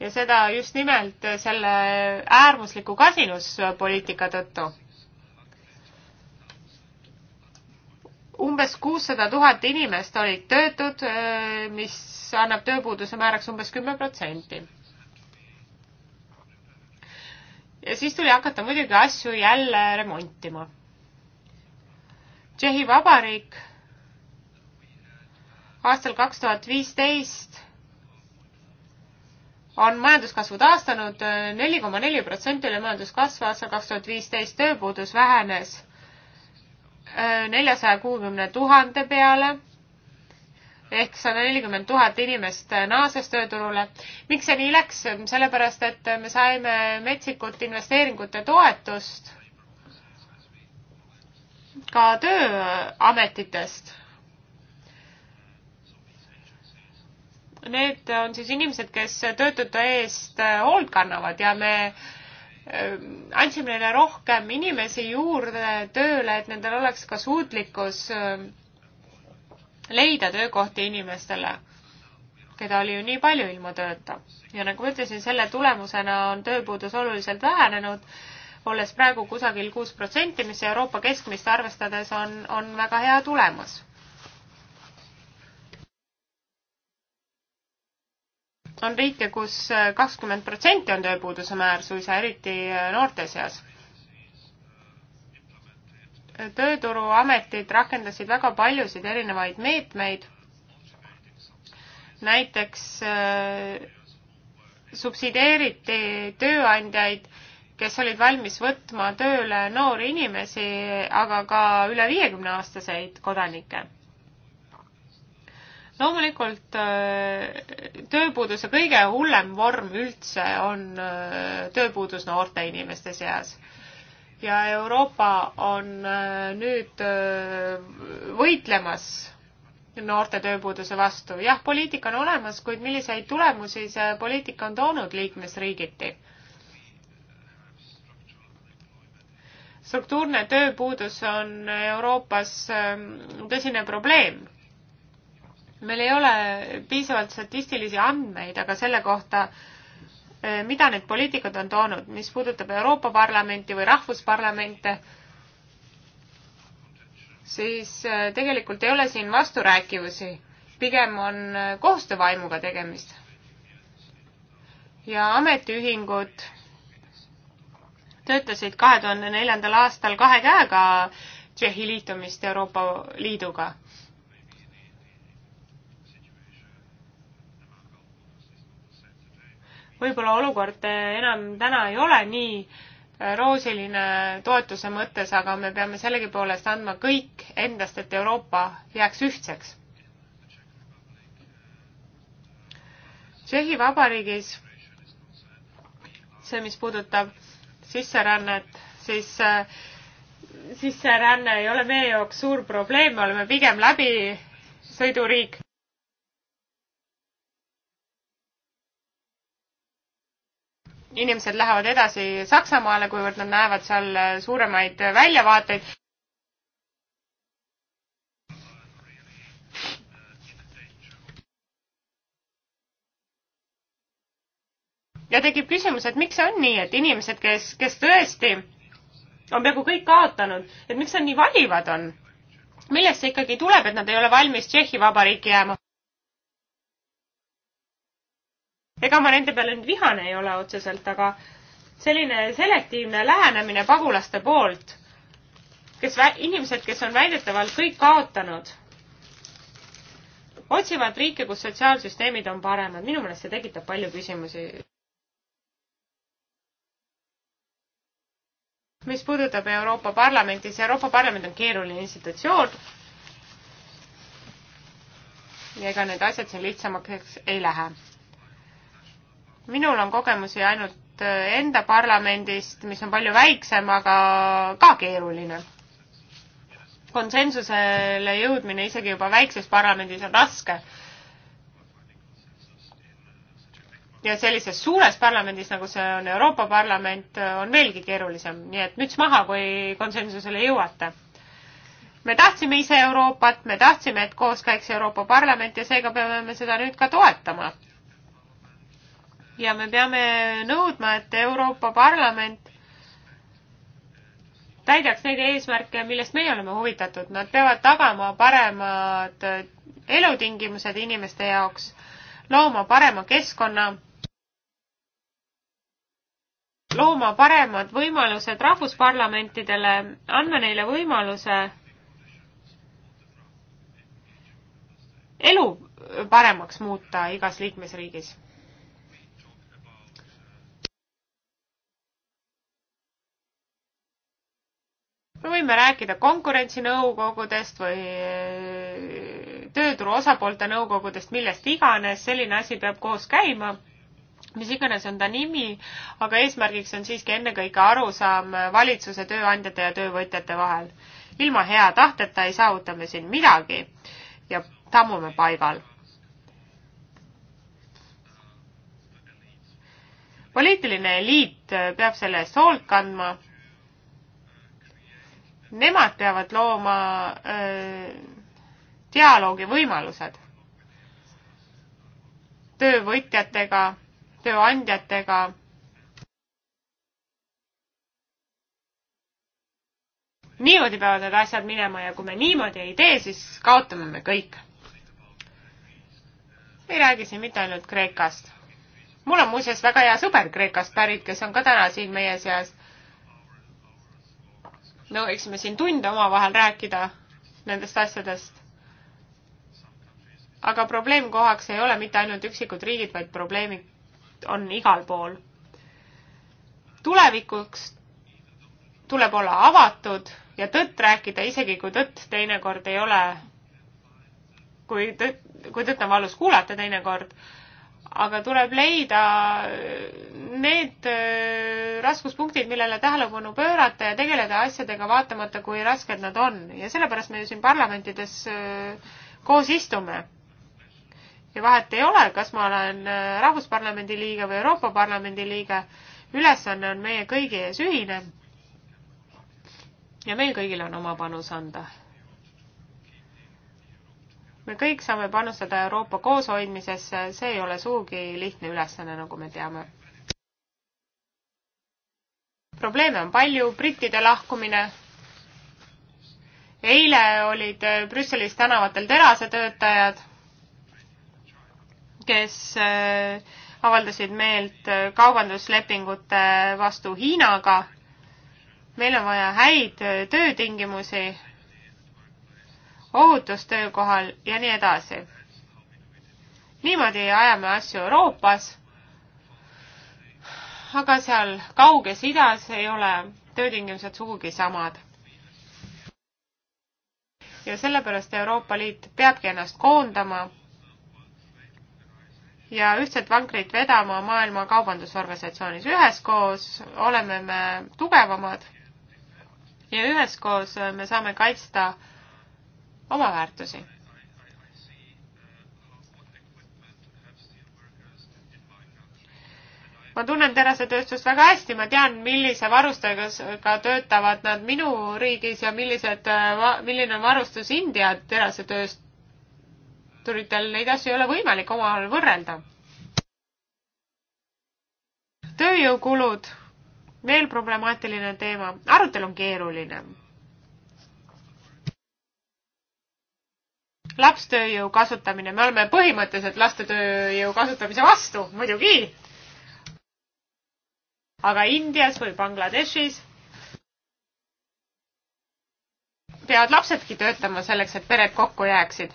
ja seda just nimelt selle äärmusliku kasinuspoliitika tõttu umbes kuussada tuhat inimest olid töötud, äh, mis annab tööpuuduse määraks umbes kümme protsenti. ja siis tuli hakata muidugi asju jälle remontima. Tšehhi Vabariik aastal kaks tuhat viisteist on majanduskasvu taastanud äh, neli koma neli protsenti oli majanduskasv aastal kaks tuhat viisteist, tööpuudus vähenes neljasaja kuuekümne tuhande peale ehk sada nelikümmend tuhat inimest naases tööturule. miks see nii läks? sellepärast, et me saime metsikut investeeringute toetust ka tööametitest. Need on siis inimesed, kes töötute eest hoolt kannavad ja me äh, Ehm, andsime neile rohkem inimesi juurde tööle, et nendel oleks ka suutlikkus ehm, leida töökohti inimestele, keda oli ju nii palju ilma tööta. ja nagu ma ütlesin, selle tulemusena on tööpuudus oluliselt vähenenud, olles praegu kusagil kuus protsenti, mis Euroopa keskmist arvestades on, on väga hea tulemus on riike kus, kus äh, kakskümmend protsenti on tööpuuduse määr suisa, eriti äh, noorte seas. tööturuametid rakendasid väga paljusid erinevaid meetmeid, näiteks äh, subsideeriti tööandjaid, kes olid valmis võtma tööle noori inimesi, aga ka üle viiekümne aastaseid kodanikke loomulikult äh, tööpuuduse kõige hullem vorm üldse on äh, tööpuudus noorte inimeste seas. ja Euroopa on äh, nüüd võitlemas noorte tööpuuduse vastu. jah, poliitika on olemas, kuid milliseid tulemusi see poliitika on toonud liikmesriigiti? struktuurne tööpuudus on Euroopas tõsine probleem meil ei ole piisavalt statistilisi andmeid aga selle kohta, eh, mida need poliitikud on toonud, mis puudutab Euroopa Parlamenti või rahvusparlamente, siis eh, tegelikult ei ole siin vasturääkivusi, pigem on eh, koostöövaimuga tegemist. ja ametiühingud töötasid kahe tuhande neljandal aastal kahe käega Tšehhi liitumist Euroopa Liiduga võib-olla olukord eh, enam täna ei ole nii eh, roosiline toetuse mõttes, aga me peame sellegipoolest andma kõik endast, et Euroopa jääks ühtseks. Tšehhi Vabariigis see, mis puudutab sisserännet, siis eh, sisseränne ei ole meie jaoks suur probleem, me oleme pigem läbisõiduriik. inimesed lähevad edasi Saksamaale, kuivõrd nad näevad seal suuremaid väljavaateid. ja tekib küsimus, et miks see on nii, et inimesed, kes, kes tõesti on peaaegu kõik kaotanud, et miks nad nii valivad on? millest see ikkagi tuleb, et nad ei ole valmis Tšehhi Vabariiki jääma? ega ma nende peale nüüd vihane ei ole otseselt, aga selline selektiivne lähenemine pagulaste poolt, kes, inimesed, kes on väidetavalt kõik kaotanud, otsivad riike, kus sotsiaalsüsteemid on paremad. minu meelest see tekitab palju küsimusi. mis puudutab Euroopa Parlamenti, siis Euroopa Parlament on keeruline institutsioon. ja ega need asjad siin lihtsamaks ei lähe minul on kogemusi ainult äh, enda parlamendist, mis on palju väiksem, aga ka keeruline. konsensusele jõudmine isegi juba väikses parlamendis on raske. ja sellises suures parlamendis, nagu see on Euroopa Parlament, on veelgi keerulisem, nii et müts maha, kui konsensusele jõuate me tahtsime ise Euroopat, me tahtsime, et koos käiks Euroopa Parlament ja seega peame me seda nüüd ka toetama ja me peame nõudma, et Euroopa Parlament täidaks neid eesmärke, millest meie oleme huvitatud. Nad peavad tagama paremad elutingimused inimeste jaoks, looma parema keskkonna, looma paremad võimalused rahvusparlamentidele, andma neile võimaluse elu paremaks muuta igas liikmesriigis me võime rääkida konkurentsinõukogudest või eh, tööturu osapoolte nõukogudest, millest iganes, selline asi peab koos käima, mis iganes on ta nimi, aga eesmärgiks on siiski ennekõike arusaam valitsuse, tööandjate ja töövõtjate vahel. ilma hea tahteta ei saavuta me siin midagi ja tammume paigal poliitiline eliit peab selle eest hoolt kandma nemad peavad looma dialoogi võimalused töövõtjatega, tööandjatega. niimoodi peavad need asjad minema ja kui me niimoodi ei tee, siis kaotame me kõik. ei räägi siin mitte ainult Kreekast. mul on muuseas väga hea sõber Kreekast pärit, kes on ka täna siin meie seas no eks me siin tunde omavahel rääkida nendest asjadest. aga probleemkohaks ei ole mitte ainult üksikud riigid, vaid probleemid on igal pool. tulevikuks tuleb olla avatud ja tõtt rääkida, isegi kui tõtt teinekord ei ole, kui tõtt, kui tõtt on valus kuulata teinekord aga tuleb leida äh, need äh, raskuspunktid, millele tähelepanu pöörata ja tegeleda asjadega vaatamata, kui rasked nad on ja sellepärast me ju siin parlamentides äh, koos istume. ja vahet ei ole, kas ma olen Rahvusparlamendi liige või Euroopa Parlamendi liige, ülesanne on meie kõigi ees ühine. ja meil kõigil on oma panus anda me kõik saame panustada Euroopa kooshoidmisesse, see ei ole sugugi lihtne ülesanne, nagu me teame. probleeme on palju, brittide lahkumine. eile olid Brüsselis tänavatel terasetöötajad, kes äh, avaldasid meelt kaubanduslepingute vastu Hiinaga. meil on vaja häid töötingimusi ohutus töökohal ja nii edasi. niimoodi ajame asju Euroopas, aga seal kauges idas ei ole töötingimused sugugi samad. ja sellepärast Euroopa Liit peabki ennast koondama ja ühtset vankrit vedama Maailma Kaubandusorganisatsioonis. üheskoos oleme me tugevamad ja üheskoos me saame kaitsta äh, oma väärtusi. ma tunnen terasetööstust väga hästi, ma tean, millise varustusega töötavad nad minu riigis ja millised, äh, milline on varustus India terasetöösturitel, neid asju ei ole võimalik omavahel võrrelda. tööjõukulud, veel problemaatiline teema, arutelu on keeruline lapstööjõu kasutamine, me oleme põhimõtteliselt lastetööjõu kasutamise vastu, muidugi. aga Indias või Bangladeshis peavad lapsedki töötama selleks, et pered kokku jääksid.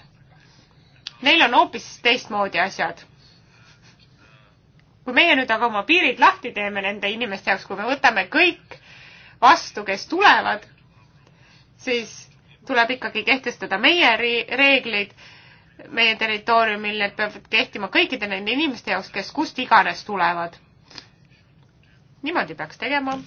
Neil on hoopis teistmoodi asjad. kui meie nüüd aga oma piirid lahti teeme nende inimeste jaoks, kui me võtame kõik vastu, kes tulevad, siis tuleb ikkagi kehtestada meie reeglid meie territooriumil, need peavad kehtima kõikide nende inimeste jaoks, kes kust iganes tulevad. niimoodi peaks tegema.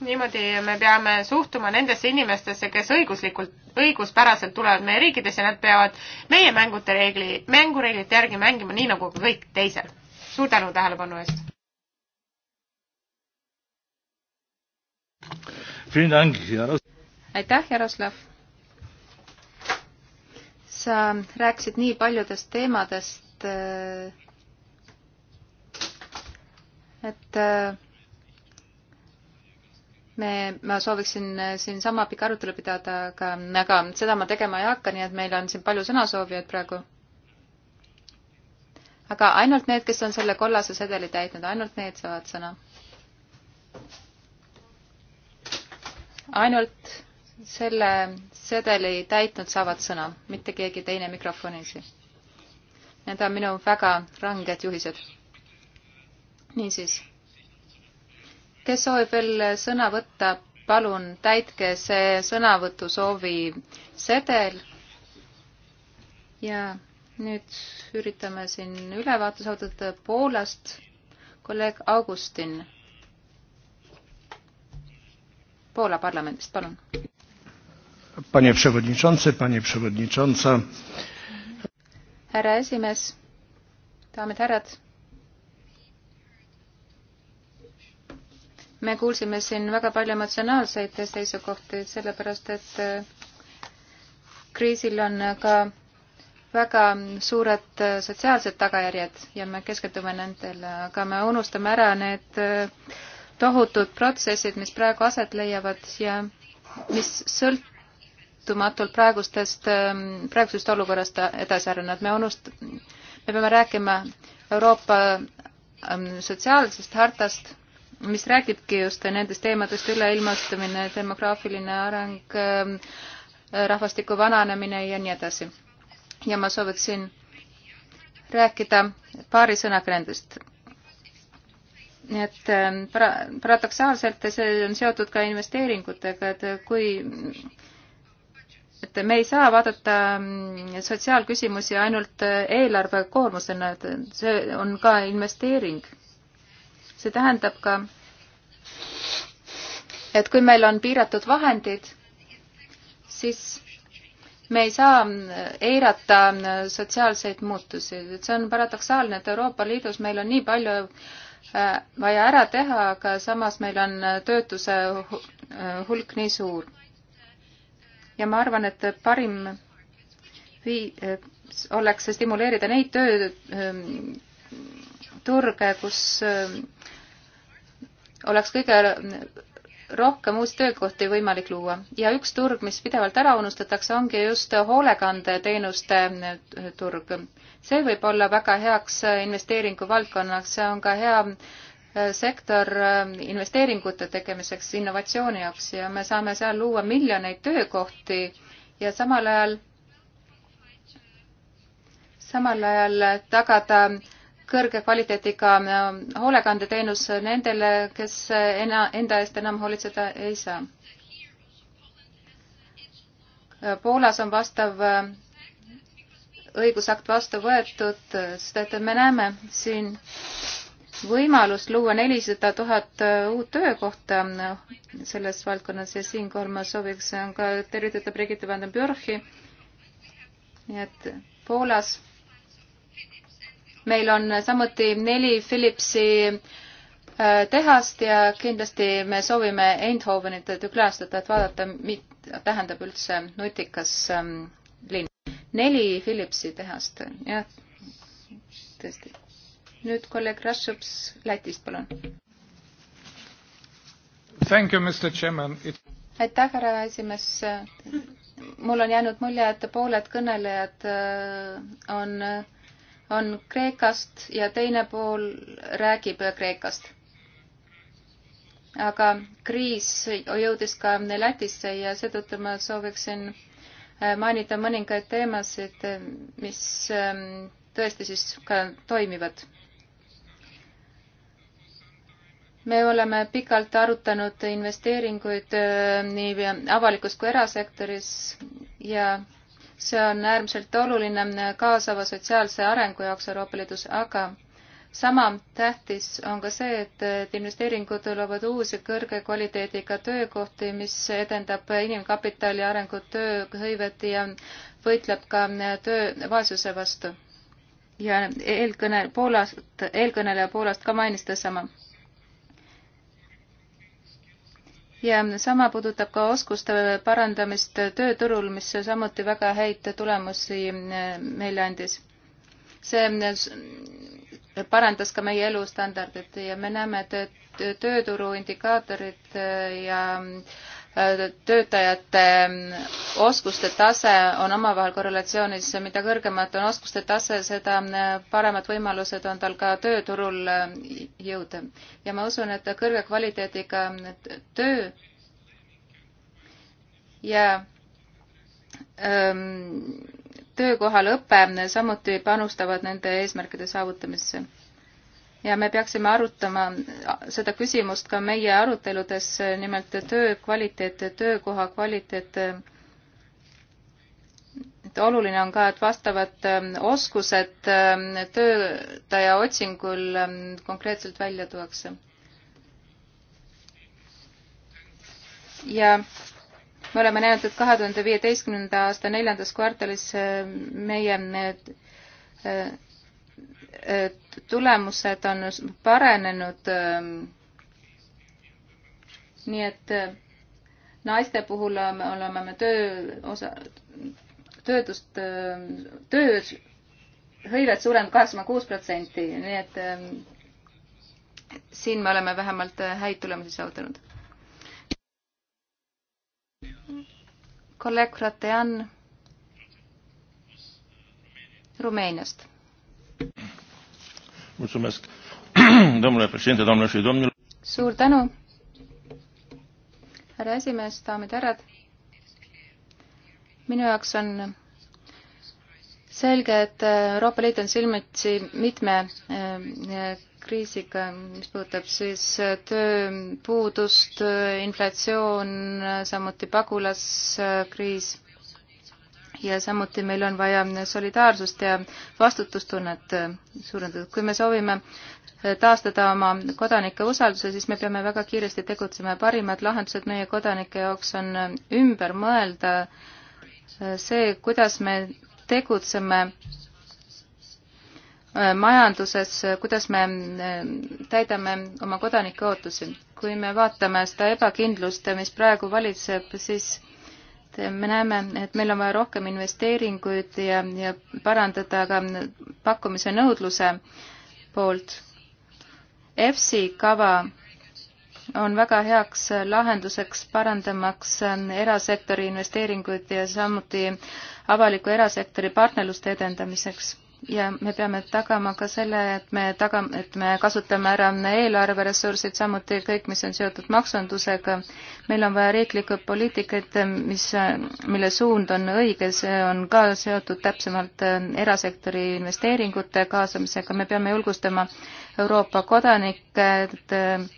niimoodi me peame suhtuma nendesse inimestesse, kes õiguslikult, õiguspäraselt tulevad meie riikides ja nad peavad meie mängute reegli, mängureeglite järgi mängima nii nagu ka kõik teised. suur tänu tähelepanu eest! aitäh, Jaroslav! sa rääkisid nii paljudest teemadest, äh, et äh, me, ma sooviksin äh, siin sama pikka arutelu pidada, aga, aga seda ma tegema ei hakka, nii et meil on siin palju sõnasoovijaid praegu. aga ainult need, kes on selle kollase sedeli täitnud, ainult need saavad sõna ainult selle sedeli täitnud saavad sõna, mitte keegi teine mikrofonis. Need on minu väga ranged juhised. niisiis, kes soovib veel sõna võtta, palun täitke see sõnavõtusoovi sedel ja nüüd üritame siin ülevaate saada Poolast. kolleeg Augustin Poola parlamendist, palun. Panie przewodniczący, panie przewodnicząca. härra esimees, daamid, härrad. me kuulsime siin väga palju emotsionaalseid seisukohti, sellepärast et äh, kriisil on ka väga suured äh, sotsiaalsed tagajärjed ja me keskendume nendele, aga me unustame ära need äh, tohutud protsessid, mis praegu aset leiavad ja mis sõltumatult praegustest, ähm, praegusest olukorrast edasi arenevad. me unust-, me peame rääkima Euroopa ähm, sotsiaalsest hartast, mis räägibki just nendest teemadest üleilmastumine, demograafiline areng, ähm, rahvastiku vananemine ja nii edasi. ja ma sooviksin rääkida paari sõnaga nendest nii et ähm, para-, paradoksaalselt see on seotud ka investeeringutega, et äh, kui et me ei saa vaadata mm, sotsiaalküsimusi ainult äh, eelarvekoormusena, et see on ka investeering. see tähendab ka, et kui meil on piiratud vahendid, siis me ei saa äh, eirata sotsiaalseid muutusi, et see on paradoksaalne, et Euroopa Liidus meil on nii palju Äh, vaja ära teha, aga samas meil on äh, töötuse äh, hulk nii suur. ja ma arvan, et parim viis oleks stimuleerida neid tööturge, ähm, kus ähm, oleks kõige rohkem uusi töökohti võimalik luua ja üks turg, mis pidevalt ära unustatakse, ongi just hoolekandeteenuste turg. see võib olla väga heaks investeeringuvaldkonnaks, see on ka hea eh, sektor eh, investeeringute tegemiseks, innovatsiooni jaoks ja me saame seal luua miljoneid töökohti ja samal ajal, samal ajal tagada äh, kõrge kvaliteediga äh, hoolekandeteenus nendele, kes ena, enda eest enam hoolitseda ei saa. Poolas on vastav äh, õigusakt vastu võetud, sest et me näeme siin võimalust luua nelisada tuhat äh, uut töökohta selles valdkonnas ja siinkohal ma sooviks ka tervitada Brigitte van den Bürchi. nii et Poolas meil on samuti neli Philipsi äh, tehast ja kindlasti me soovime Eindhovenit külastada, et vaadata, mida tähendab üldse nutikas ähm, linn. neli Philipsi tehast, jah, tõesti. nüüd kolleeg Rašups Lätist, palun. It... aitäh, härra esimees. mul on jäänud mulje, et pooled kõnelejad äh, on äh, on Kreekast ja teine pool räägib Kreekast. aga kriis jõudis ka Lätisse ja seetõttu ma sooviksin äh, mainida mõningaid teemasid, äh, mis ähm, tõesti siis ka toimivad. me oleme pikalt arutanud investeeringuid äh, nii avalikus kui erasektoris ja see on äärmiselt oluline kaasava sotsiaalse arengu jaoks Euroopa Liidus, aga sama tähtis on ka see, et, et investeeringud loovad uusi kõrge kvaliteediga töökohti, mis edendab inimkapitali arengut, tööhõivet ja võitleb ka äh, töö vaesuse vastu. ja eelkõne, Poolast, eelkõneleja Poolast ka mainis seda sama ja sama puudutab ka oskuste parandamist tööturul, mis samuti väga häid tulemusi äh, meile andis. see äh, parandas ka meie elustandardit ja me näeme, et tööturu indikaatorid äh, ja äh, Äh, töötajate mm, oskuste tase on omavahel korrelatsioonis, mida kõrgemad on oskuste tase, seda mm, paremad võimalused on tal ka tööturul äh, jõuda. ja ma usun, et kõrge kvaliteediga mm, töö ja öö, töökohal õpe samuti panustavad nende eesmärkide saavutamisse ja me peaksime arutama seda küsimust ka meie aruteludes, nimelt töö kvaliteet, töökoha kvaliteet. et oluline on ka, et vastavad ähm, oskused ähm, töötaja otsingul ähm, konkreetselt välja tuuakse. ja me oleme näinud, et kahe tuhande viieteistkümnenda aasta neljandas kvartalis äh, meie need äh, tulemused on paranenud. Ähm, nii et äh, naiste puhul oleme me töö osa, töötust, ähm, töö hõivet suurenenud kaheksakümmend kuus protsenti, nii et ähm, siin me oleme vähemalt äh, häid tulemusi saavutanud. kolleeg Ratean Rumeeniast. Mulțumesc, domnule președinte, doamnelor și domnilor. Suur tänu, härra esimees, daamid ja härrad. minu jaoks on selge, et Euroopa Liit on silmitsi mitme eh, kriisiga, mis puudutab siis tööpuudust, inflatsioon, samuti pagulaskriis ja samuti meil on vaja solidaarsust ja vastutustunnet äh, suurendada. kui me soovime äh, taastada oma kodanike usalduse, siis me peame väga kiiresti tegutsema ja parimad lahendused meie kodanike jaoks on äh, ümber mõelda see, kuidas me tegutseme majanduses, kuidas me täidame oma kodanike ootusi. kui me vaatame seda ebakindlust, mis praegu valitseb, siis et me näeme, et meil on vaja rohkem investeeringuid ja, ja parandada ka pakkumise nõudluse poolt. EFSI kava on väga heaks lahenduseks parandamaks erasektori investeeringuid ja samuti avaliku erasektori partnerluste edendamiseks ja me peame tagama ka selle, et me tagame, et me kasutame ära eelarveressursid, samuti kõik, mis on seotud maksundusega. meil on vaja riiklikke poliitikaid, mis, mille suund on õige, see on ka seotud täpsemalt äh, erasektori investeeringute kaasamisega, me peame julgustama Euroopa kodanikke, et äh,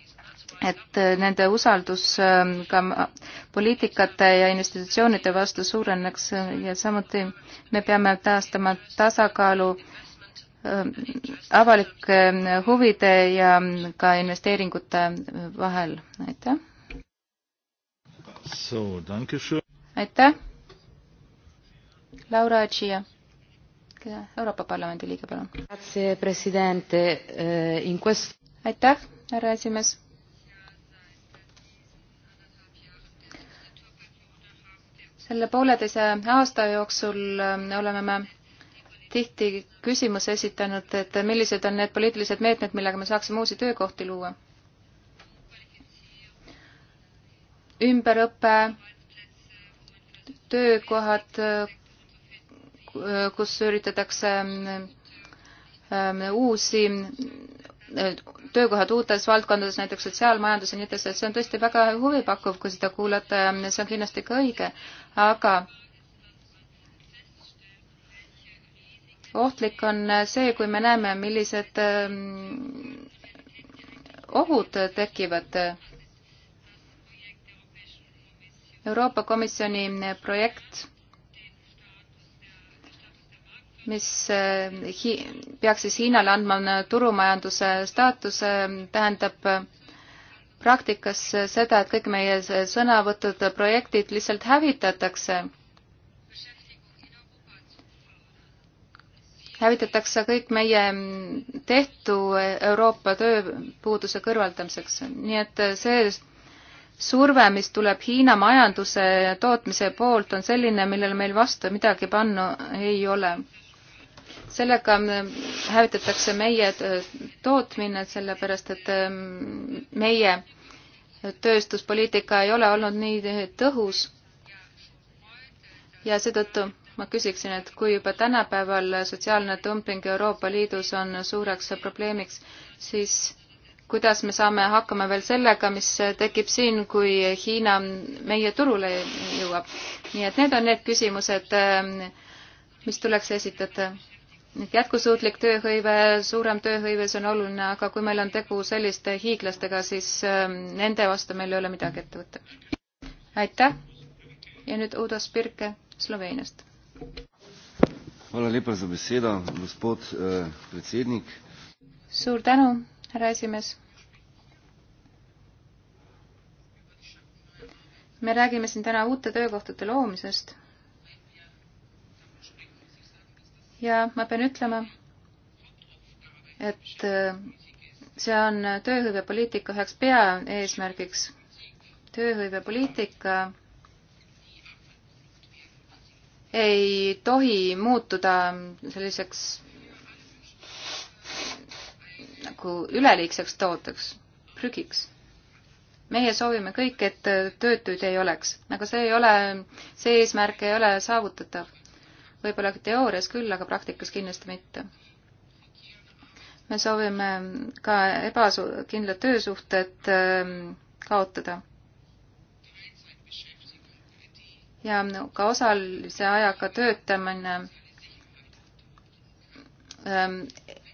et äh, nende usaldus ähm, ka äh, poliitikate ja institutsioonide vastu suureneks äh, ja samuti me peame taastama tasakaalu ähm, avalike ähm, huvide ja ka investeeringute vahel, aitäh. aitäh. Laura Atšia. Euroopa Parlamendi liige, palun. Eh, aitäh, härra esimees selle pooleteise aasta jooksul ähm, oleme me tihti küsimuse esitanud, et millised on need poliitilised meetmed, millega me saaksime uusi töökohti luua. ümberõpe, töökohad, äh, kus üritatakse ähm, ähm, uusi töökohad uutes valdkondades, näiteks sotsiaalmajandus ja nii edasi, et see on tõesti väga huvipakkuv, kui seda kuulata ja see on kindlasti ka õige, aga ohtlik on see, kui me näeme, millised ähm, ohud tekivad. Euroopa Komisjoni projekt mis eh, hi-, peaks siis Hiinale andma turumajanduse staatuse, tähendab eh, praktikas eh, seda, et kõik meie sõnavõtud, projektid lihtsalt hävitatakse. hävitatakse kõik meie mm, tehtu Euroopa tööpuuduse kõrvaldamiseks, nii et see surve, mis tuleb Hiina majanduse tootmise poolt, on selline, millele meil vastu midagi panna ei ole sellega hävitatakse meie tootmine, sellepärast et ähm, meie tööstuspoliitika ei ole olnud nii tõhus. ja seetõttu ma küsiksin, et kui juba tänapäeval sotsiaalne dumping Euroopa Liidus on suureks probleemiks, siis kuidas me saame hakkama veel sellega, mis tekib siin, kui Hiina meie turule jõuab. nii et need on need küsimused, ähm, mis tuleks esitada jätkusuutlik tööhõive, suurem tööhõive, see on oluline, aga kui meil on tegu selliste hiiglastega, siis ähm, nende vastu meil ei ole midagi ette võtta. aitäh ja nüüd Udo Spirke Sloveeniast. Hvala lepa za besedo, gospod eh, predsednik. suur tänu, härra esimees. me räägime siin täna uute töökohtade loomisest ja ma pean ütlema, et äh, see on tööhõivepoliitika üheks peaeesmärgiks. tööhõivepoliitika ei tohi muutuda selliseks nagu üleliigseks tooteks, prügiks. meie soovime kõik, et töötuid ei oleks, aga see ei ole, see eesmärk ei ole saavutatav võib-olla teoorias küll, aga praktikas kindlasti mitte. me soovime ka ebakindlad töösuhted ähm, kaotada. ja ka osalise ajaga töötamine ähm,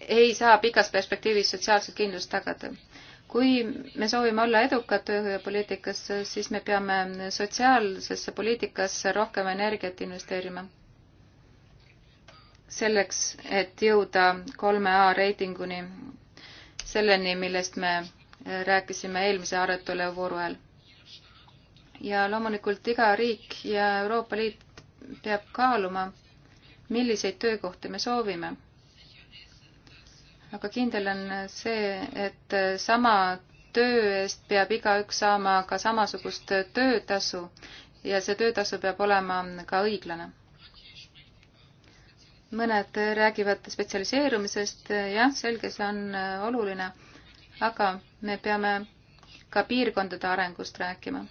ei saa pikas perspektiivis sotsiaalset kindlust tagada kui me soovime olla edukad tööhõivepoliitikas, siis me peame sotsiaalsesse poliitikasse rohkem energiat investeerima selleks, et jõuda kolme A reitinguni, selleni, millest me rääkisime eelmise arutelu vooru ajal. ja loomulikult iga riik ja Euroopa Liit peab kaaluma, milliseid töökohti me soovime. aga kindel on see, et sama töö eest peab igaüks saama ka samasugust töötasu ja see töötasu peab olema ka õiglane mõned räägivad spetsialiseerumisest, jah, selge, see on äh, oluline, aga me peame ka piirkondade arengust rääkima.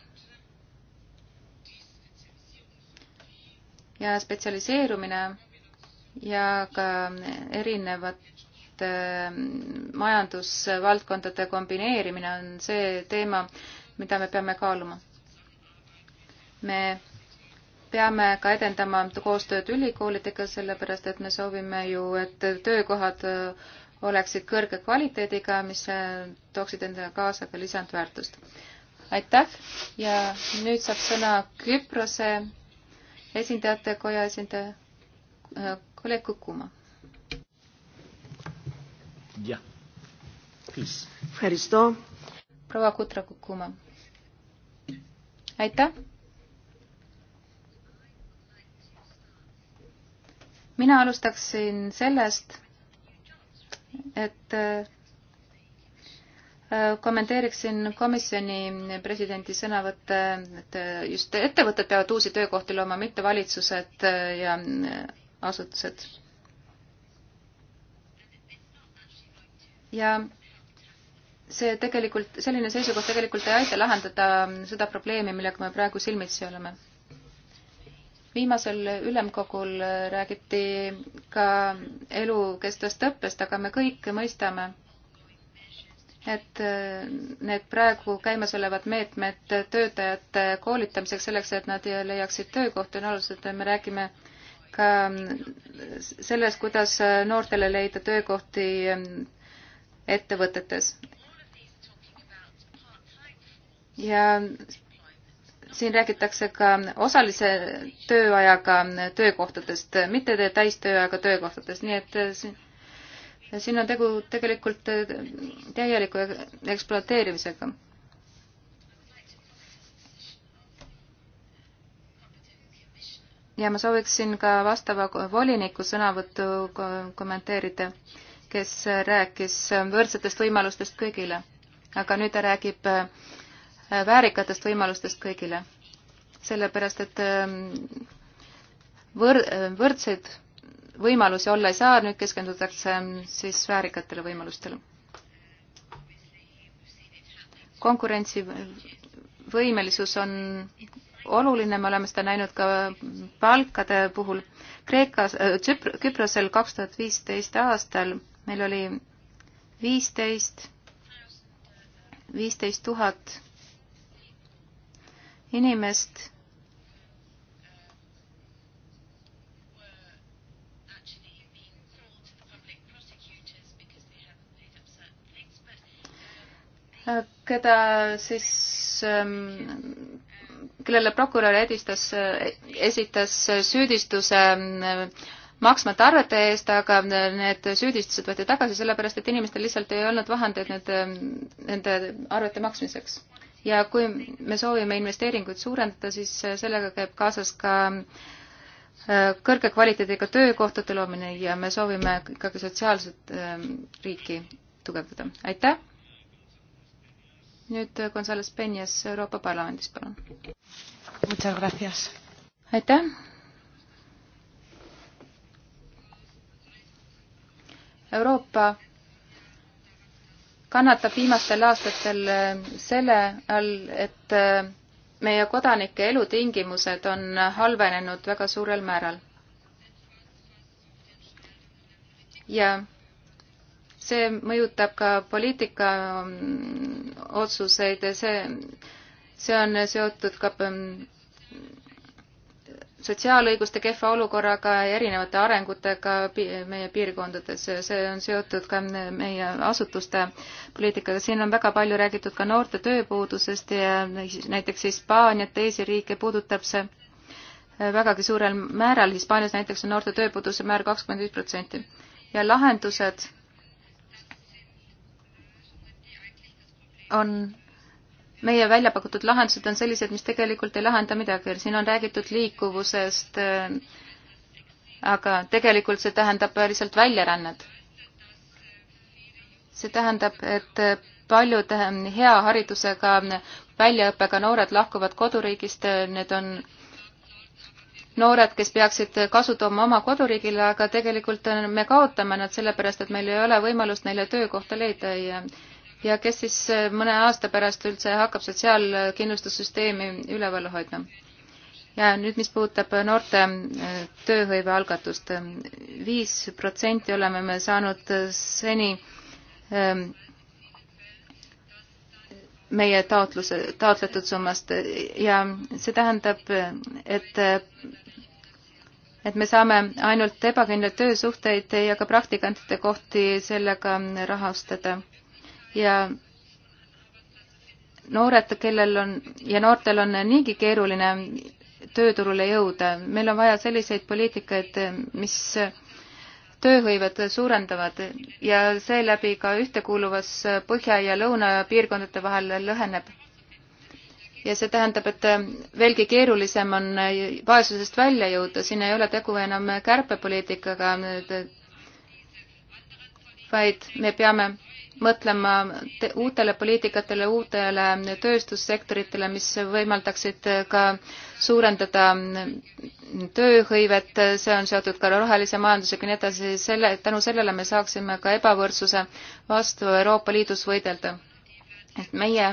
ja spetsialiseerumine ja ka erinevate äh, majandusvaldkondade kombineerimine on see teema, mida me peame kaaluma. me peame ka edendama koostööd ülikoolidega, sellepärast et me soovime ju, et töökohad äh, oleksid kõrge kvaliteediga, mis äh, tooksid endaga kaasa ka lisandväärtust. aitäh ja nüüd saab sõna Küprose esindajate koja esindaja äh, kolleeg Kukuma. jah, please. proua Kutra Kukuma. aitäh mina alustaksin sellest, et äh, kommenteeriksin komisjoni presidendi sõnavõtte, et just ettevõtted peavad uusi töökohti looma, mitte valitsused äh, ja äh, asutused. ja see tegelikult, selline seisukoht tegelikult ei aita lahendada seda probleemi, millega me praegu silmitsi oleme viimasel ülemkogul räägiti ka elukestvast õppest, aga me kõik mõistame, et äh, need praegu käimasolevad meetmed töötajate koolitamiseks selleks, et nad leiaksid töökohti, on alused, me räägime ka äh, sellest, kuidas noortele leida töökohti äh, ettevõtetes. ja siin räägitakse ka osalise tööajaga töökohtadest, mitte täistööajaga töökohtadest, nii et äh, siin, siin on tegu tegelikult äh, täieliku ekspluateerimisega. ja ma sooviksin ka vastava voliniku sõnavõttu kommenteerida, kes rääkis võrdsetest võimalustest kõigile. aga nüüd ta räägib äh, Äh, väärikatest võimalustest kõigile. sellepärast, et ähm, võr-, äh, võrdseid võimalusi olla ei saa, nüüd keskendutakse ähm, siis väärikatele võimalustele. konkurentsivõimelisus on oluline, me oleme seda näinud ka palkade puhul. Kreekas äh,, Küprosel kaks tuhat viisteist aastal meil oli viisteist, viisteist tuhat inimest, keda siis, ähm, kellele prokurör edistas, esitas süüdistuse ähm, maksmata arvete eest, aga need süüdistused võeti tagasi sellepärast, et inimestel lihtsalt ei olnud vahendeid need, ähm, nende arvete maksmiseks ja kui me soovime investeeringuid suurendada, siis äh, sellega käib kaasas ka äh, kõrge kvaliteediga töökohtade loomine ja me soovime ikkagi sotsiaalset ähm, riiki tugevdada. aitäh! nüüd äh, Gonzales Penjas Euroopa Parlamendis, palun. aitäh! Euroopa kannatab viimastel aastatel äh, selle all, et äh, meie kodanike elutingimused on halvenenud väga suurel määral. ja see mõjutab ka poliitika mm, otsuseid ja see, see on seotud ka mm, sotsiaalõiguste kehva olukorraga ja erinevate arengutega meie piirkondades. see on seotud ka meie asutuste poliitikaga. siin on väga palju räägitud ka noorte tööpuudusest ja näiteks Hispaaniat, teisi riike puudutab see vägagi suurel määral. Hispaanias näiteks on noorte tööpuuduse määr kakskümmend viis protsenti ja lahendused on meie välja pakutud lahendused on sellised, mis tegelikult ei lahenda midagi, siin on räägitud liikuvusest, äh, aga tegelikult see tähendab lihtsalt väljarännet. see tähendab, et paljud äh, hea haridusega, väljaõppega noored lahkuvad koduriigist, need on noored, kes peaksid kasu tooma oma koduriigile, aga tegelikult me kaotame nad sellepärast, et meil ei ole võimalust neile töökohta leida ja ja kes siis äh, mõne aasta pärast üldse hakkab sotsiaalkindlustussüsteemi üleval hoidma. ja nüüd, mis puudutab noorte äh, tööhõive algatust, ähm, viis protsenti oleme me saanud äh, seni ähm, meie taotluse, taotletud summast ja see tähendab, et et me saame ainult ebakindlaid töösuhteid ja ka praktikantide kohti sellega rahastada ja noored, kellel on ja noortel on niigi keeruline tööturule jõuda, meil on vaja selliseid poliitikaid, mis tööhõivet suurendavad ja seeläbi ka ühtekuuluvus põhja ja lõunapiirkondade vahel lõheneb. ja see tähendab, et veelgi keerulisem on vaesusest välja jõuda, siin ei ole tegu enam kärpepoliitikaga, vaid me peame mõtlema uutele poliitikatele, uutele tööstussektoritele, mis võimaldaksid ka suurendada tööhõivet, see on seotud ka rohelise majandusega ja nii edasi, selle, tänu sellele me saaksime ka ebavõrdsuse vastu Euroopa Liidus võidelda. et meie,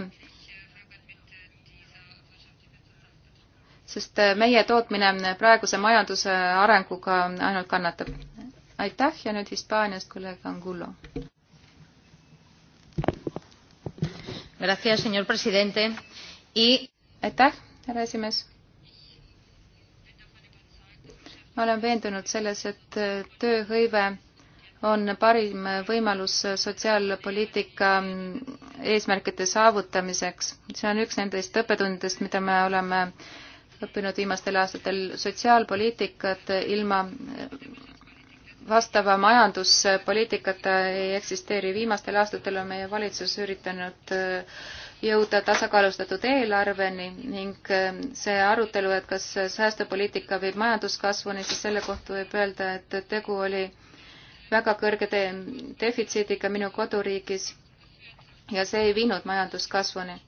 sest meie tootmine praeguse majanduse arenguga ainult kannatab. aitäh ja nüüd Hispaaniast kolleeg Angulo. Gracias, señor presidente. Y... aitäh, härra esimees. ma olen veendunud selles, et tööhõive on parim võimalus sotsiaalpoliitika eesmärkide saavutamiseks. see on üks nendest õppetundidest, mida me oleme õppinud viimastel aastatel. sotsiaalpoliitikat ilma vastava majanduspoliitikata ei eksisteeri. viimastel aastatel on meie valitsus üritanud äh, jõuda tasakaalustatud eelarveni ning äh, see arutelu, et kas säästupoliitika viib majanduskasvuni, siis selle kohta võib öelda, et tegu oli väga kõrge defitsiidiga minu koduriigis ja see ei viinud majanduskasvuni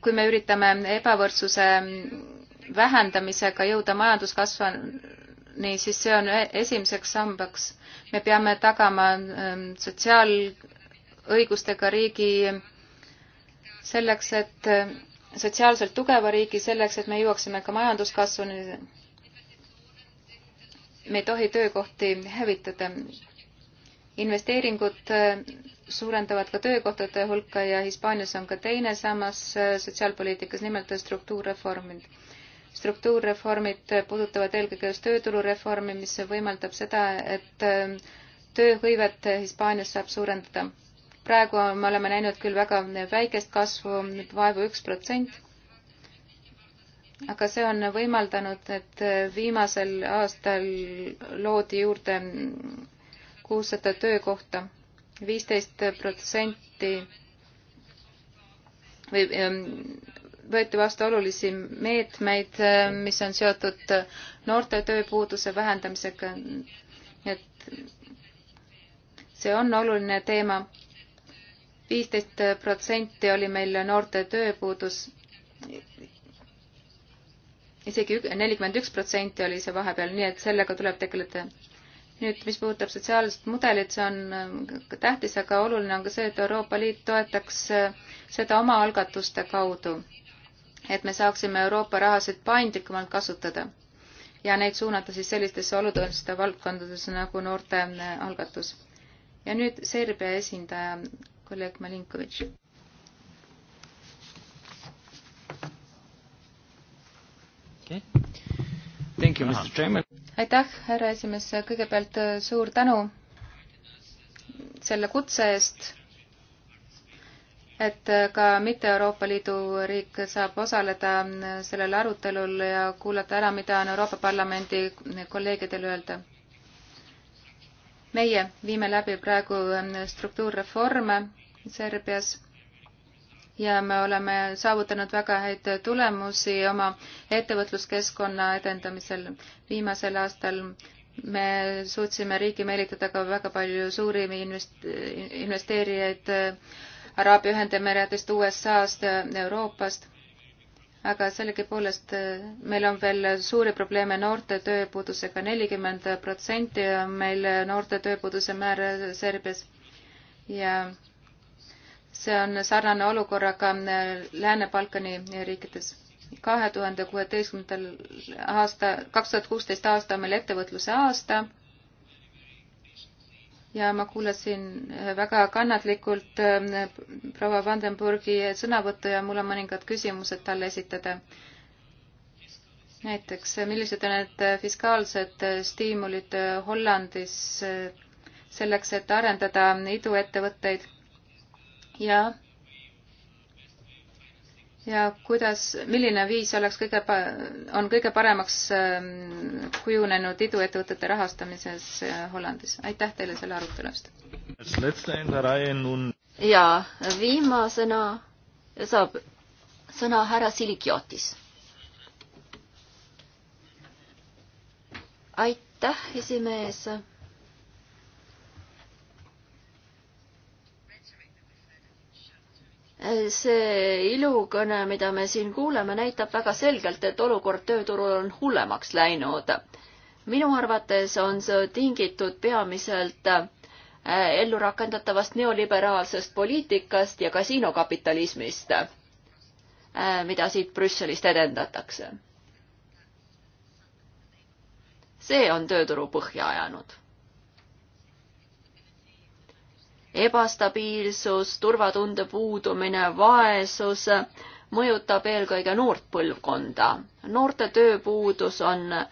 kui me üritame ebavõrdsuse vähendamisega jõuda majanduskasvani, siis see on e-, esimeseks sambaks. me peame tagama ähm, sotsiaalõigustega riigi selleks, et ähm, sotsiaalselt tugeva riigi selleks, et me jõuaksime ka majanduskasvuni. me ei tohi töökohti hävitada. investeeringud ähm, suurendavad ka töökohtade hulka ja Hispaanias on ka teine sammas äh, sotsiaalpoliitikas, nimelt struktuurreformid struktuurreformid puudutavad eelkõige just tööturureformi, mis võimaldab seda, et ähm, tööhõivet Hispaanias saab suurendada. praegu me oleme näinud küll väga väikest kasvu, vaevu üks protsent, aga see on võimaldanud, et äh, viimasel aastal loodi juurde kuussada töökohta, viisteist protsenti või ähm, võeti vastu olulisi meetmeid, mis on seotud noorte tööpuuduse vähendamisega. et see on oluline teema. viisteist protsenti oli meil noorte tööpuudus isegi nelikümmend üks protsenti oli see vahepeal, nii et sellega tuleb tegeleda. nüüd, mis puudutab sotsiaalset mudelit, see on äh, tähtis, aga oluline on ka see, et Euroopa Liit toetaks äh, seda omaalgatuste kaudu et me saaksime Euroopa rahasid paindlikumalt kasutada ja neid suunata siis sellistesse olutõenduste valdkondadesse nagu noorte äh, algatus. ja nüüd Serbia esindaja, kolleeg Malinkovitš. aitäh, härra esimees, kõigepealt äh, suur tänu selle kutse eest et äh, ka mitte Euroopa Liidu riik saab osaleda äh, sellel arutelul ja kuulata ära, mida on Euroopa Parlamendi kolleegidel öelda. meie viime läbi praegu ähm, struktuurreforme Serbias ja me oleme saavutanud väga häid tulemusi oma ettevõtluskeskkonna edendamisel. viimasel aastal me suutsime riiki meelitada ka väga palju suuri investeerijaid äh, Araabia Ühendemeredest, USA-st, Euroopast, aga sellegipoolest äh, meil on veel suuri probleeme noorte tööpuudusega, nelikümmend protsenti on meil noorte tööpuuduse määr Serbias ja see on sarnane olukorraga äh, Lääne-Balkani riikides. kahe tuhande kuueteistkümnendal aasta, kaks tuhat kuusteist aasta on meil ettevõtluse aasta ja ma kuulasin äh, väga kannatlikult äh, proua Vandenburgi sõnavõttu ja mul on mõningad küsimused talle esitada. näiteks, äh, millised on need fiskaalsed stiimulid Hollandis selleks, et arendada iduettevõtteid ja ja kuidas, milline viis oleks kõige, on kõige paremaks ähm, kujunenud iduettevõtete rahastamises äh, Hollandis. aitäh teile selle arutelu eest! ja viimasena saab sõna härra Silikiotis. aitäh, esimees! see ilukõne, mida me siin kuuleme, näitab väga selgelt, et olukord tööturul on hullemaks läinud. minu arvates on see tingitud peamiselt äh, ellu rakendatavast neoliberaalsest poliitikast ja kasiinokapitalismist, äh, mida siit Brüsselist edendatakse. see on tööturu põhja ajanud ebastabiilsus, turvatunde puudumine, vaesus mõjutab eelkõige noort põlvkonda. noorte tööpuudus on äh,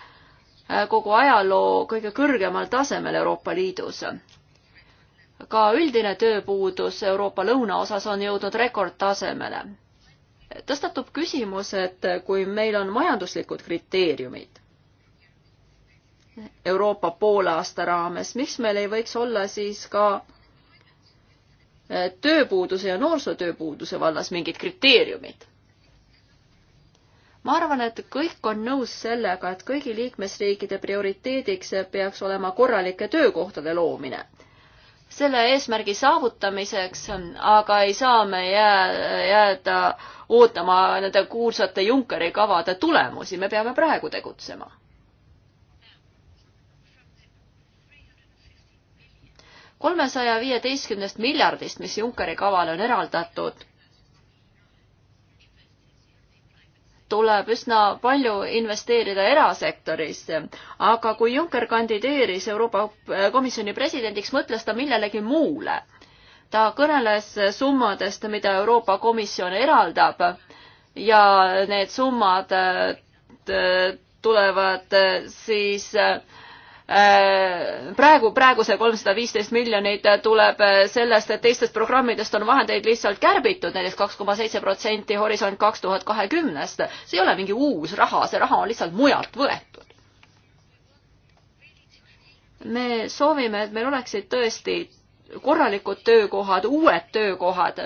kogu ajaloo kõige kõrgemal tasemel Euroopa Liidus. ka üldine tööpuudus Euroopa lõunaosas on jõudnud rekordtasemele. tõstatub küsimus, et kui meil on majanduslikud kriteeriumid Euroopa poolaasta raames, miks meil ei võiks olla siis ka tööpuuduse ja noorsootööpuuduse vallas mingid kriteeriumid. ma arvan, et kõik on nõus sellega, et kõigi liikmesriikide prioriteediks peaks olema korralike töökohtade loomine. selle eesmärgi saavutamiseks aga ei saa me jää, jääda ootama nende kuulsate Junckeri kavade tulemusi, me peame praegu tegutsema kolmesaja viieteistkümnest miljardist, mis Junckeri kavale on eraldatud, tuleb üsna palju investeerida erasektorisse, aga kui Juncker kandideeris Euroopa Komisjoni presidendiks, mõtles ta millelegi muule. ta kõneles summadest, mida Euroopa Komisjon eraldab ja need summad äh, tulevad äh, siis äh, Äh, praegu, praegu see kolmsada viisteist miljonit tuleb äh, sellest, et teistest programmidest on vahendeid lihtsalt kärbitud, näiteks kaks koma seitse protsenti Horisont kaks tuhat kahekümnest. see ei ole mingi uus raha, see raha on lihtsalt mujalt võetud. me soovime, et meil oleksid tõesti korralikud töökohad, uued töökohad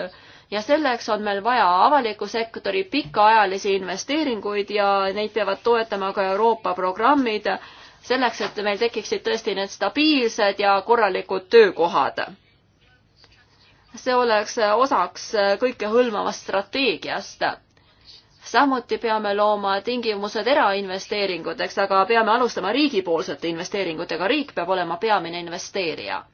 ja selleks on meil vaja avaliku sektori pikaajalisi investeeringuid ja neid peavad toetama ka Euroopa programmid selleks, et meil tekiksid tõesti need stabiilsed ja korralikud töökohad. see oleks osaks kõikehõlmavast strateegiast. samuti peame looma tingimused erainvesteeringuteks, aga peame alustama riigipoolsete investeeringutega, riik peab olema peamine investeerija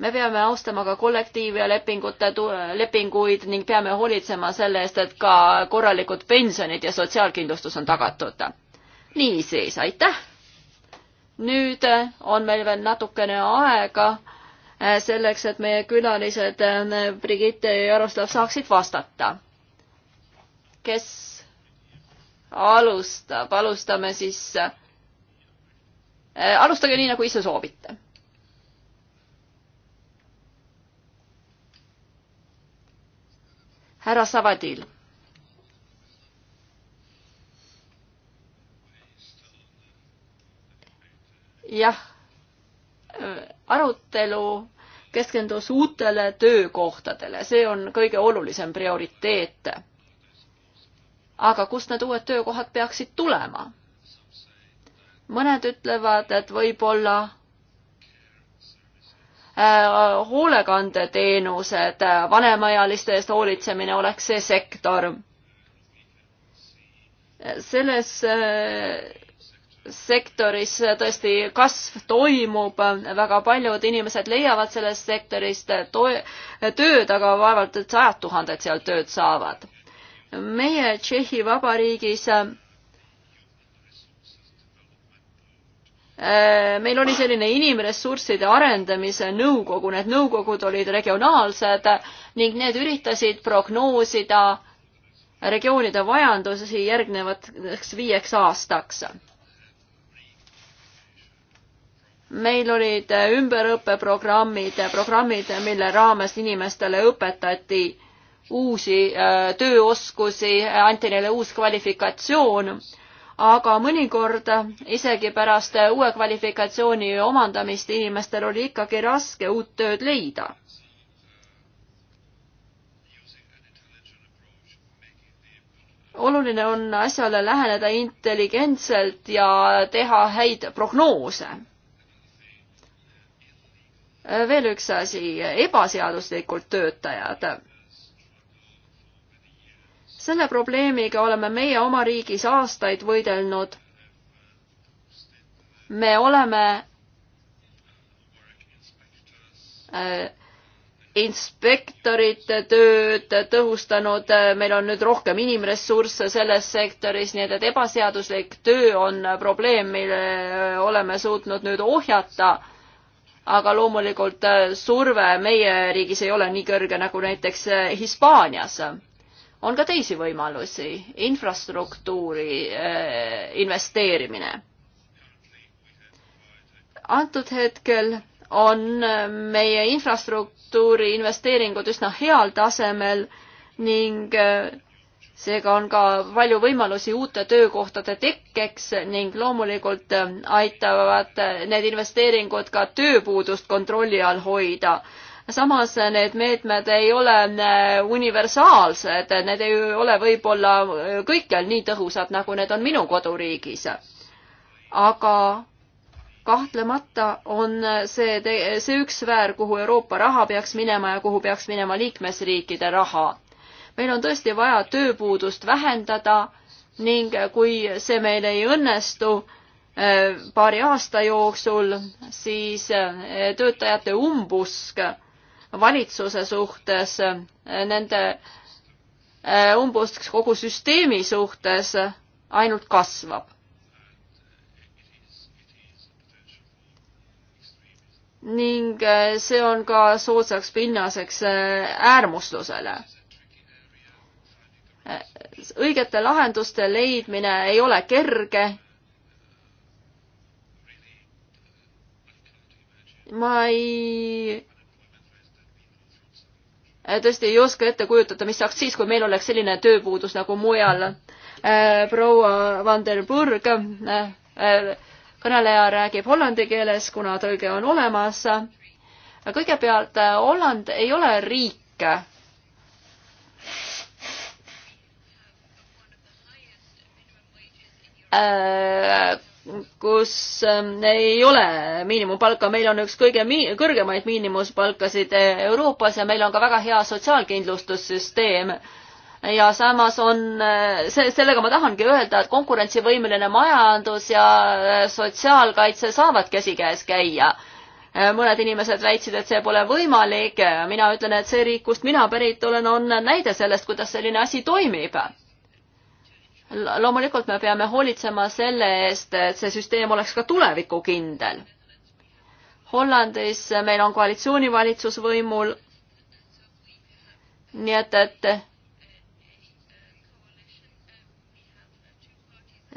me peame austama ka kollektiiv ja lepingute, lepinguid ning peame hoolitsema selle eest, et ka korralikud pensionid ja sotsiaalkindlustus on tagatud. niisiis, aitäh! nüüd eh, on meil veel natukene aega eh, selleks, et meie külalised eh, Brigitte ja Jaroslav saaksid vastata. kes alustab, alustame siis, alustage nii, nagu ise soovite härra Savadil jah, äh, arutelu keskendus uutele töökohtadele, see on kõige olulisem prioriteet. aga kust need uued töökohad peaksid tulema? mõned ütlevad, et võib-olla äh, hoolekandeteenused, äh, vanemaealiste eest hoolitsemine oleks see sektor. selles sektoris tõesti kasv toimub, väga paljud inimesed leiavad sellest sektorist tööd, aga vaevalt, et sajad tuhanded seal tööd saavad. meie Tšehhi Vabariigis äh, meil oli selline inimressursside arendamise nõukogu, need nõukogud olid regionaalsed ning need üritasid prognoosida regioonide vajadusi järgnevateks viieks aastaks meil olid ümberõppeprogrammid, programmid, mille raames inimestele õpetati uusi äh, tööoskusi, anti neile uus kvalifikatsioon, aga mõnikord isegi pärast uue kvalifikatsiooni omandamist inimestel oli ikkagi raske uut tööd leida. oluline on asjale läheneda intelligentselt ja teha häid prognoose Äh, veel üks asi, ebaseaduslikult töötajad. selle probleemiga oleme meie oma riigis aastaid võidelnud. me oleme äh, inspektorite tööd tõhustanud, meil on nüüd rohkem inimressursse selles sektoris, nii et, et ebaseaduslik töö on probleem, mille äh, oleme suutnud nüüd ohjata aga loomulikult äh, surve meie riigis ei ole nii kõrge nagu näiteks äh, Hispaanias. on ka teisi võimalusi, infrastruktuuri äh, investeerimine. antud hetkel on meie infrastruktuuri investeeringud üsna heal tasemel ning seega on ka palju võimalusi uute töökohtade tekkeks ning loomulikult ähm, aitavad äh, need investeeringud ka tööpuudust kontrolli all hoida. samas äh, need meetmed ei ole äh, universaalsed, need ei ole võib-olla kõikjal nii tõhusad, nagu need on minu koduriigis. aga kahtlemata on see, see üks sfäär, kuhu Euroopa raha peaks minema ja kuhu peaks minema liikmesriikide raha meil on tõesti vaja tööpuudust vähendada ning kui see meil ei õnnestu eh, paari aasta jooksul, siis eh, töötajate umbusk valitsuse suhtes, eh, nende umbusk kogu süsteemi suhtes ainult kasvab ning see on ka soodsaks pinnaseks äärmuslusele õigete lahenduste leidmine ei ole kerge. ma ei, eh, tõesti ei oska ette kujutada, mis saaks siis, kui meil oleks selline tööpuudus nagu mujal. Eh, proua Van der Burg, eh, kõneleja räägib hollandi keeles, kuna tõlge on olemas. kõigepealt Holland ei ole riik Äh, kus ähm, ei ole miinimumpalka, meil on üks kõige mi-, kõrgemaid miinimumpalkasid äh, Euroopas ja meil on ka väga hea sotsiaalkindlustussüsteem. ja samas on, äh, see, sellega ma tahangi öelda, et konkurentsivõimeline majandus ja sotsiaalkaitse saavad käsikäes käia mõned inimesed väitsid, et see pole võimalik. mina ütlen, et see riik, kust mina pärit olen, on näide sellest, kuidas selline asi toimib loomulikult me peame hoolitsema selle eest, et see süsteem oleks ka tulevikukindel. Hollandis meil on koalitsioonivalitsus võimul. nii et, et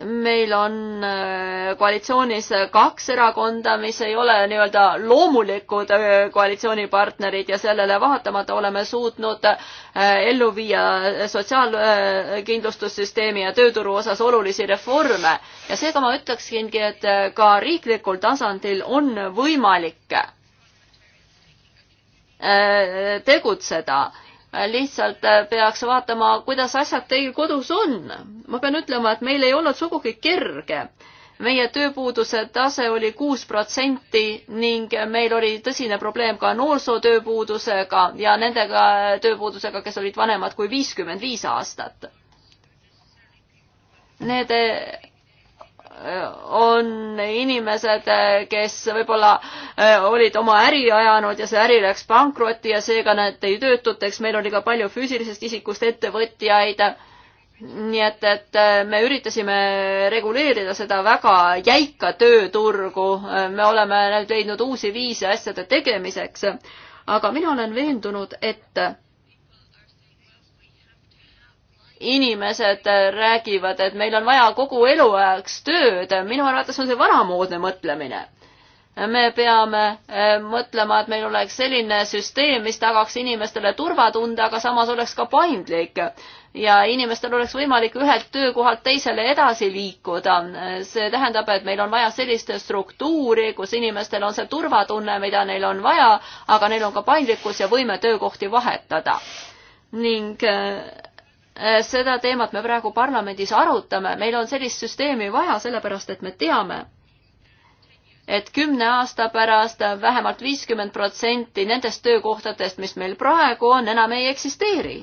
meil on äh, koalitsioonis kaks erakonda, mis ei ole nii-öelda loomulikud äh, koalitsioonipartnerid ja sellele vaatamata oleme suutnud äh, ellu viia sotsiaalkindlustussüsteemi ja tööturu osas olulisi reforme. ja seega ma ütleksingi, et ka riiklikul tasandil on võimalik tegutseda lihtsalt äh, peaks vaatama, kuidas asjad teil kodus on. ma pean ütlema, et meil ei olnud sugugi kerge. meie tööpuuduse tase oli kuus protsenti ning meil oli tõsine probleem ka noorsootööpuudusega ja nendega tööpuudusega, kes olid vanemad kui viiskümmend viis aastat. Need on inimesed, kes võib-olla e, olid oma äri ajanud ja see äri läks pankrotti ja seega nad ei töötuteks, meil oli ka palju füüsilisest isikust ettevõtjaid. nii et, et me üritasime reguleerida seda väga jäika tööturgu, me oleme nüüd leidnud uusi viise asjade tegemiseks. aga mina olen veendunud, et inimesed äh, räägivad, et meil on vaja kogu eluajaks tööd, minu arvates on see vanamoodne mõtlemine. me peame äh, mõtlema, et meil oleks selline süsteem, mis tagaks inimestele turvatunde, aga samas oleks ka paindlik ja inimestel oleks võimalik ühelt töökohalt teisele edasi liikuda. see tähendab, et meil on vaja sellist struktuuri, kus inimestel on see turvatunne, mida neil on vaja, aga neil on ka paindlikkus ja võime töökohti vahetada. ning äh, Äh, seda teemat me praegu parlamendis arutame, meil on sellist süsteemi vaja, sellepärast et me teame, et kümne aasta pärast vähemalt viiskümmend protsenti nendest töökohtadest, mis meil praegu on, enam ei eksisteeri.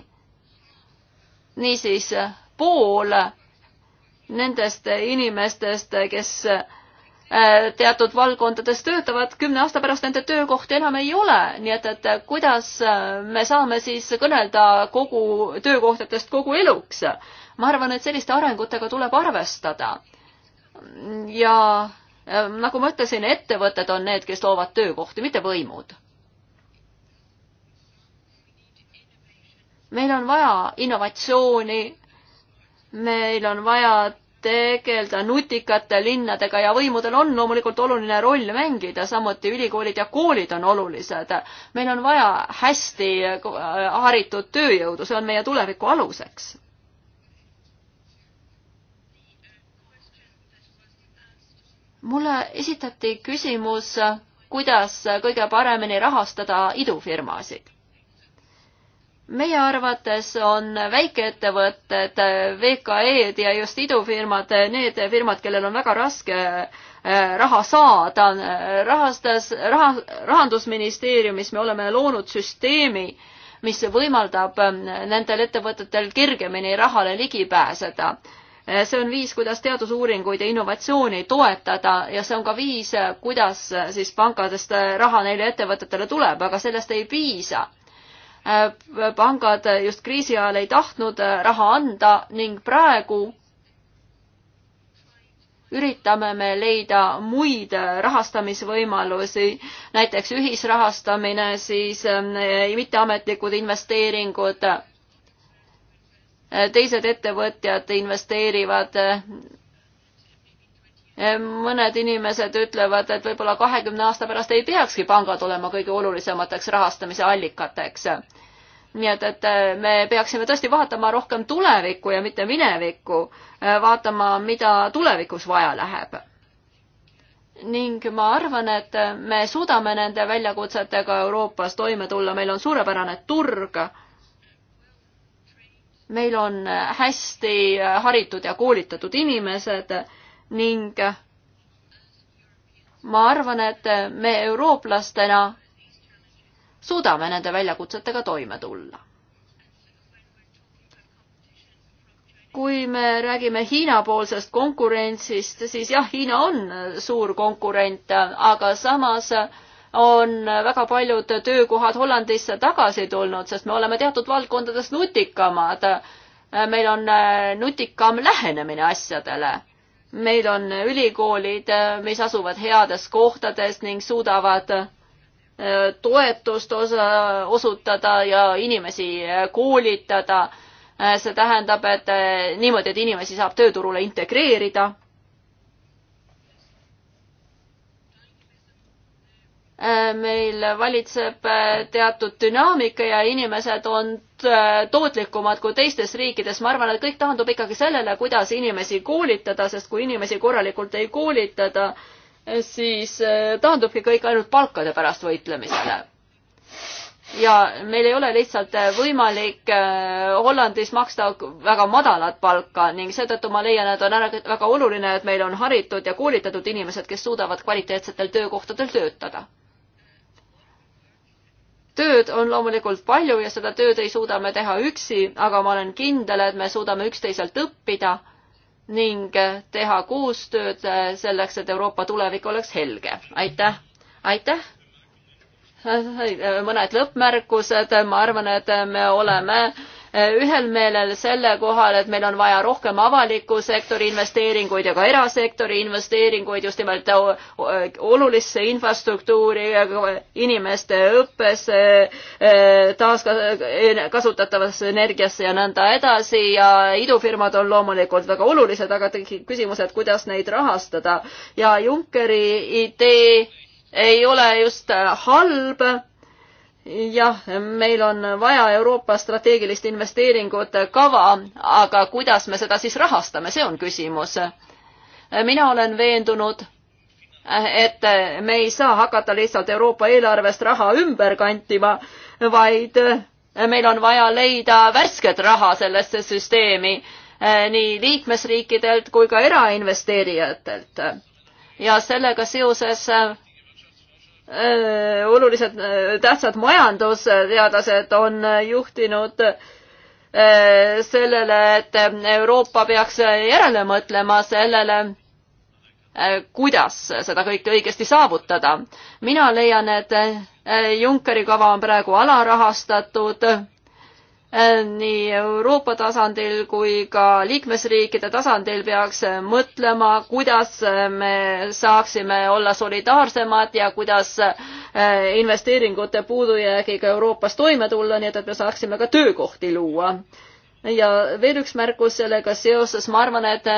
niisiis pool nendest inimestest, kes Äh, teatud valdkondades töötavad, kümne aasta pärast nende töökohti enam ei ole, nii et, et äh, kuidas äh, me saame siis kõnelda kogu töökohtadest kogu eluks. ma arvan, et selliste arengutega tuleb arvestada. ja nagu ma ütlesin, ettevõtted on need, kes loovad töökohti, mitte võimud. meil on vaja innovatsiooni, meil on vaja tegeleda nutikate linnadega ja võimudel on loomulikult oluline roll mängida, samuti ülikoolid ja koolid on olulised. meil on vaja hästi äh, haritud tööjõudu, see on meie tuleviku aluseks. mulle esitati küsimus, kuidas kõige paremini rahastada idufirmasid meie arvates on väikeettevõtted, VKE-d ja just idufirmad need firmad, kellel on väga raske eh, raha saada. rahastas, raha, rahandusministeeriumis me oleme loonud süsteemi, mis võimaldab eh, nendel ettevõtetel kergemini rahale ligi pääseda eh, see on viis, kuidas teadusuuringuid ja innovatsiooni toetada ja see on ka viis, kuidas siis pankadest raha neile ettevõtetele tuleb, aga sellest ei piisa. Äh, pangad just kriisi ajal ei tahtnud äh, raha anda ning praegu üritame me leida muid äh, rahastamisvõimalusi, näiteks ühisrahastamine, siis ähm, mitteametlikud investeeringud, teised ettevõtjad investeerivad mõned inimesed ütlevad, et võib-olla kahekümne aasta pärast ei peakski pangad olema kõige olulisemateks rahastamise allikateks nii et, et äh, me peaksime tõesti vaatama rohkem tulevikku ja mitte minevikku, äh, vaatama, mida tulevikus vaja läheb. ning ma arvan, et äh, me suudame nende väljakutsetega Euroopas toime tulla, meil on suurepärane turg, meil on hästi haritud ja koolitatud inimesed ning ma arvan, et me eurooplastena suudame nende väljakutsetega toime tulla. kui me räägime Hiina-poolsest konkurentsist, siis jah, Hiina on suur konkurent, aga samas on väga paljud töökohad Hollandisse tagasi tulnud, sest me oleme teatud valdkondades nutikamad. meil on nutikam lähenemine asjadele. meil on ülikoolid, mis asuvad heades kohtades ning suudavad toetust osa, osutada ja inimesi eh, koolitada. Eh, see tähendab, et eh, niimoodi, et inimesi saab tööturule integreerida. meil valitseb teatud dünaamika ja inimesed on tootlikumad kui teistes riikides. ma arvan, et kõik taandub ikkagi sellele, kuidas inimesi koolitada, sest kui inimesi korralikult ei koolitada, siis eh, taandubki kõik ainult palkade pärast võitlemisele. ja meil ei ole lihtsalt eh, võimalik eh, Hollandis maksta väga madalat palka ning seetõttu ma leian, et on ära, väga oluline, et meil on haritud ja koolitatud inimesed, kes suudavad kvaliteetsetel töökohtadel töötada tööd on loomulikult palju ja seda tööd ei suuda me teha üksi, aga ma olen kindel, et me suudame üksteiselt õppida ning teha koostööd selleks, et Euroopa tulevik oleks helge. aitäh, aitäh! Äh, mõned lõppmärkused, ma arvan, et me oleme Äh, ühel meelel selle kohal, et meil on vaja rohkem avaliku sektori investeeringuid ja ka erasektori investeeringuid just nimelt äh, olulisse infrastruktuuri, inimeste õppesse, äh, taaskasutatavasse energiasse ja nõnda edasi ja idufirmad on loomulikult väga olulised, aga tekib küsimus, et kuidas neid rahastada ja Junckeri idee ei ole just halb jah, meil on vaja Euroopa strateegilist investeeringute kava, aga kuidas me seda siis rahastame, see on küsimus. mina olen veendunud, et me ei saa hakata lihtsalt Euroopa eelarvest raha ümber kantima, vaid meil on vaja leida värsket raha sellesse süsteemi nii liikmesriikidelt kui ka erainvesteerijatelt. ja sellega seoses Äh, olulised äh, tähtsad majandusteadlased on äh, juhtinud sellele, et Euroopa peaks järele mõtlema sellele, kuidas seda kõike õigesti saavutada. mina leian, et Junckeri kava on praegu alarahastatud Äh, nii Euroopa tasandil kui ka liikmesriikide tasandil peaks äh, mõtlema, kuidas äh, me saaksime olla solidaarsemad ja kuidas investeeringute puudujäägiga Euroopas toime tulla, nii et, et me saaksime ka töökohti luua. ja veel üks märkus sellega seoses, ma arvan, et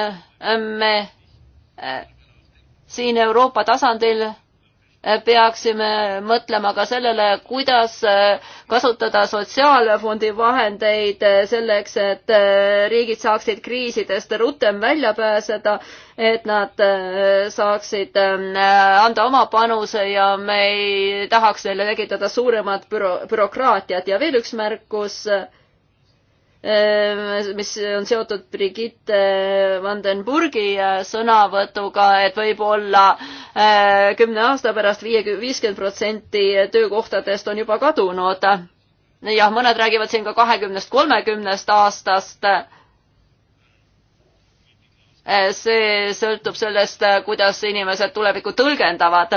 me siin Euroopa tasandil peaksime mõtlema ka sellele, kuidas äh, kasutada sotsiaalfondi vahendeid äh, selleks, et äh, riigid saaksid kriisidest rutem välja pääseda, et nad saaksid ähm, anda oma panuse ja me ei tahaks neile tekitada suuremat büro-, bürokraatiat ja veel üks märkus Ehm, mis on seotud Brigitte Vandenburgi äh, sõnavõtuga, et võib-olla äh, kümne aasta pärast viie, viiskümmend protsenti töökohtadest on juba kadunud. jah, mõned räägivad siin ka kahekümnest, kolmekümnest aastast. Äh, see sõltub sellest, kuidas inimesed tulevikku tõlgendavad.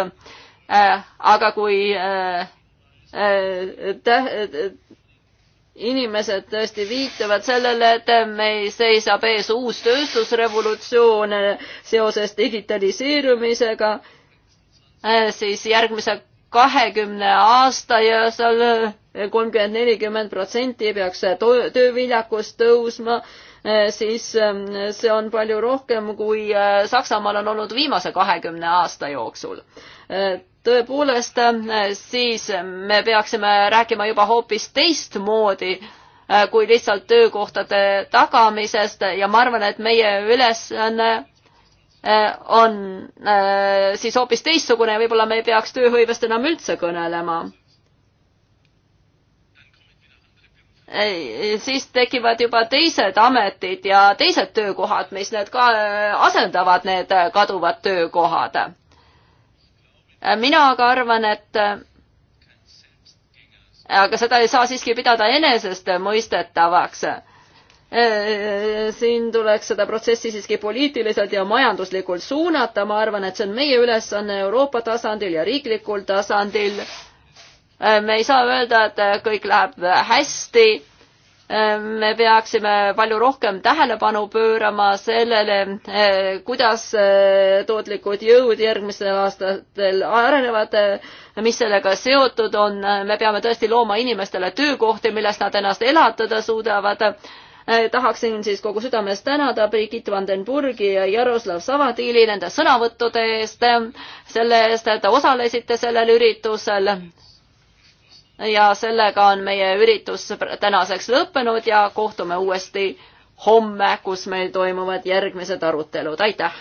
aga kui tä-, inimesed tõesti viitavad sellele, et meil seisab ees uus tööstusrevolutsioon eh, seoses digitaliseerumisega, eh, siis järgmise kahekümne aasta ja seal eh, kolmkümmend, nelikümmend protsenti peaks tööviljakus tõusma, siis see on palju rohkem, kui Saksamaal on olnud viimase kahekümne aasta jooksul tõepoolest, äh, siis me peaksime rääkima juba hoopis teistmoodi äh, kui lihtsalt töökohtade tagamisest ja ma arvan, et meie ülesanne äh, on siis hoopis teistsugune ja võib-olla me ei peaks tööhõivest enam üldse kõnelema. siis tekivad juba teised ametid ja teised töökohad, mis need ka asendavad, need kaduvad töökohad mina aga arvan, et aga seda ei saa siiski pidada enesestmõistetavaks. E, siin tuleks seda protsessi siiski poliitiliselt ja majanduslikult suunata, ma arvan, et see on meie ülesanne Euroopa tasandil ja riiklikul tasandil. E, me ei saa öelda, et kõik läheb hästi me peaksime palju rohkem tähelepanu pöörama sellele, eh, kuidas eh, tootlikud jõud järgmistel aastatel arenevad, eh, mis sellega seotud on, me peame tõesti looma inimestele töökohti, millest nad ennast elatada suudavad. tahaksin siis kogu südamest tänada Brigitte Vandenburgi ja Jaroslav Savatiili nende sõnavõttude eest, selle eest, et osalesite sellel üritusel ja sellega on meie üritus tänaseks lõppenud ja kohtume uuesti homme, kus meil toimuvad järgmised arutelud, aitäh!